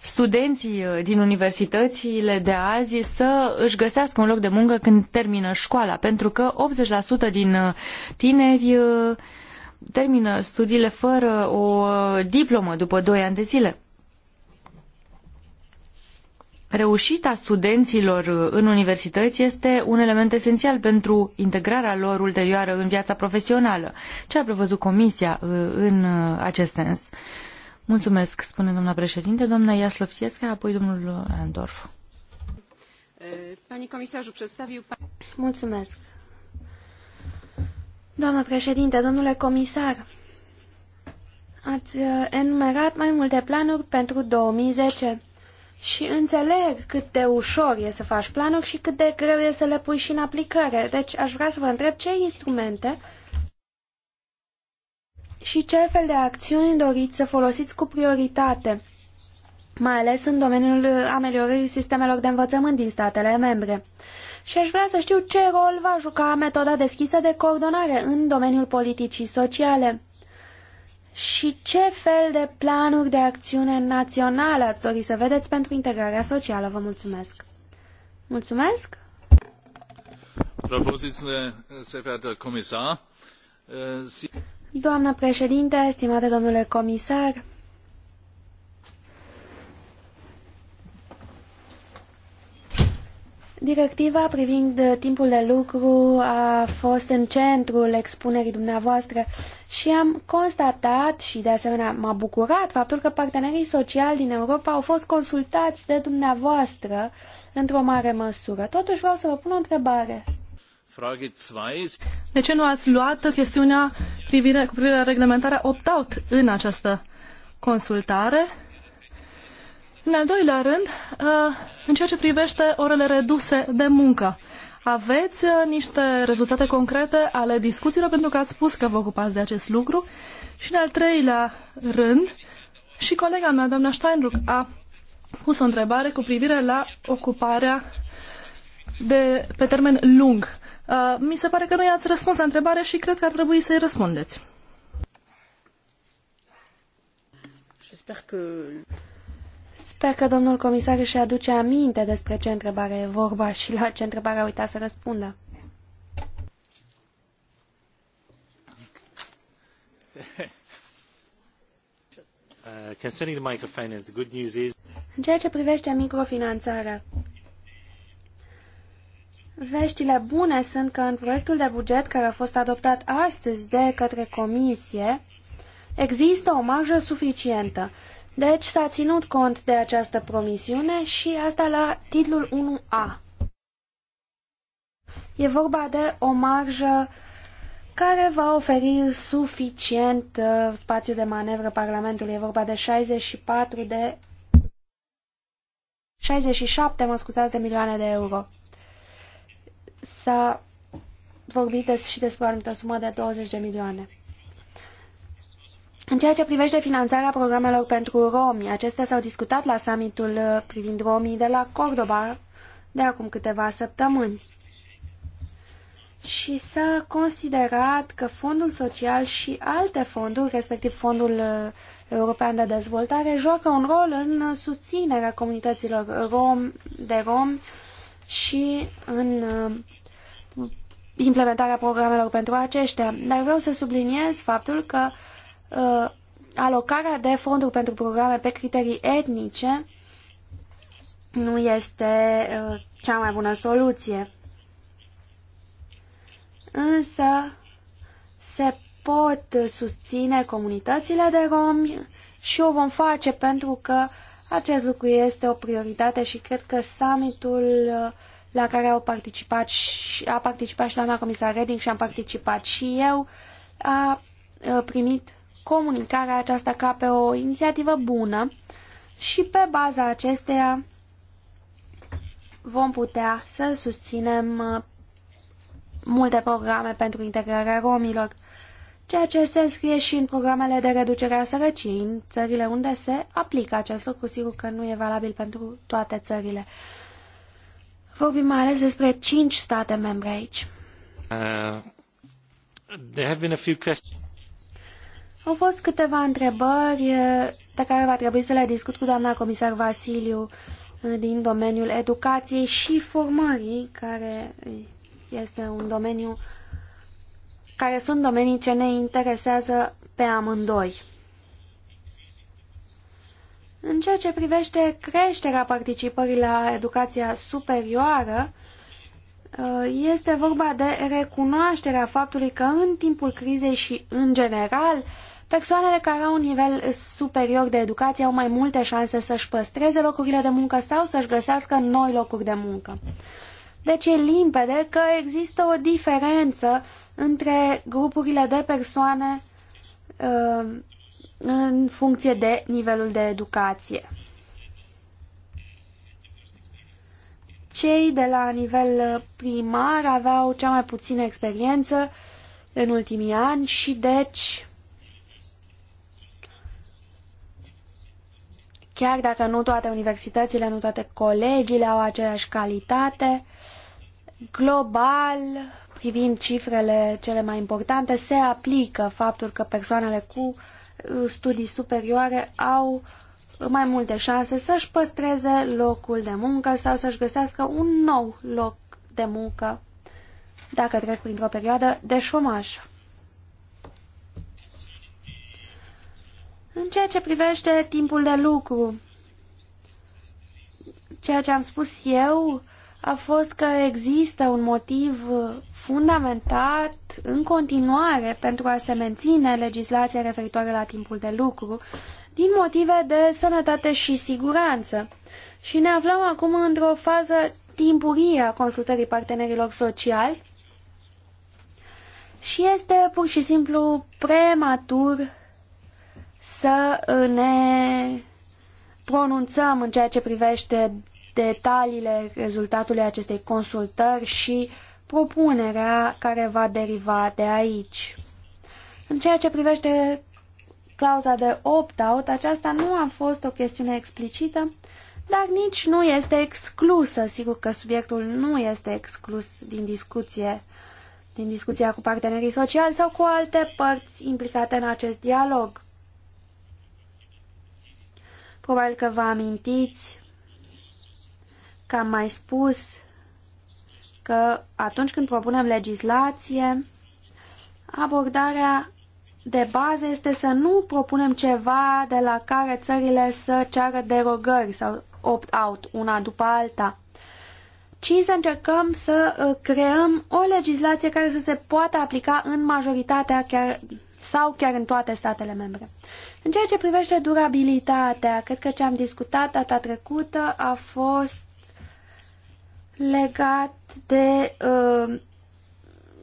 studenții din universitățile de azi să își găsească un loc de muncă când termină școala, pentru că 80% din tineri uh, termină studiile fără o uh, diplomă după 2 ani de zile reușita studenților uh, în universități este un element esențial pentru integrarea lor ulterioară în viața profesională. Ce a prevăzut Comisia uh, în uh, acest sens? Mulțumesc, spune doamna președinte, doamna Iaslovsiesca, apoi domnul Andorf. Pani comisarul, przedstawił pan... Mulțumesc. Doamna președinte, domnule comisar, ați enumerat mai multe planuri pentru 2010 și înțeleg cât de ușor e să faci planuri și cât de greu e să le pui și în aplicare. Deci aș vrea să vă întreb ce instrumente și ce fel de acțiuni doriți să folosiți cu prioritate, mai ales în domeniul ameliorării sistemelor de învățământ din statele membre. Și aș vrea să știu ce rol va juca metoda deschisă de coordonare în domeniul politicii sociale. Și ce fel de planuri de acțiune națională ați dori să vedeți pentru integrarea socială? Vă mulțumesc! Mulțumesc! Äh, Doamnă președinte, stimate domnule comisar, Directiva privind timpul de lucru a fost în centrul expunerii dumneavoastră și am constatat și de asemenea m-a bucurat faptul că partenerii sociali din Europa au fost consultați de dumneavoastră într-o mare măsură. Totuși vreau să vă pun o întrebare. De ce nu ați luat chestiunea privire, cu privire la reglementarea opt-out în această consultare? În al doilea rând, uh, în ceea ce privește orele reduse de muncă, aveți uh, niște rezultate concrete ale discuțiilor pentru că ați spus că vă ocupați de acest lucru și în al treilea rând și colega mea, doamna Steinruck, a pus o întrebare cu privire la ocuparea de, pe termen lung. Uh, mi se pare că nu i-ați răspuns la întrebare și cred că ar trebui să-i răspundeți. Sper că domnul comisar își aduce aminte despre ce întrebare e vorba și la ce întrebare a uitat să răspundă. Uh, în ceea ce privește microfinanțarea, veștile bune sunt că în proiectul de buget care a fost adoptat astăzi de către Comisie există o marjă suficientă deci s-a ținut cont de această promisiune și asta la titlul 1A. E vorba de o marjă care va oferi suficient uh, spațiu de manevră Parlamentului. E vorba de 64 de 67, mă scuzați, de milioane de euro. S-a vorbit des și despre o anumită sumă de 20 de milioane. În ceea ce privește finanțarea programelor pentru romi, acestea s-au discutat la summitul uh, privind romii de la Cordoba de acum câteva săptămâni. Și s-a considerat că fondul social și alte fonduri, respectiv fondul uh, european de dezvoltare, joacă un rol în uh, susținerea comunităților rom, de rom și în implementarea programelor pentru aceștia. Dar vreau să subliniez faptul că Uh, alocarea de fonduri pentru programe pe criterii etnice nu este uh, cea mai bună soluție. Însă se pot susține comunitățile de romi și o vom face pentru că acest lucru este o prioritate și cred că summitul uh, la care au participat și, a participat și doamna comisar Reding și am participat și eu a primit comunicarea aceasta ca pe o inițiativă bună și pe baza acesteia vom putea să susținem uh, multe programe pentru integrarea romilor, ceea ce se înscrie și în programele de reducere a sărăciei în țările unde se aplică acest lucru, sigur că nu e valabil pentru toate țările. Vorbim mai ales despre cinci state membre aici. Uh, there have been a few questions. Au fost câteva întrebări eh, pe care va trebui să le discut cu doamna comisar Vasiliu eh, din domeniul educației și formării, care eh, este un domeniu care sunt domenii ce ne interesează pe amândoi. În ceea ce privește creșterea participării la educația superioară, este vorba de recunoașterea faptului că în timpul crizei și în general Persoanele care au un nivel superior de educație au mai multe șanse să-și păstreze locurile de muncă sau să-și găsească noi locuri de muncă. Deci e limpede că există o diferență între grupurile de persoane uh, în funcție de nivelul de educație. Cei de la nivel primar aveau cea mai puțină experiență în ultimii ani și deci Chiar dacă nu toate universitățile, nu toate colegiile au aceeași calitate, global, privind cifrele cele mai importante, se aplică faptul că persoanele cu uh, studii superioare au mai multe șanse să-și păstreze locul de muncă sau să-și găsească un nou loc de muncă dacă trec printr-o perioadă de șomaj. În ceea ce privește timpul de lucru, ceea ce am spus eu a fost că există un motiv fundamentat în continuare pentru a se menține legislația referitoare la timpul de lucru din motive de sănătate și siguranță. Și ne aflăm acum într-o fază timpurie a consultării partenerilor sociali și este pur și simplu prematur să uh, ne pronunțăm în ceea ce privește detaliile rezultatului acestei consultări și propunerea care va deriva de aici. În ceea ce privește clauza de opt-out, aceasta nu a fost o chestiune explicită, dar nici nu este exclusă. Sigur că subiectul nu este exclus din discuție, din discuția cu partenerii sociali sau cu alte părți implicate în acest dialog. Probabil că vă amintiți că am mai spus că atunci când propunem legislație, abordarea de bază este să nu propunem ceva de la care țările să ceară derogări sau opt-out una după alta, ci să încercăm să uh, creăm o legislație care să se poată aplica în majoritatea, chiar sau chiar în toate statele membre. În ceea ce privește durabilitatea, cred că ce am discutat data trecută a fost legat de uh,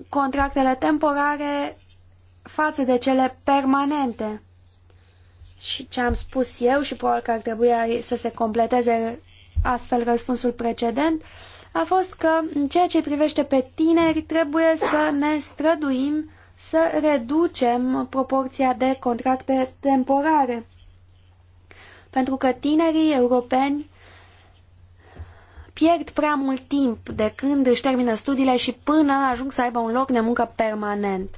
contractele temporare față de cele permanente. Și ce am spus eu și probabil că ar trebui să se completeze astfel răspunsul precedent, a fost că în ceea ce privește pe tineri trebuie să ne străduim să reducem proporția de contracte temporare. Pentru că tinerii europeni pierd prea mult timp de când își termină studiile și până ajung să aibă un loc de muncă permanent.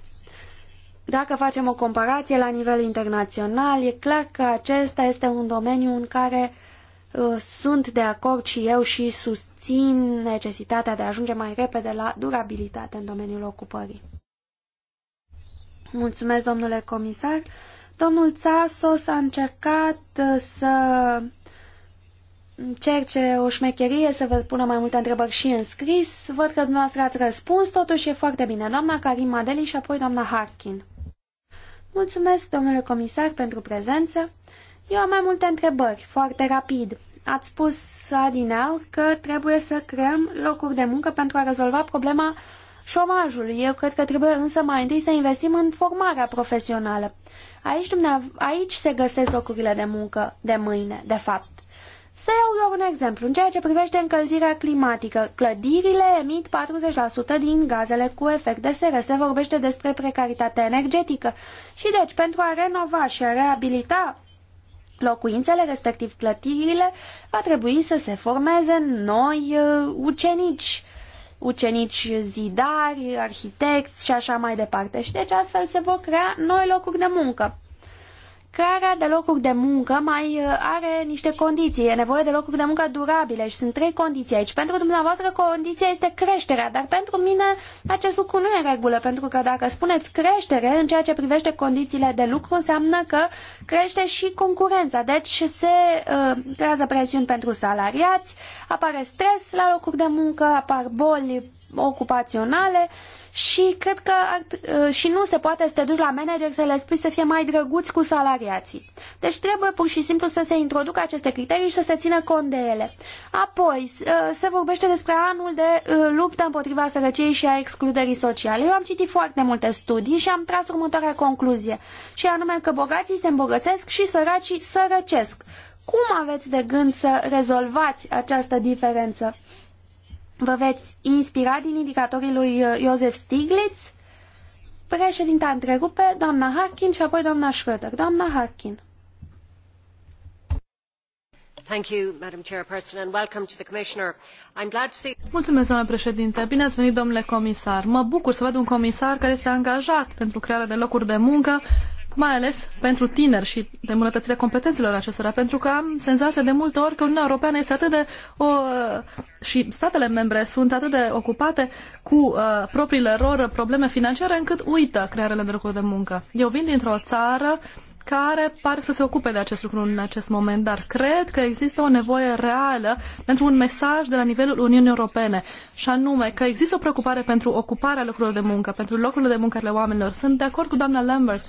Dacă facem o comparație la nivel internațional, e clar că acesta este un domeniu în care uh, sunt de acord și eu și susțin necesitatea de a ajunge mai repede la durabilitate în domeniul ocupării. Mulțumesc, domnule comisar. Domnul Țasos a încercat uh, să încerce o șmecherie, să vă pună mai multe întrebări și în scris. Văd că dumneavoastră ați răspuns, totuși e foarte bine. Doamna Karim Madeli și apoi doamna Harkin. Mulțumesc, domnule comisar, pentru prezență. Eu am mai multe întrebări, foarte rapid. Ați spus adineaur că trebuie să creăm locuri de muncă pentru a rezolva problema șomajul. Eu cred că trebuie însă mai întâi să investim în formarea profesională. Aici, aici se găsesc locurile de muncă de mâine, de fapt. Să iau doar un exemplu. În ceea ce privește încălzirea climatică, clădirile emit 40% din gazele cu efect de seră. Se vorbește despre precaritatea energetică. Și deci, pentru a renova și a reabilita locuințele, respectiv clădirile, va trebui să se formeze noi uh, ucenici ucenici zidari, arhitecți și așa mai departe. Și deci astfel se vor crea noi locuri de muncă. Crearea de locuri de muncă mai uh, are niște condiții. E nevoie de locuri de muncă durabile și sunt trei condiții aici. Pentru dumneavoastră condiția este creșterea, dar pentru mine acest lucru nu e în regulă, pentru că dacă spuneți creștere în ceea ce privește condițiile de lucru, înseamnă că crește și concurența. Deci se uh, creează presiuni pentru salariați, apare stres la locuri de muncă, apar boli ocupaționale și cred că uh, și nu se poate să te duci la manager să le spui să fie mai drăguți cu salariații. Deci trebuie pur și simplu să se introducă aceste criterii și să se țină cont de ele. Apoi, uh, se vorbește despre anul de uh, luptă împotriva sărăciei și a excluderii sociale. Eu am citit foarte multe studii și am tras următoarea concluzie, și anume că bogații se îmbogățesc și săracii sărăcesc. Cum aveți de gând să rezolvați această diferență? Vă veți inspira din indicatorii lui uh, Joseph Stiglitz? Președinta întrerupe, doamna Harkin și apoi doamna Schröder. Doamna Harkin. Mulțumesc, domnule președinte. Bine ați venit, domnule comisar. Mă bucur să văd un comisar care este angajat pentru crearea de locuri de muncă mai ales pentru tineri și de îmbunătățirea competențelor acestora, pentru că am senzația de multe ori că Uniunea Europeană este atât de o, și statele membre sunt atât de ocupate cu uh, propriile lor probleme financiare încât uită crearea de locuri de muncă. Eu vin dintr-o țară care par să se ocupe de acest lucru în acest moment, dar cred că există o nevoie reală pentru un mesaj de la nivelul Uniunii Europene, și anume că există o preocupare pentru ocuparea locurilor de muncă, pentru locurile de muncă ale oamenilor. Sunt de acord cu doamna Lambert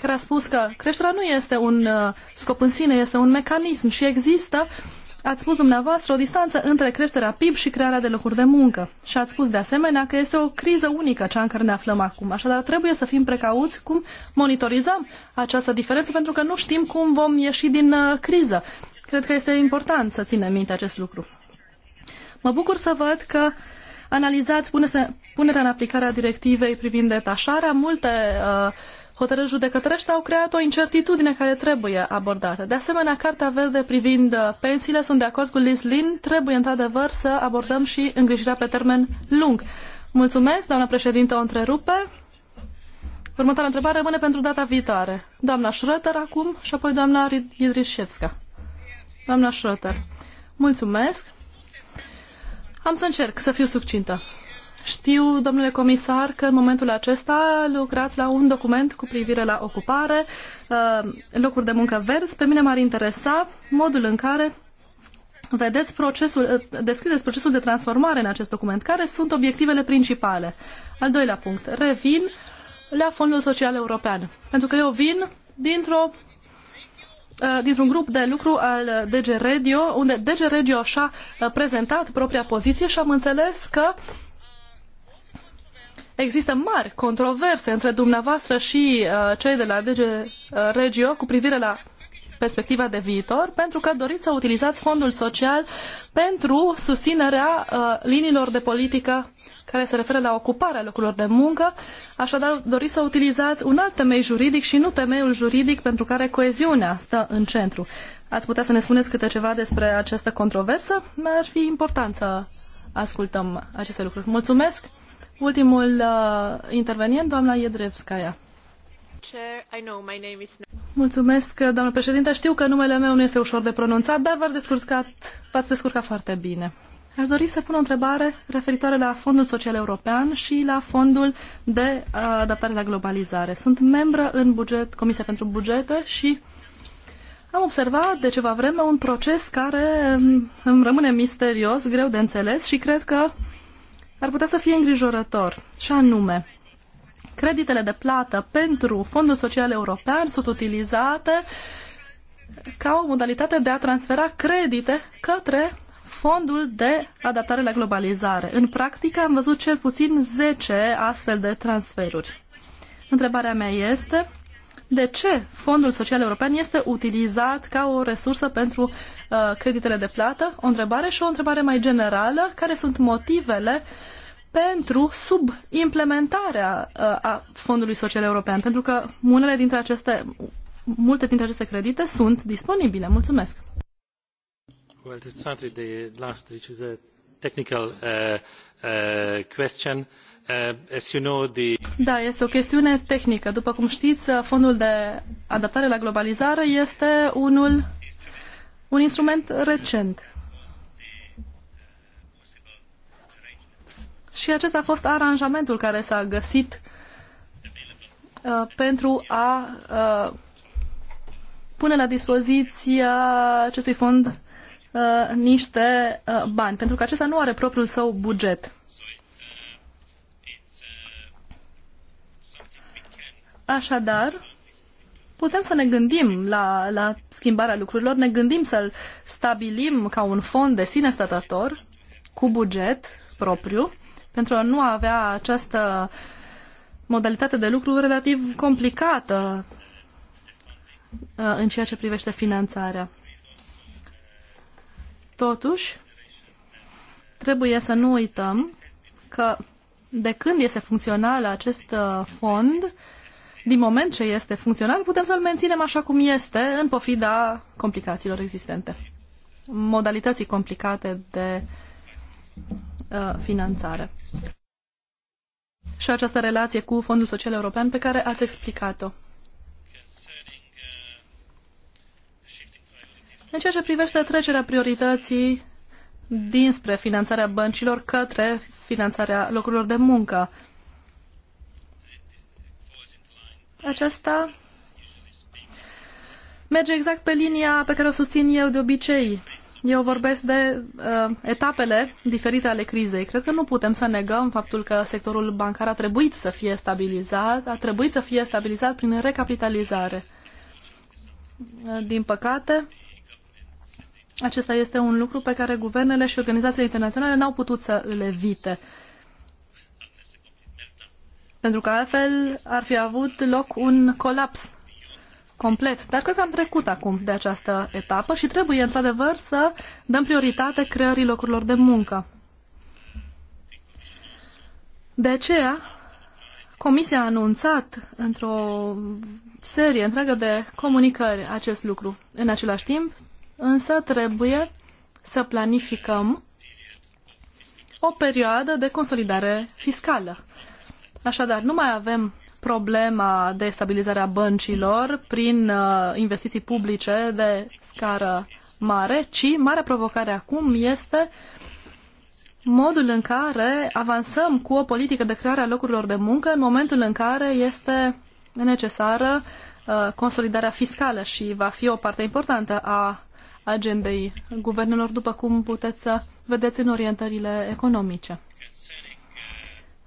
care a spus că creșterea nu este un uh, scop în sine, este un mecanism și există, ați spus dumneavoastră, o distanță între creșterea PIB și crearea de locuri de muncă. Și ați spus de asemenea că este o criză unică cea în care ne aflăm acum. Așadar, trebuie să fim precauți cum monitorizăm această diferență, pentru că nu știm cum vom ieși din uh, criză. Cred că este important să ținem minte acest lucru. Mă bucur să văd că analizați punerea în aplicare a directivei privind detașarea. Multe uh, hotărâri judecătorești au creat o incertitudine care trebuie abordată. De asemenea, Cartea Verde privind uh, pensiile, sunt de acord cu Liz Lin, trebuie într-adevăr să abordăm și îngrijirea pe termen lung. Mulțumesc, doamna președintă, o întrerupe. Următoarea întrebare rămâne pentru data viitoare. Doamna Schröter acum și apoi doamna Idrișevska. Doamna Schröter, mulțumesc. Am să încerc să fiu succintă. Știu, domnule comisar, că în momentul acesta lucrați la un document cu privire la ocupare, uh, locuri de muncă verzi. Pe mine m-ar interesa modul în care vedeți procesul, uh, descrideți procesul de transformare în acest document. Care sunt obiectivele principale? Al doilea punct. Revin la Fondul Social European. Pentru că eu vin dintr-o uh, dintr-un grup de lucru al DG Regio, unde DG Regio și-a prezentat propria poziție și am înțeles că uh, există mari controverse între dumneavoastră și uh, cei de la DG uh, Regio cu privire la perspectiva de viitor, pentru că doriți să utilizați fondul social pentru susținerea uh, liniilor de politică care se referă la ocuparea locurilor de muncă, așadar doriți să utilizați un alt temei juridic și nu temeiul juridic pentru care coeziunea stă în centru. Ați putea să ne spuneți câte ceva despre această controversă? Mi-ar fi important să ascultăm aceste lucruri. Mulțumesc! Ultimul uh, intervenient, doamna Iedrevskaya. Mulțumesc, doamnă președinte. Știu că numele meu nu este ușor de pronunțat, dar v-ați descurcat, v-ați descurcat foarte bine. Aș dori să pun o întrebare referitoare la Fondul Social European și la Fondul de uh, Adaptare la Globalizare. Sunt membră în buget, Comisia pentru Bugete și am observat de ceva vreme un proces care mm, îmi rămâne misterios, greu de înțeles și cred că ar putea să fie îngrijorător, și anume, creditele de plată pentru Fondul Social European sunt utilizate ca o modalitate de a transfera credite către Fondul de Adaptare la Globalizare. În practică am văzut cel puțin 10 astfel de transferuri. Întrebarea mea este de ce Fondul Social European este utilizat ca o resursă pentru uh, creditele de plată, o întrebare și o întrebare mai generală, care sunt motivele pentru subimplementarea uh, a Fondului Social European, pentru că unele dintre aceste, multe dintre aceste credite sunt disponibile. Mulțumesc! Well, the last, which is a technical uh, uh, question. Uh, da, este o chestiune tehnică. După cum știți, fondul de adaptare la globalizare este unul, un instrument recent. Și acesta a fost aranjamentul care s-a găsit uh, pentru a uh, pune la dispoziția acestui fond niște bani, pentru că acesta nu are propriul său buget. Așadar, putem să ne gândim la, la schimbarea lucrurilor, ne gândim să-l stabilim ca un fond de sine stătător, cu buget propriu, pentru a nu avea această modalitate de lucru relativ complicată uh, în ceea ce privește finanțarea. Totuși, trebuie să nu uităm că de când este funcțional acest uh, fond, din moment ce este funcțional, putem să-l menținem așa cum este, în pofida complicațiilor existente. Modalității complicate de uh, finanțare. Și această relație cu Fondul Social European pe care ați explicat-o. În ceea ce privește trecerea priorității dinspre finanțarea băncilor către finanțarea locurilor de muncă, aceasta merge exact pe linia pe care o susțin eu de obicei. Eu vorbesc de uh, etapele diferite ale crizei. Cred că nu putem să negăm faptul că sectorul bancar a trebuit să fie stabilizat, a trebuit să fie stabilizat prin recapitalizare. Uh, din păcate, acesta este un lucru pe care guvernele și organizațiile internaționale n-au putut să îl evite. Uh, pentru că altfel ar fi avut loc un colaps complet. Dar cred că am trecut acum de această etapă și trebuie, într-adevăr, să dăm prioritate creării locurilor de muncă. De aceea, Comisia a anunțat într-o serie întreagă de comunicări acest lucru. În același timp, însă, trebuie să planificăm o perioadă de consolidare fiscală. Așadar, nu mai avem problema de stabilizare a băncilor prin uh, investiții publice de scară mare, ci marea provocare acum este modul în care avansăm cu o politică de creare a locurilor de muncă în momentul în care este necesară uh, consolidarea fiscală și va fi o parte importantă a agendei guvernelor, după cum puteți să vedeți în orientările economice.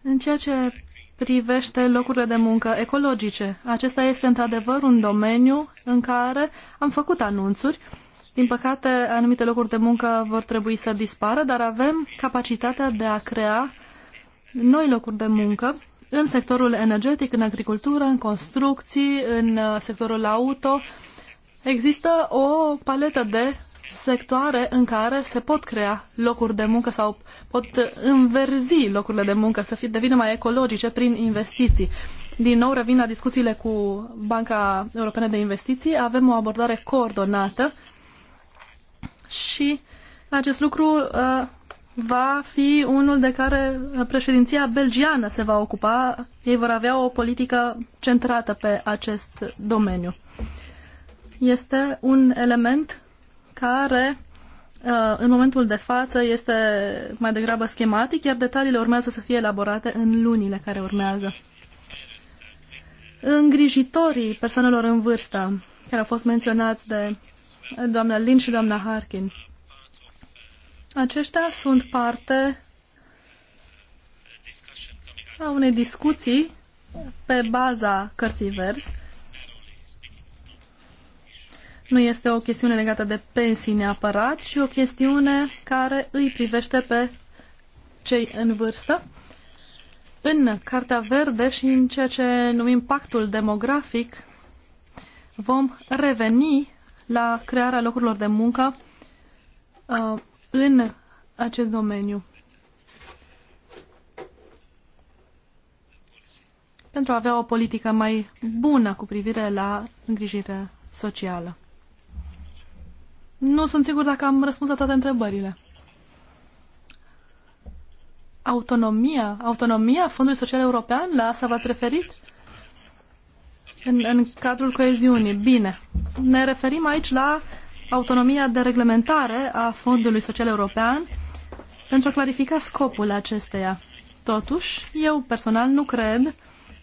În ceea ce privește locurile de muncă ecologice. Acesta este într-adevăr un domeniu în care am făcut anunțuri. Din păcate, anumite locuri de muncă vor trebui să dispară, dar avem capacitatea de a crea noi locuri de muncă în sectorul energetic, în agricultură, în construcții, în sectorul auto. Există o paletă de sectoare în care se pot crea locuri de muncă sau pot înverzi locurile de muncă, să fie, devină mai ecologice prin investiții. Din nou revin la discuțiile cu Banca Europeană de Investiții. Avem o abordare coordonată și acest lucru uh, va fi unul de care președinția belgiană se va ocupa. Ei vor avea o politică centrată pe acest domeniu. Este un element care uh, în momentul de față este mai degrabă schematic, iar detaliile urmează să fie elaborate în lunile care urmează. Îngrijitorii persoanelor în vârstă, care au fost menționați de doamna Lin și doamna Harkin, aceștia sunt parte a unei discuții pe baza cărții verzi nu este o chestiune legată de pensii neapărat, ci o chestiune care îi privește pe cei în vârstă. În Cartea Verde și în ceea ce numim pactul demografic, vom reveni la crearea locurilor de muncă uh, în acest domeniu. Pentru a avea o politică mai bună cu privire la îngrijire socială. Nu sunt sigur dacă am răspuns la toate întrebările. Autonomia, autonomia Fondului Social European, la asta v-ați referit? În, în cadrul coeziunii, bine. Ne referim aici la autonomia de reglementare a Fondului Social European pentru a clarifica scopul acesteia. Totuși, eu personal nu cred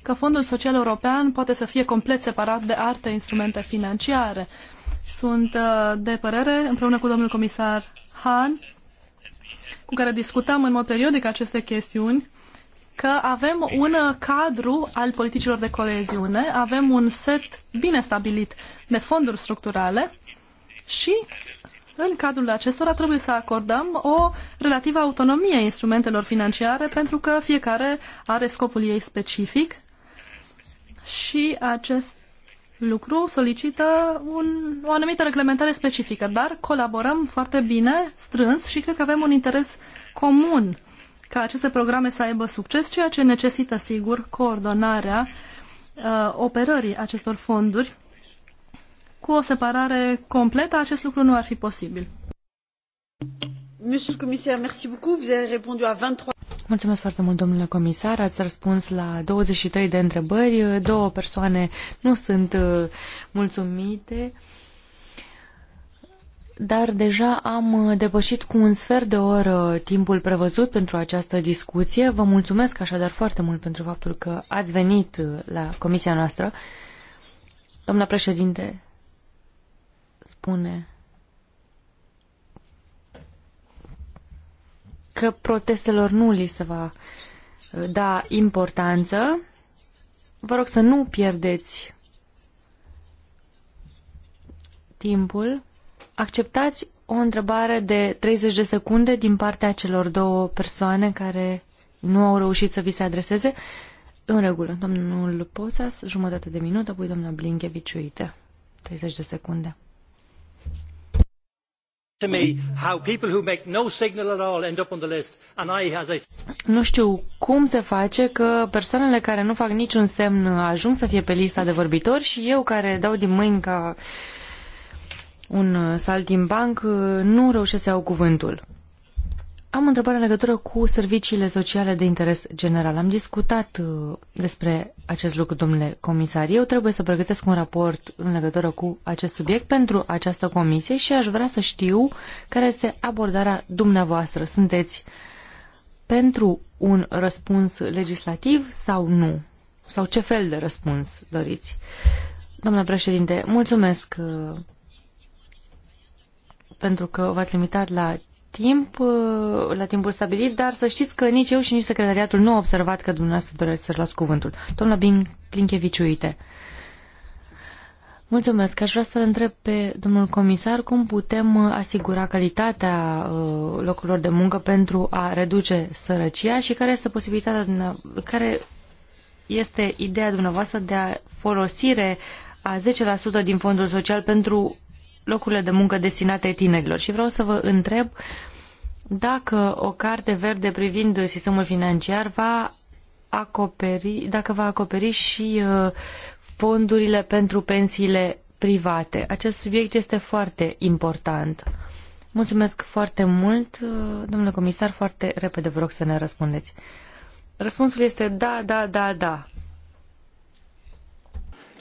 că Fondul Social European poate să fie complet separat de alte instrumente financiare. Uh, sunt uh, de părere, împreună cu domnul comisar Han, cu care discutăm în mod periodic aceste chestiuni, că avem un cadru al politicilor de coeziune, avem un set bine stabilit de fonduri structurale și în cadrul acestora trebuie să acordăm o relativă autonomie instrumentelor financiare pentru că fiecare are scopul ei specific și acest lucru solicită un, o anumită reglementare specifică, dar colaborăm foarte bine, strâns și cred că avem un interes comun ca aceste programe să aibă succes, ceea ce necesită, sigur, coordonarea uh, operării acestor fonduri. Cu o separare completă, acest lucru nu ar fi posibil. Monsieur le commissaire, merci beaucoup. Vous avez répondu à 23 Mulțumesc foarte mult, domnule comisar. Ați răspuns la 23 de întrebări. Două persoane nu sunt uh, mulțumite, dar deja am uh, depășit cu un sfert de oră timpul prevăzut pentru această discuție. Vă mulțumesc așadar foarte mult pentru faptul că ați venit uh, la comisia noastră. Doamna președinte, spune că protestelor nu li se va uh, da importanță. Vă rog să nu pierdeți timpul. Acceptați o întrebare de 30 de secunde din partea celor două persoane care nu au reușit să vi se adreseze. În regulă, domnul Poțas, jumătate de minut, apoi doamna Blinkeviciuite. 30 de secunde to me how people who make no signal at all end up on the list and I as I Nu știu cum se face că persoanele care nu fac niciun semn ajung să fie pe lista de vorbitori și eu care dau din mâini ca un saltimbanc nu reușesc să iau cuvântul. Am o întrebare în legătură cu serviciile sociale de interes general. Am discutat uh, despre acest lucru, domnule comisar. Eu trebuie să pregătesc un raport în legătură cu acest subiect pentru această comisie și aș vrea să știu care este abordarea dumneavoastră. Sunteți pentru un răspuns legislativ sau nu? Sau ce fel de răspuns doriți? domnule președinte, mulțumesc uh, pentru că v-ați limitat la timp, uh, la timpul stabilit, dar să știți că nici eu și nici secretariatul nu au observat că dumneavoastră doreți să luați cuvântul. Domnul uite. Mulțumesc. Aș vrea să întreb pe domnul comisar cum putem uh, asigura calitatea uh, locurilor de muncă pentru a reduce sărăcia și care este posibilitatea, care este ideea dumneavoastră de a folosire a 10% din fondul social pentru locurile de muncă destinate tinerilor. Și vreau să vă întreb dacă o carte verde privind sistemul financiar va acoperi, dacă va acoperi și uh, fondurile pentru pensiile private. Acest subiect este foarte important. Mulțumesc foarte mult, uh, domnule comisar, foarte repede vă rog să ne răspundeți. Răspunsul este da, da, da, da.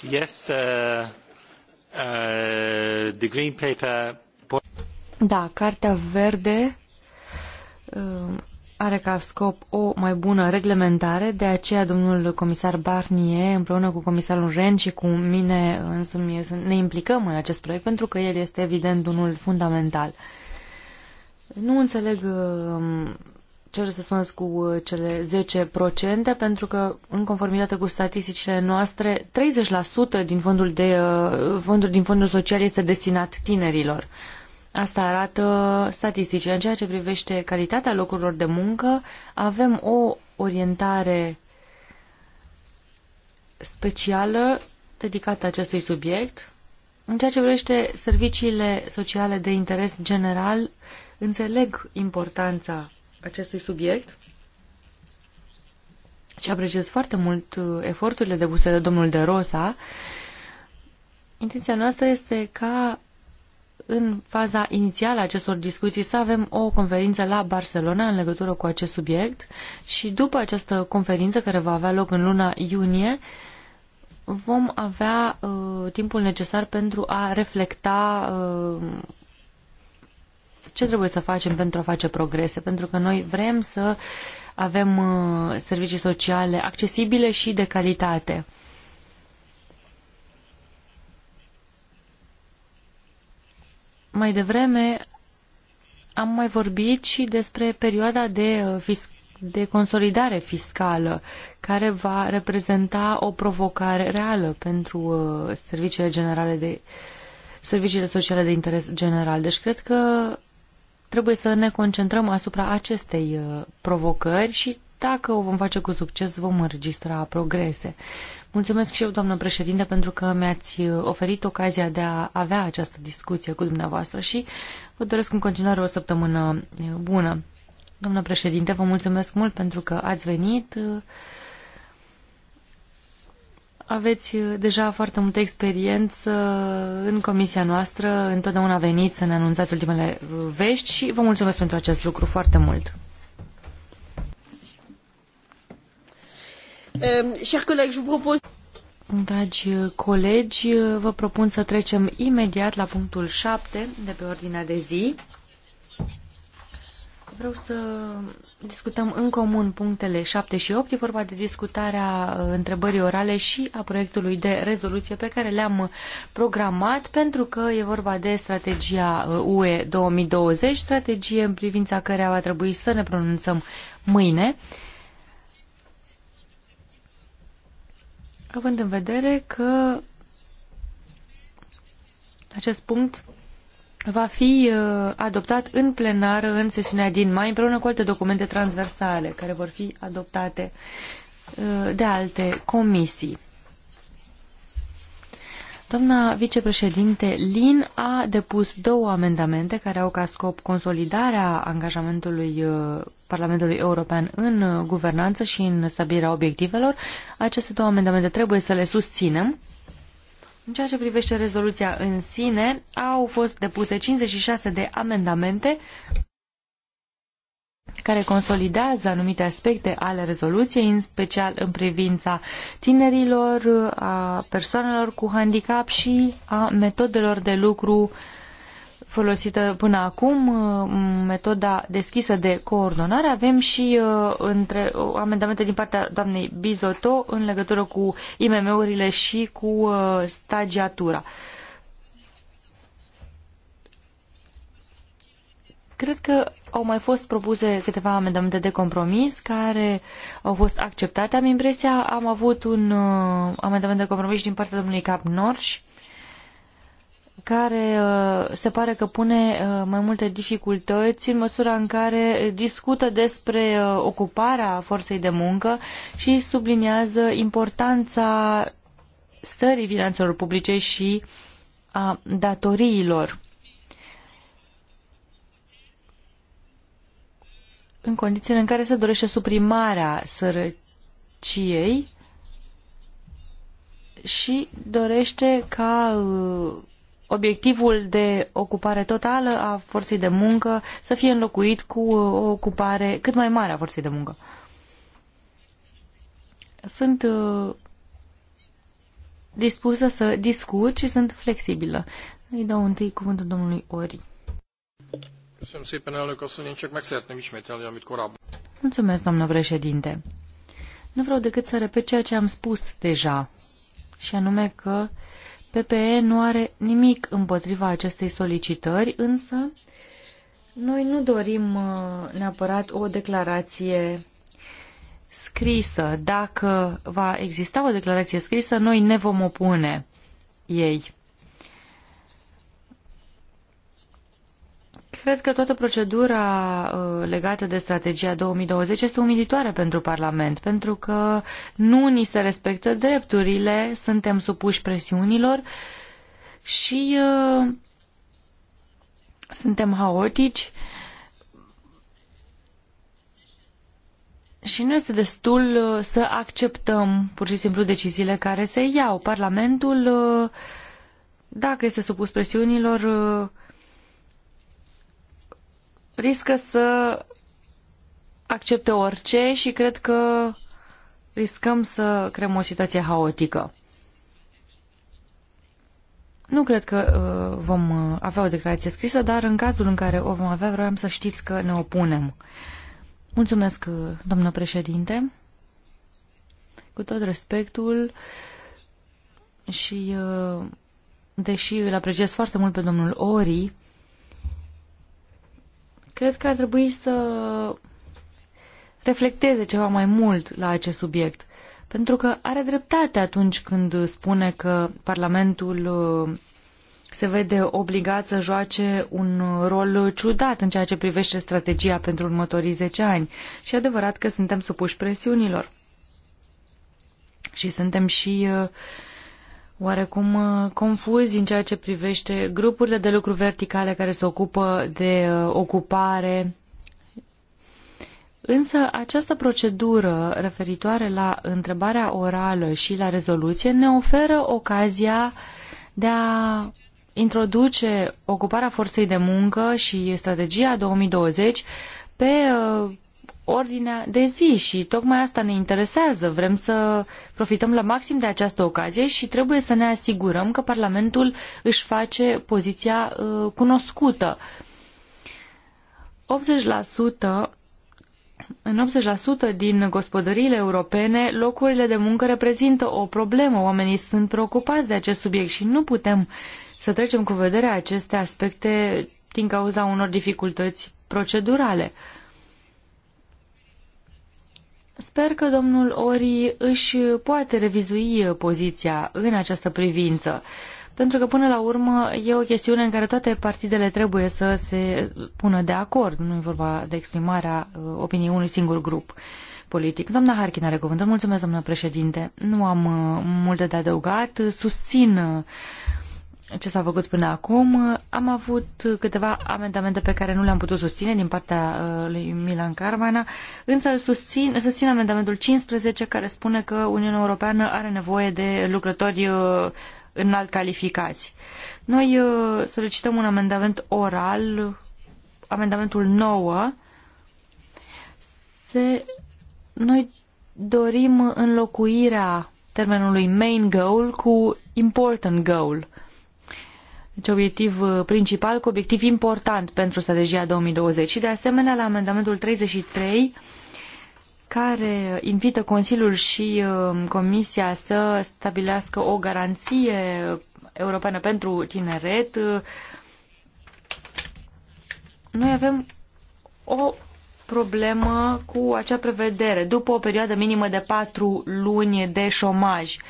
Yes, uh, uh, the green paper... Da, Cartea Verde Um, are ca scop o mai bună reglementare, de aceea domnul comisar Barnier, împreună cu comisarul Ren și cu mine însumi, ne implicăm în acest proiect, pentru că el este evident unul fundamental. Nu înțeleg um, ce vreau să spuneți cu uh, cele 10%, pentru că, în conformitate cu statisticile noastre, 30% din fondul, de, uh, fondul, din fondul social este destinat tinerilor. Asta arată statisticile. În ceea ce privește calitatea locurilor de muncă, avem o orientare specială dedicată acestui subiect. În ceea ce privește serviciile sociale de interes general, înțeleg importanța acestui subiect și apreciez foarte mult uh, eforturile depuse de domnul De Rosa. Intenția noastră este ca în faza inițială a acestor discuții să avem o conferință la Barcelona în legătură cu acest subiect și după această conferință care va avea loc în luna iunie vom avea uh, timpul necesar pentru a reflecta uh, ce trebuie să facem pentru a face progrese, pentru că noi vrem să avem uh, servicii sociale accesibile și de calitate. Mai devreme am mai vorbit și despre perioada de, uh, de consolidare fiscală, care va reprezenta o provocare reală pentru uh, serviciile generale de serviciile sociale de interes general. Deci cred că trebuie să ne concentrăm asupra acestei uh, provocări și dacă o vom face cu succes, vom înregistra progrese. Mulțumesc și eu, doamnă președinte, pentru că mi-ați uh, oferit ocazia de a avea această discuție cu dumneavoastră și vă doresc în continuare o săptămână uh, bună. Doamnă președinte, vă mulțumesc mult pentru că ați venit. Uh, aveți deja foarte multă experiență în comisia noastră, întotdeauna veniți să ne anunțați ultimele vești și vă mulțumesc pentru acest lucru foarte mult. Euh, Dragi colegi, vă propun să trecem imediat la punctul 7 de pe ordinea de zi. Vreau să discutăm în comun punctele 7 și 8. E vorba de discutarea uh, întrebării orale și a proiectului de rezoluție pe care le-am uh, programat pentru că e vorba de strategia uh, UE 2020, strategie în privința căreia va trebui să ne pronunțăm mâine. având în vedere că acest punct va fi uh, adoptat în plenară în sesiunea din mai, împreună cu alte documente transversale care vor fi adoptate uh, de alte comisii. Doamna vicepreședinte Lin a depus două amendamente care au ca scop consolidarea angajamentului uh, Parlamentului European în uh, guvernanță și în stabilirea obiectivelor. Aceste două amendamente trebuie să le susținem. În ceea ce privește rezoluția în sine, au fost depuse 56 de amendamente care consolidează anumite aspecte ale rezoluției, în special în privința tinerilor, a persoanelor cu handicap și a metodelor de lucru uh, folosită până acum, uh, metoda deschisă de coordonare. Avem și uh, între, amendamente din partea doamnei Bizoto în legătură cu IMM-urile și cu uh, stagiatura. Cred că au mai fost propuse câteva amendamente de compromis care au fost acceptate. Am impresia, am avut un uh, amendament de compromis din partea domnului Cap Norș care uh, se pare că pune uh, mai multe dificultăți în măsura în care discută despre uh, ocuparea forței de muncă și subliniază importanța stării finanțelor publice și a datoriilor. În condițiile în care se dorește suprimarea sărăciei și dorește ca obiectivul de ocupare totală a forței de muncă să fie înlocuit cu o ocupare cât mai mare a forței de muncă. Sunt uh, dispusă să discut și sunt flexibilă. Îi dau întâi cuvântul domnului Ori. Mulțumesc, doamnă președinte. Nu vreau decât să repet ceea ce am spus deja, și anume că PPE nu are nimic împotriva acestei solicitări, însă noi nu dorim uh, neapărat o declarație scrisă. Dacă va exista o declarație scrisă, noi ne vom opune ei. Cred că toată procedura uh, legată de strategia 2020 este umilitoare pentru Parlament, pentru că nu ni se respectă drepturile, suntem supuși presiunilor și uh, suntem haotici și nu este destul uh, să acceptăm pur și simplu deciziile care se iau. Parlamentul, uh, dacă este supus presiunilor, uh, riscă să accepte orice și cred că riscăm să creăm o situație haotică. Nu cred că uh, vom uh, avea o declarație scrisă, dar în cazul în care o vom avea, vreau să știți că ne opunem. Mulțumesc, uh, doamnă președinte. Cu tot respectul și uh, deși îl apreciez foarte mult pe domnul Ori, Cred că ar trebui să reflecteze ceva mai mult la acest subiect, pentru că are dreptate atunci când spune că Parlamentul uh, se vede obligat să joace un rol ciudat în ceea ce privește strategia pentru următorii 10 ani. Și adevărat că suntem supuși presiunilor. Și suntem și uh, oarecum uh, confuzi în ceea ce privește grupurile de lucru verticale care se ocupă de uh, ocupare. Însă această procedură referitoare la întrebarea orală și la rezoluție ne oferă ocazia de a introduce ocuparea forței de muncă și strategia 2020 pe uh, ordinea de zi și tocmai asta ne interesează. Vrem să profităm la maxim de această ocazie și trebuie să ne asigurăm că Parlamentul își face poziția uh, cunoscută. 80% în 80% din gospodăriile europene, locurile de muncă reprezintă o problemă. Oamenii sunt preocupați de acest subiect și nu putem să trecem cu vederea aceste aspecte din cauza unor dificultăți procedurale. Sper că domnul Ori își poate revizui poziția în această privință, pentru că până la urmă e o chestiune în care toate partidele trebuie să se pună de acord, nu e vorba de exprimarea uh, opiniei unui singur grup politic. Doamna Harkin are cuvântul. Mulțumesc, doamnă președinte. Nu am uh, multe de adăugat. Susțin uh, ce s-a făcut până acum. Am avut câteva amendamente pe care nu le-am putut susține din partea uh, lui Milan Carmana, însă îl susțin, susțin amendamentul 15 care spune că Uniunea Europeană are nevoie de lucrători uh, înalt calificați. Noi uh, solicităm un amendament oral, amendamentul 9. Se, noi dorim înlocuirea termenului main goal cu important goal deci obiectiv uh, principal cu obiectiv important pentru strategia 2020 și de asemenea la amendamentul 33 care invită Consiliul și uh, Comisia să stabilească o garanție europeană pentru tineret. Uh, noi avem o problemă cu acea prevedere după o perioadă minimă de patru luni de șomaj. Uh,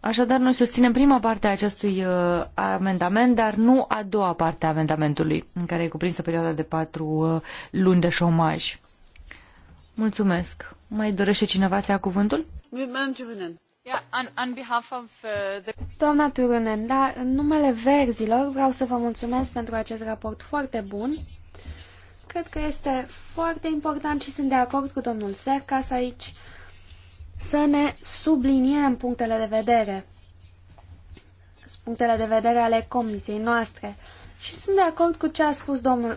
Așadar, noi susținem prima parte a acestui uh, amendament, dar nu a doua parte a amendamentului, în care e cuprinsă perioada de patru uh, luni de șomaj. Mulțumesc. Mai dorește cineva să ia cuvântul? Uh, Doamna Turunen, da, în numele verzilor vreau să vă mulțumesc pentru acest raport foarte bun. Cred că este foarte important și sunt de acord cu domnul Sercas aici. Uh, să ne subliniem punctele de vedere, punctele de vedere ale comisiei noastre. Și sunt de acord cu ce a spus domnul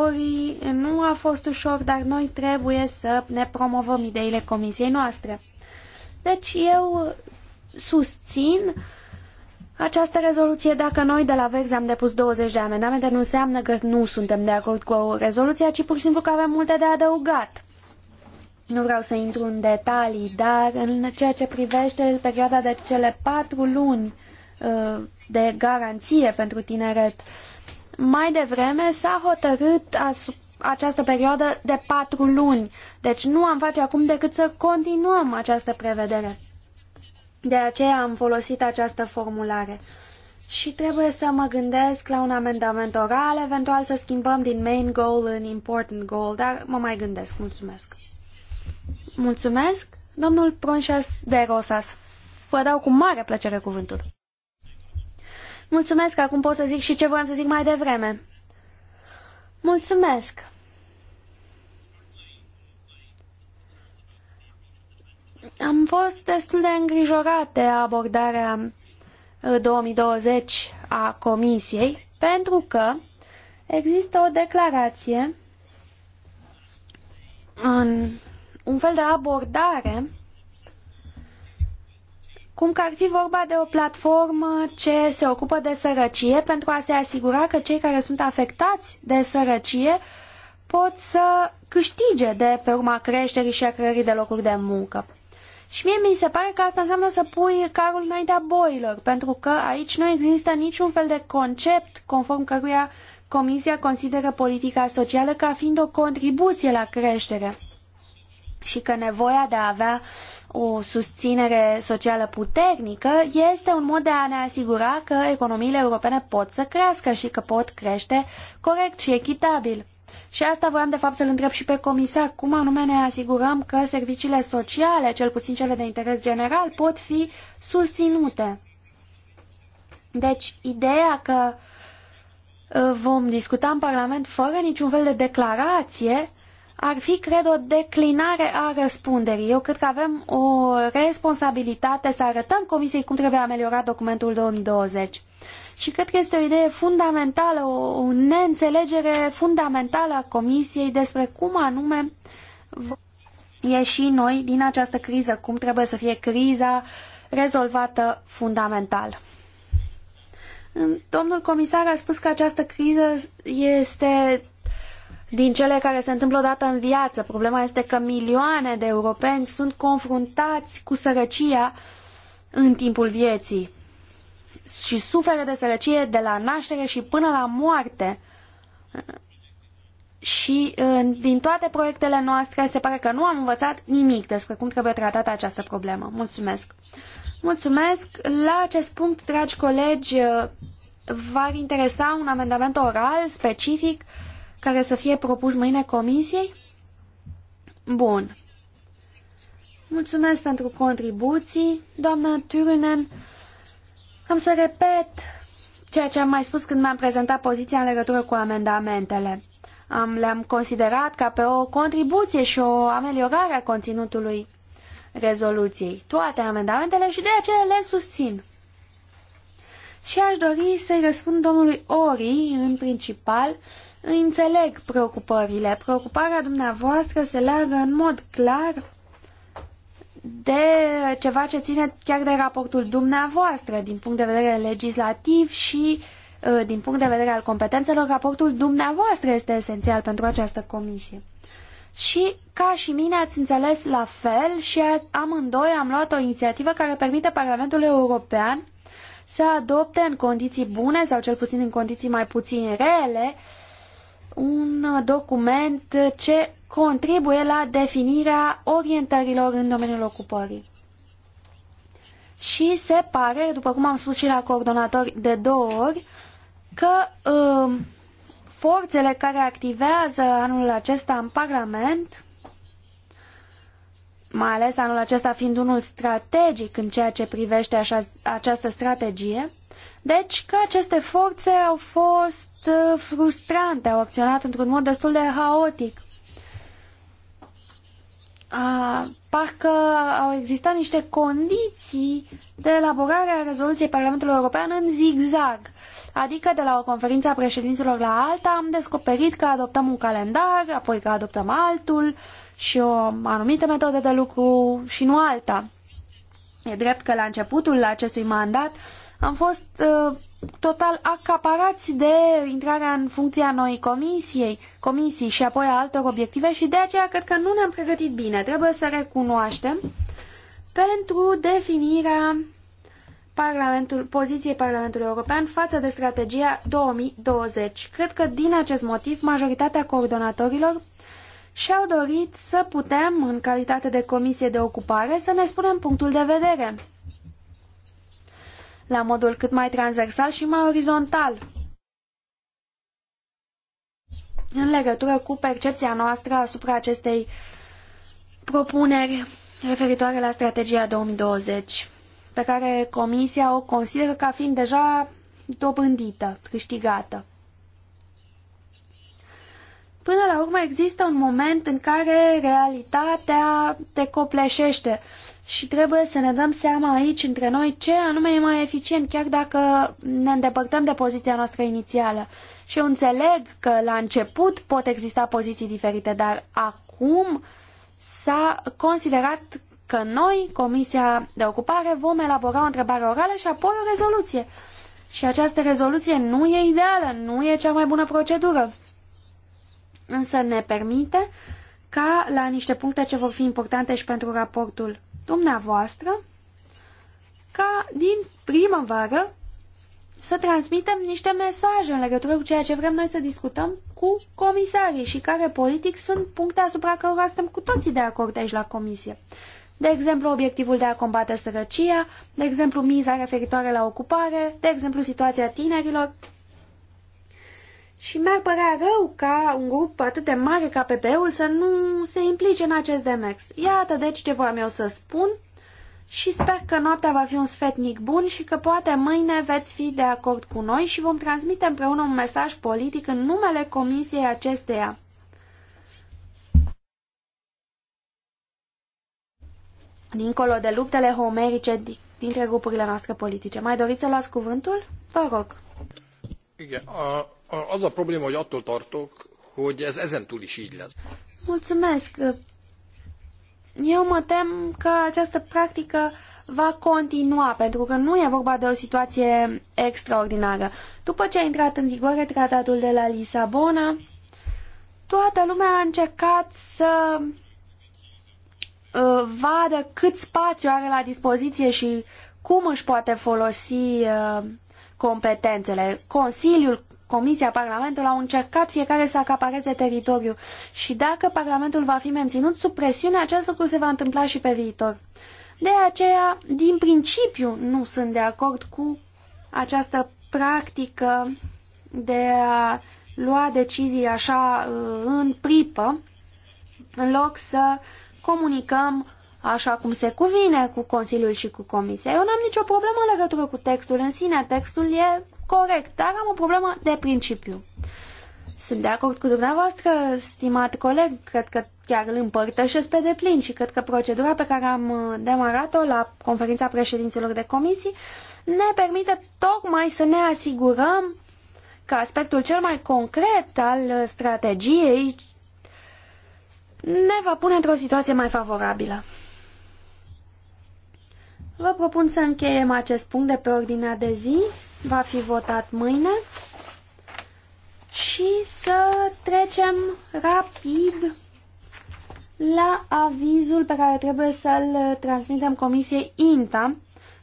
Ori, nu a fost ușor, dar noi trebuie să ne promovăm ideile comisiei noastre. Deci eu susțin această rezoluție, dacă noi de la Verzi am depus 20 de amendamente, nu înseamnă că nu suntem de acord cu rezoluția, ci pur și simplu că avem multe de adăugat. Nu vreau să intru în detalii, dar în ceea ce privește perioada de cele patru luni uh, de garanție pentru tineret, mai devreme s-a hotărât această perioadă de patru luni. Deci nu am face acum decât să continuăm această prevedere. De aceea am folosit această formulare. Și trebuie să mă gândesc la un amendament oral, eventual să schimbăm din main goal în important goal, dar mă mai gândesc. Mulțumesc. Mulțumesc. Domnul Pronșas de Rosas, vă dau cu mare plăcere cuvântul. Mulțumesc, acum pot să zic și ce voiam să zic mai devreme. Mulțumesc. Am fost destul de îngrijorat de abordarea 2020 uh, a Comisiei, pentru că există o declarație în un fel de abordare cum că ar fi vorba de o platformă ce se ocupă de sărăcie pentru a se asigura că cei care sunt afectați de sărăcie pot să câștige de pe urma creșterii și a creării de locuri de muncă. Și mie mi se pare că asta înseamnă să pui carul înaintea boilor, pentru că aici nu există niciun fel de concept conform căruia Comisia consideră politica socială ca fiind o contribuție la creștere și că nevoia de a avea o susținere socială puternică este un mod de a ne asigura că economiile europene pot să crească și că pot crește corect și echitabil. Și asta voiam de fapt să-l întreb și pe comisar, cum anume ne asigurăm că serviciile sociale, cel puțin cele de interes general, pot fi susținute. Deci, ideea că uh, vom discuta în Parlament fără niciun fel de declarație ar fi, cred, o declinare a răspunderii. Eu cred că avem o responsabilitate să arătăm Comisiei cum trebuie ameliorat documentul 2020. Și cred că este o idee fundamentală, o, o neînțelegere fundamentală a Comisiei despre cum anume ieși noi din această criză, cum trebuie să fie criza rezolvată fundamental. Domnul comisar a spus că această criză este din cele care se întâmplă odată în viață. Problema este că milioane de europeni sunt confruntați cu sărăcia în timpul vieții și suferă de sărăcie de la naștere și până la moarte. Și din toate proiectele noastre se pare că nu am învățat nimic despre cum trebuie tratată această problemă. Mulțumesc! Mulțumesc! La acest punct, dragi colegi, v-ar interesa un amendament oral specific uh, care să fie propus mâine comisiei? Bun. Mulțumesc pentru contribuții, doamnă Turunen. Am să repet ceea ce am mai spus când mi-am prezentat poziția în legătură cu amendamentele. Am, le-am considerat ca pe o contribuție și o ameliorare a conținutului rezoluției. Toate amendamentele și de aceea le susțin. Și aș dori să-i răspund domnului Ori, în principal, uh, Înțeleg preocupările. Preocuparea dumneavoastră se leagă în mod clar de ceva ce ține chiar de raportul dumneavoastră din punct de vedere legislativ și uh, din punct de vedere al competențelor, raportul dumneavoastră este esențial pentru această comisie. Și ca și mine ați înțeles la fel și amândoi am luat o inițiativă care permite Parlamentului European să adopte în condiții bune sau cel puțin în condiții mai puțin rele un document ce contribuie la definirea orientărilor în domeniul ocupării. Și se pare, după cum am spus și la coordonatori de două ori, că uh, forțele care activează anul acesta în Parlament, mai ales anul acesta fiind unul strategic în ceea ce privește așa, această strategie, deci că aceste forțe au fost uh, frustrante, au acționat într-un mod destul de haotic. A, parcă au existat niște condiții de elaborare a rezoluției Parlamentului European în zigzag. Adică de la o conferință a președinților la alta am descoperit că adoptăm un calendar, apoi că adoptăm altul și o anumită metodă de lucru și nu alta. E drept că la începutul acestui mandat am fost uh, total acaparați de intrarea în funcția noii comisiei, comisii și apoi a altor obiective și de aceea cred că nu ne-am pregătit bine. Trebuie să recunoaștem pentru definirea Parlamentul, poziției Parlamentului European față de strategia 2020. Cred că din acest motiv majoritatea coordonatorilor și-au dorit să putem, în calitate de Comisie de Ocupare, să ne spunem punctul de vedere la modul cât mai transversal și mai orizontal în legătură cu percepția noastră asupra acestei propuneri referitoare la strategia 2020, pe care Comisia o consideră ca fiind deja dobândită, câștigată. Până la urmă există un moment în care realitatea te copleșește și trebuie să ne dăm seama aici între noi ce anume e mai eficient, chiar dacă ne îndepărtăm de poziția noastră inițială. Și eu înțeleg că la început pot exista poziții diferite, dar acum s-a considerat că noi, Comisia de Ocupare, vom elabora o întrebare orală și apoi o rezoluție. Și această rezoluție nu e ideală, nu e cea mai bună procedură. Însă ne permite ca la niște puncte ce vor fi importante și pentru raportul dumneavoastră ca din primăvară să transmitem niște mesaje în legătură cu ceea ce vrem noi să discutăm cu comisarii și care politic sunt puncte asupra cărora suntem cu toții de acord aici la comisie. De exemplu, obiectivul de a combate sărăcia, de exemplu, miza referitoare la ocupare, de exemplu, situația tinerilor, și mi-ar părea rău ca un grup atât de mare ca PP-ul să nu se implice în acest demers. Iată deci ce voiam eu să spun și sper că noaptea va fi un sfetnic bun și că poate mâine veți fi de acord cu noi și vom transmite împreună un mesaj politic în numele comisiei acesteia. Dincolo de luptele homerice dintre grupurile noastre politice, mai doriți să luați cuvântul? Vă rog. Igen, a, a, az a probléma, hogy attól tartok, hogy ez ezen túl is így lesz. Mulțumesc! Eu mă tem că această practică va continua, pentru că nu e vorba de o situație extraordinară. După ce a intrat în vigoare tratatul de la Lisabona, toată lumea a încercat să uh, vadă cât spațiu are la dispoziție și cum își poate folosi uh, competențele. Consiliul, Comisia, Parlamentul au încercat fiecare să acapareze teritoriul și dacă Parlamentul va fi menținut sub presiune, acest lucru se va întâmpla și pe viitor. De aceea, din principiu, nu sunt de acord cu această practică de a lua decizii așa uh, în pripă, în loc să comunicăm așa cum se cuvine cu Consiliul și cu Comisia. Eu n-am nicio problemă în legătură cu textul în sine, textul e corect, dar am o problemă de principiu. Sunt de acord cu dumneavoastră, stimat coleg, cred că chiar îl împărtășesc pe deplin și cred că procedura pe care am uh, demarat-o la conferința președinților de comisii ne permite tocmai să ne asigurăm că aspectul cel mai concret al strategiei ne va pune într-o situație mai favorabilă. Vă propun să încheiem acest punct de pe ordinea de zi. Va fi votat mâine. Și să trecem rapid la avizul pe care trebuie să-l transmitem Comisiei INTA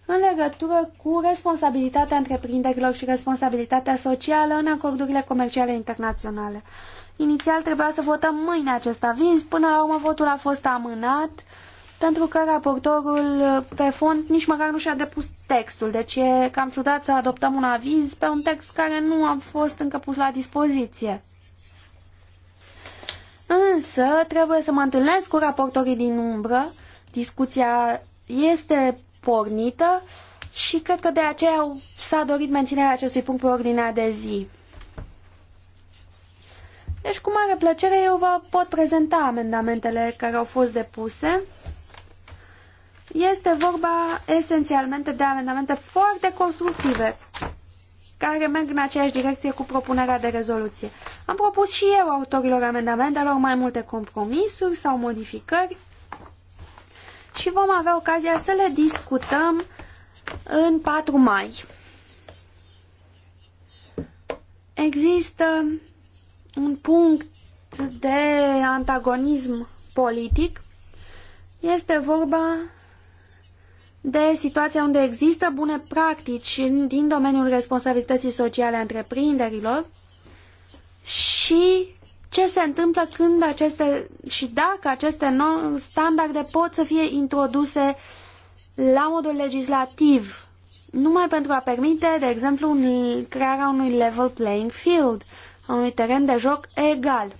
în legătură cu responsabilitatea întreprinderilor și responsabilitatea socială în acordurile comerciale internaționale. Inițial trebuia să votăm mâine acest aviz, până la urmă votul a fost amânat pentru că raportorul pe fond nici măcar nu și-a depus textul, deci e cam ciudat să adoptăm un aviz pe un text care nu a fost încă pus la dispoziție. Însă trebuie să mă întâlnesc cu raportorii din umbră, discuția este pornită și cred că de aceea s-a dorit menținerea acestui punct pe ordinea de zi. Deci, cu mare plăcere, eu vă pot prezenta amendamentele care au fost depuse. Este vorba esențialmente de amendamente foarte constructive care merg în aceeași direcție cu propunerea de rezoluție. Am propus și eu autorilor amendamentelor mai multe compromisuri sau modificări și vom avea ocazia să le discutăm în 4 mai. Există un punct de antagonism politic. Este vorba de situația unde există bune practici din domeniul responsabilității sociale a întreprinderilor și ce se întâmplă când aceste și dacă aceste standarde pot să fie introduse la modul legislativ, numai pentru a permite, de exemplu, crearea unui level playing field, a unui teren de joc egal.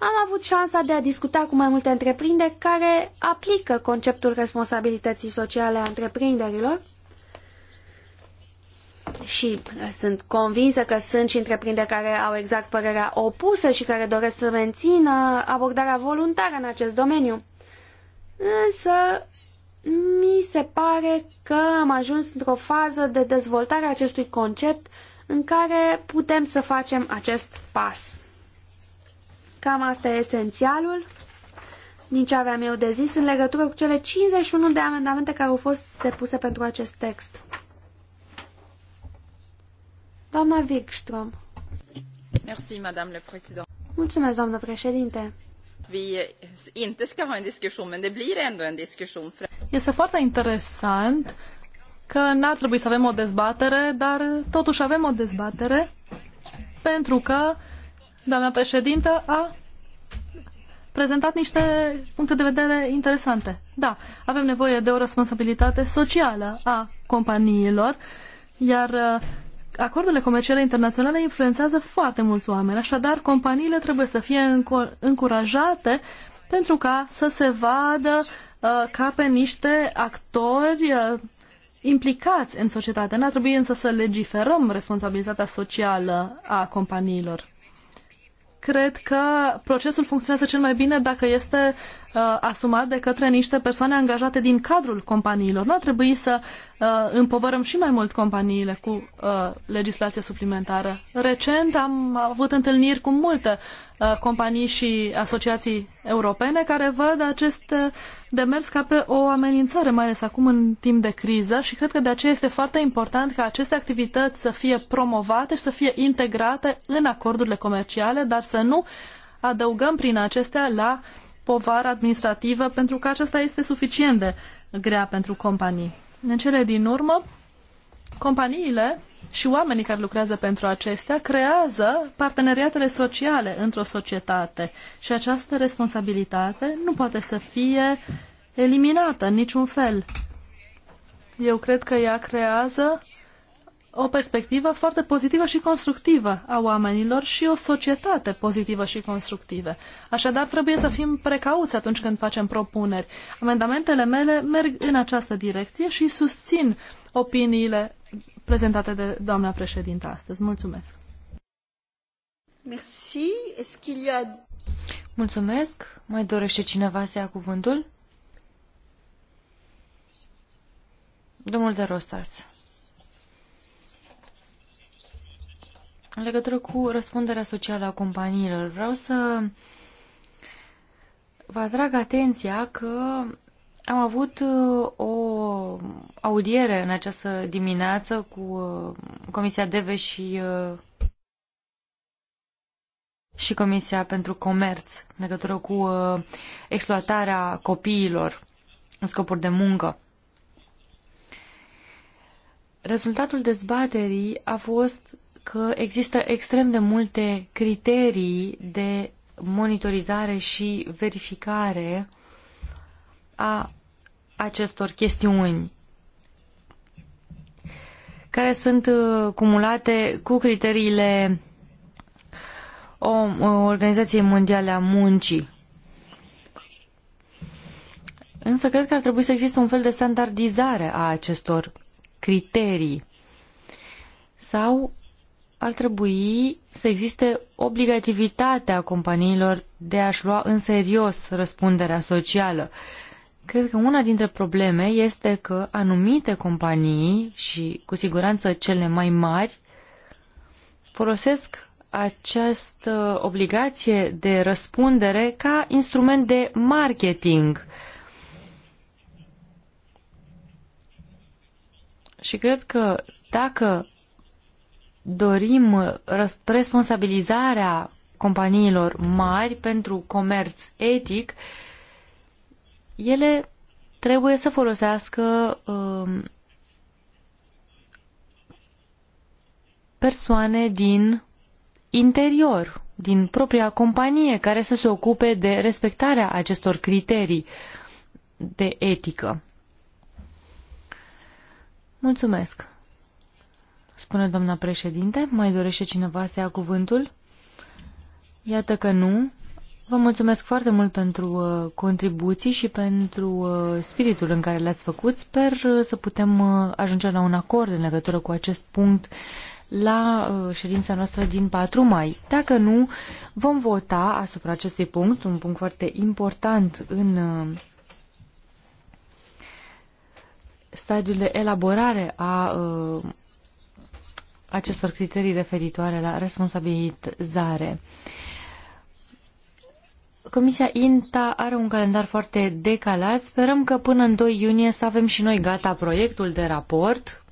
Am avut șansa de a discuta cu mai multe întreprinderi care aplică conceptul responsabilității sociale a întreprinderilor și eh, sunt convinsă că sunt și întreprinderi care au exact părerea opusă și care doresc să mențină abordarea voluntară în acest domeniu. Însă, mi se pare că am ajuns într-o fază de dezvoltare a acestui concept în care putem să facem acest pas. Cam asta e esențialul din ce aveam eu de zis în legătură cu cele 51 de amendamente care au fost depuse pentru acest text. Doamna Wigström. Merci, Madame le Président. Mulțumesc, doamnă președinte. Vi inte ska ha en diskussion, men det blir ändå en diskussion. Este foarte interesant că n-ar trebui să avem o dezbatere, dar totuși avem o dezbatere pentru că doamna președintă a prezentat niște puncte de vedere interesante. Da, avem nevoie de o responsabilitate socială a companiilor, iar uh, acordurile comerciale internaționale influențează foarte mulți oameni, așadar companiile trebuie să fie încurajate pentru ca să se vadă uh, ca pe niște actori uh, implicați în societate. N-ar trebui însă să legiferăm responsabilitatea socială a companiilor cred că procesul funcționează cel mai bine dacă este uh, asumat de către niște persoane angajate din cadrul companiilor. Nu ar trebui să uh, împovărăm și mai mult companiile cu uh, legislație suplimentară. Recent am avut întâlniri cu multe Uh, companii și asociații europene care văd acest uh, demers ca pe o amenințare, mai ales acum în timp de criză și cred că de aceea este foarte important ca aceste activități să fie promovate și să fie integrate în acordurile comerciale, dar să nu adăugăm prin acestea la povară administrativă, pentru că aceasta este suficient de grea pentru companii. În cele din urmă, companiile și oamenii care lucrează pentru acestea creează parteneriatele sociale într-o societate și această responsabilitate nu poate să fie eliminată în niciun fel. Eu cred că ea creează o perspectivă foarte pozitivă și constructivă a oamenilor și o societate pozitivă și constructivă. Așadar, trebuie să fim precauți atunci când facem propuneri. Amendamentele mele merg în această direcție și susțin opiniile prezentate de doamna președintă astăzi. Mulțumesc! Mulțumesc! Mai dorește cineva să ia cuvântul? Domnul de Rosas. În legătură cu răspunderea socială a companiilor, vreau să vă atrag atenția că am avut uh, o audiere în această dimineață cu uh, Comisia DEVE și, uh, și Comisia pentru Comerț în legătură cu exploatarea copiilor în scopuri de muncă. Rezultatul dezbaterii a fost că există extrem de multe criterii de monitorizare și verificare a acestor chestiuni care sunt uh, cumulate cu criteriile o Organizației Mondiale a Muncii. Însă cred că ar trebui să existe un fel de standardizare a acestor criterii sau ar trebui să existe obligativitatea companiilor de a-și lua în serios răspunderea socială. Uh, Cred că una dintre probleme este că anumite companii și cu siguranță cele mai mari folosesc această obligație de răspundere ca instrument de marketing. Și cred că dacă dorim responsabilizarea companiilor mari pentru comerț etic, uh, ele trebuie să folosească um, persoane din interior, din propria companie, care să se ocupe de respectarea acestor criterii de etică. Mulțumesc, spune doamna președinte. Mai dorește cineva să ia cuvântul? Iată că nu. Vă mulțumesc foarte mult pentru uh, contribuții și pentru uh, spiritul în care le-ați făcut. Sper uh, să putem ajunge la un acord în legătură cu acest punct la ședința noastră din 4 mai. Dacă nu, vom vota asupra acestui punct, un punct foarte important în stadiul de elaborare a acestor criterii referitoare la responsabilizare. Comisia INTA are un calendar foarte decalat. Sperăm că până în 2 iunie să avem și noi gata proiectul de raport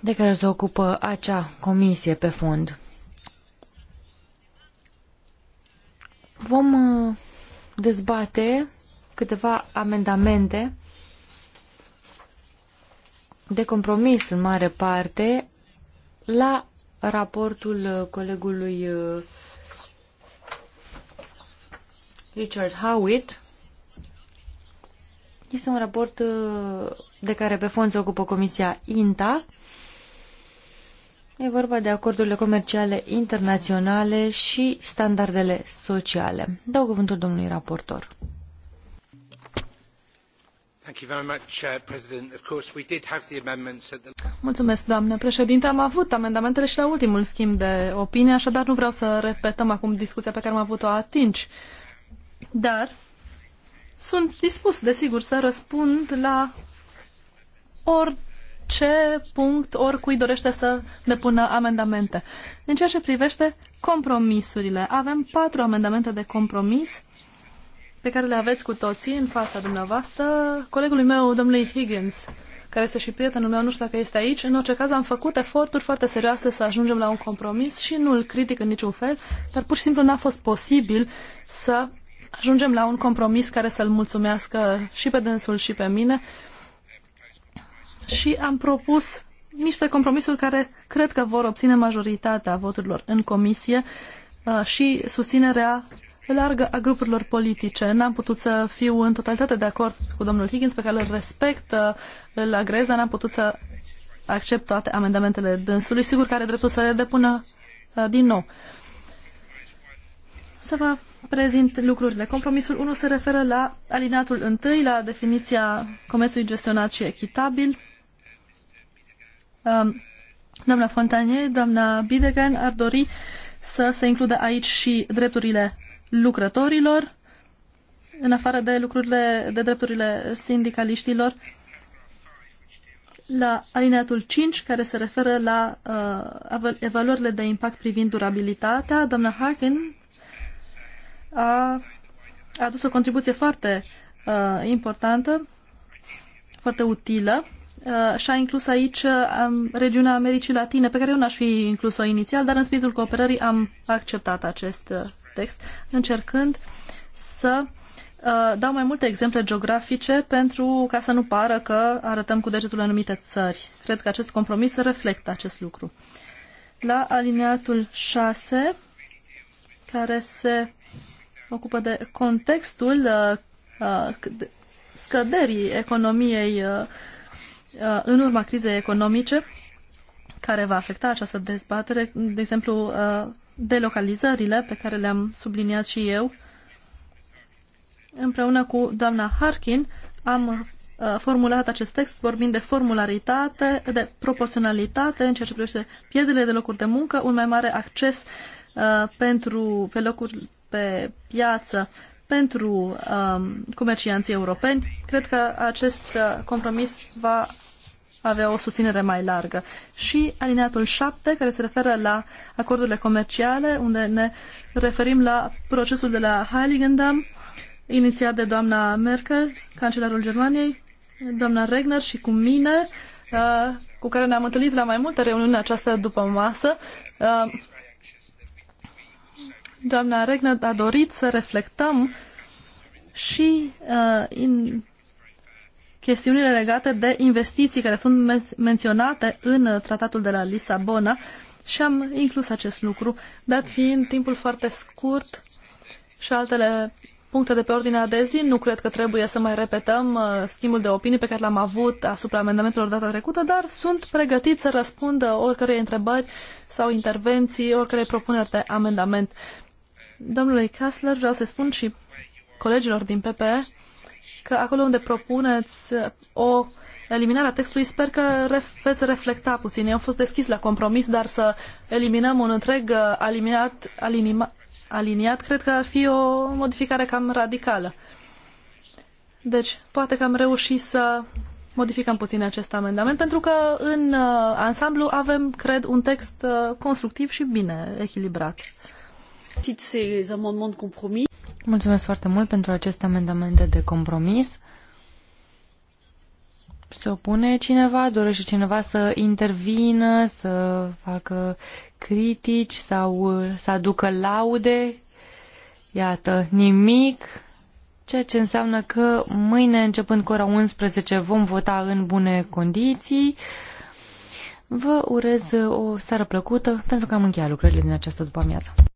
de care se ocupă acea comisie pe fond. Vom uh, dezbate câteva amendamente de compromis în mare parte la raportul uh, colegului uh, Richard Howitt. Este un raport uh, de care pe fond se ocupă Comisia INTA. E vorba de acordurile comerciale internaționale și standardele sociale. Dau cuvântul domnului raportor. Uh, Mulțumesc, doamnă președinte. Am avut amendamentele și la ultimul schimb de opinie, așadar nu vreau să repetăm acum discuția pe care am avut-o atunci dar sunt dispus, desigur, să răspund la orice punct, oricui dorește să depună amendamente. În ceea ce privește compromisurile, avem patru amendamente de compromis pe care le aveți cu toții în fața dumneavoastră. Colegului meu, domnului Higgins, care este și prietenul meu, nu știu dacă este aici. În orice caz am făcut eforturi foarte serioase să ajungem la un compromis și nu îl critic în niciun fel, dar pur și simplu n-a fost posibil să ajungem la un compromis care să-l mulțumească și pe dânsul și pe mine. Și am propus niște compromisuri care cred că vor obține majoritatea voturilor în comisie uh, și susținerea largă a grupurilor politice. N-am putut să fiu în totalitate de acord cu domnul Higgins, pe care îl respect, uh, îl agrez, dar n-am putut să accept toate amendamentele dânsului. Sigur că are dreptul să le depună uh, din nou. Să vă prezint lucrurile. Compromisul 1 se referă la alinatul 1, la definiția comerțului gestionat și echitabil. Um, doamna Fontanie, doamna Bidegan ar dori să se includă aici și drepturile lucrătorilor, în afară de lucrurile, de drepturile sindicaliștilor, la alineatul 5, care se referă la uh, evaluările de impact privind durabilitatea, doamna Harkin a adus o contribuție foarte uh, importantă, foarte utilă uh, și a inclus aici uh, regiunea Americii Latine, pe care eu n-aș fi inclus-o inițial, dar în spiritul cooperării am acceptat acest uh, text, încercând să uh, dau mai multe exemple geografice pentru ca să nu pară că arătăm cu degetul anumite țări. Cred că acest compromis reflectă acest lucru. La alineatul 6, care se ocupă de contextul uh, uh, scăderii economiei uh, în urma crizei economice care va afecta această dezbatere, de exemplu, delocalizările pe care le-am subliniat și eu. Împreună cu doamna Harkin am formulat acest text vorbind de formularitate, de proporționalitate în ceea ce privește pierderile de locuri de muncă, un mai mare acces pentru, pe locuri, pe piață pentru um, comercianții europeni, cred că acest uh, compromis va avea o susținere mai largă. Și alineatul 7, care se referă la acordurile comerciale, unde ne referim la procesul de la Heiligendam, inițiat de doamna Merkel, cancelarul Germaniei, doamna Regner și cu mine, uh, cu care ne-am întâlnit la mai multe reuniuni această după masă. Uh, doamna Regnă a dorit să reflectăm și uh, in chestiunile legate de investiții care sunt men menționate în uh, tratatul de la Lisabona și am inclus acest lucru, dat fiind timpul foarte scurt și altele puncte de pe ordinea de zi. Nu cred că trebuie să mai repetăm uh, schimbul de opinii pe care l-am avut asupra amendamentelor data trecută, dar sunt pregătit să răspundă uh, oricărei întrebări sau intervenții, oricărei propuneri de amendament. Domnului Kassler vreau să spun și colegilor din PP că acolo unde propuneți o eliminare a textului, sper că ref, veți reflecta puțin. Eu am fost deschis la compromis, dar să eliminăm un întreg aliniat, alinima, aliniat cred că ar fi o modificare cam radicală. Deci, poate că am reușit să modificăm puțin acest amendament, pentru că în uh, ansamblu avem, cred, un text uh, constructiv și bine echilibrat. Mulțumesc foarte mult pentru aceste amendamente de compromis. Se opune cineva, dorește cineva să intervină, să facă critici sau să aducă laude. Iată, nimic, ceea ce înseamnă că mâine, începând cu ora 11, vom vota în bune condiții. Vă urez o seară plăcută pentru că am încheiat lucrările din această după amiază.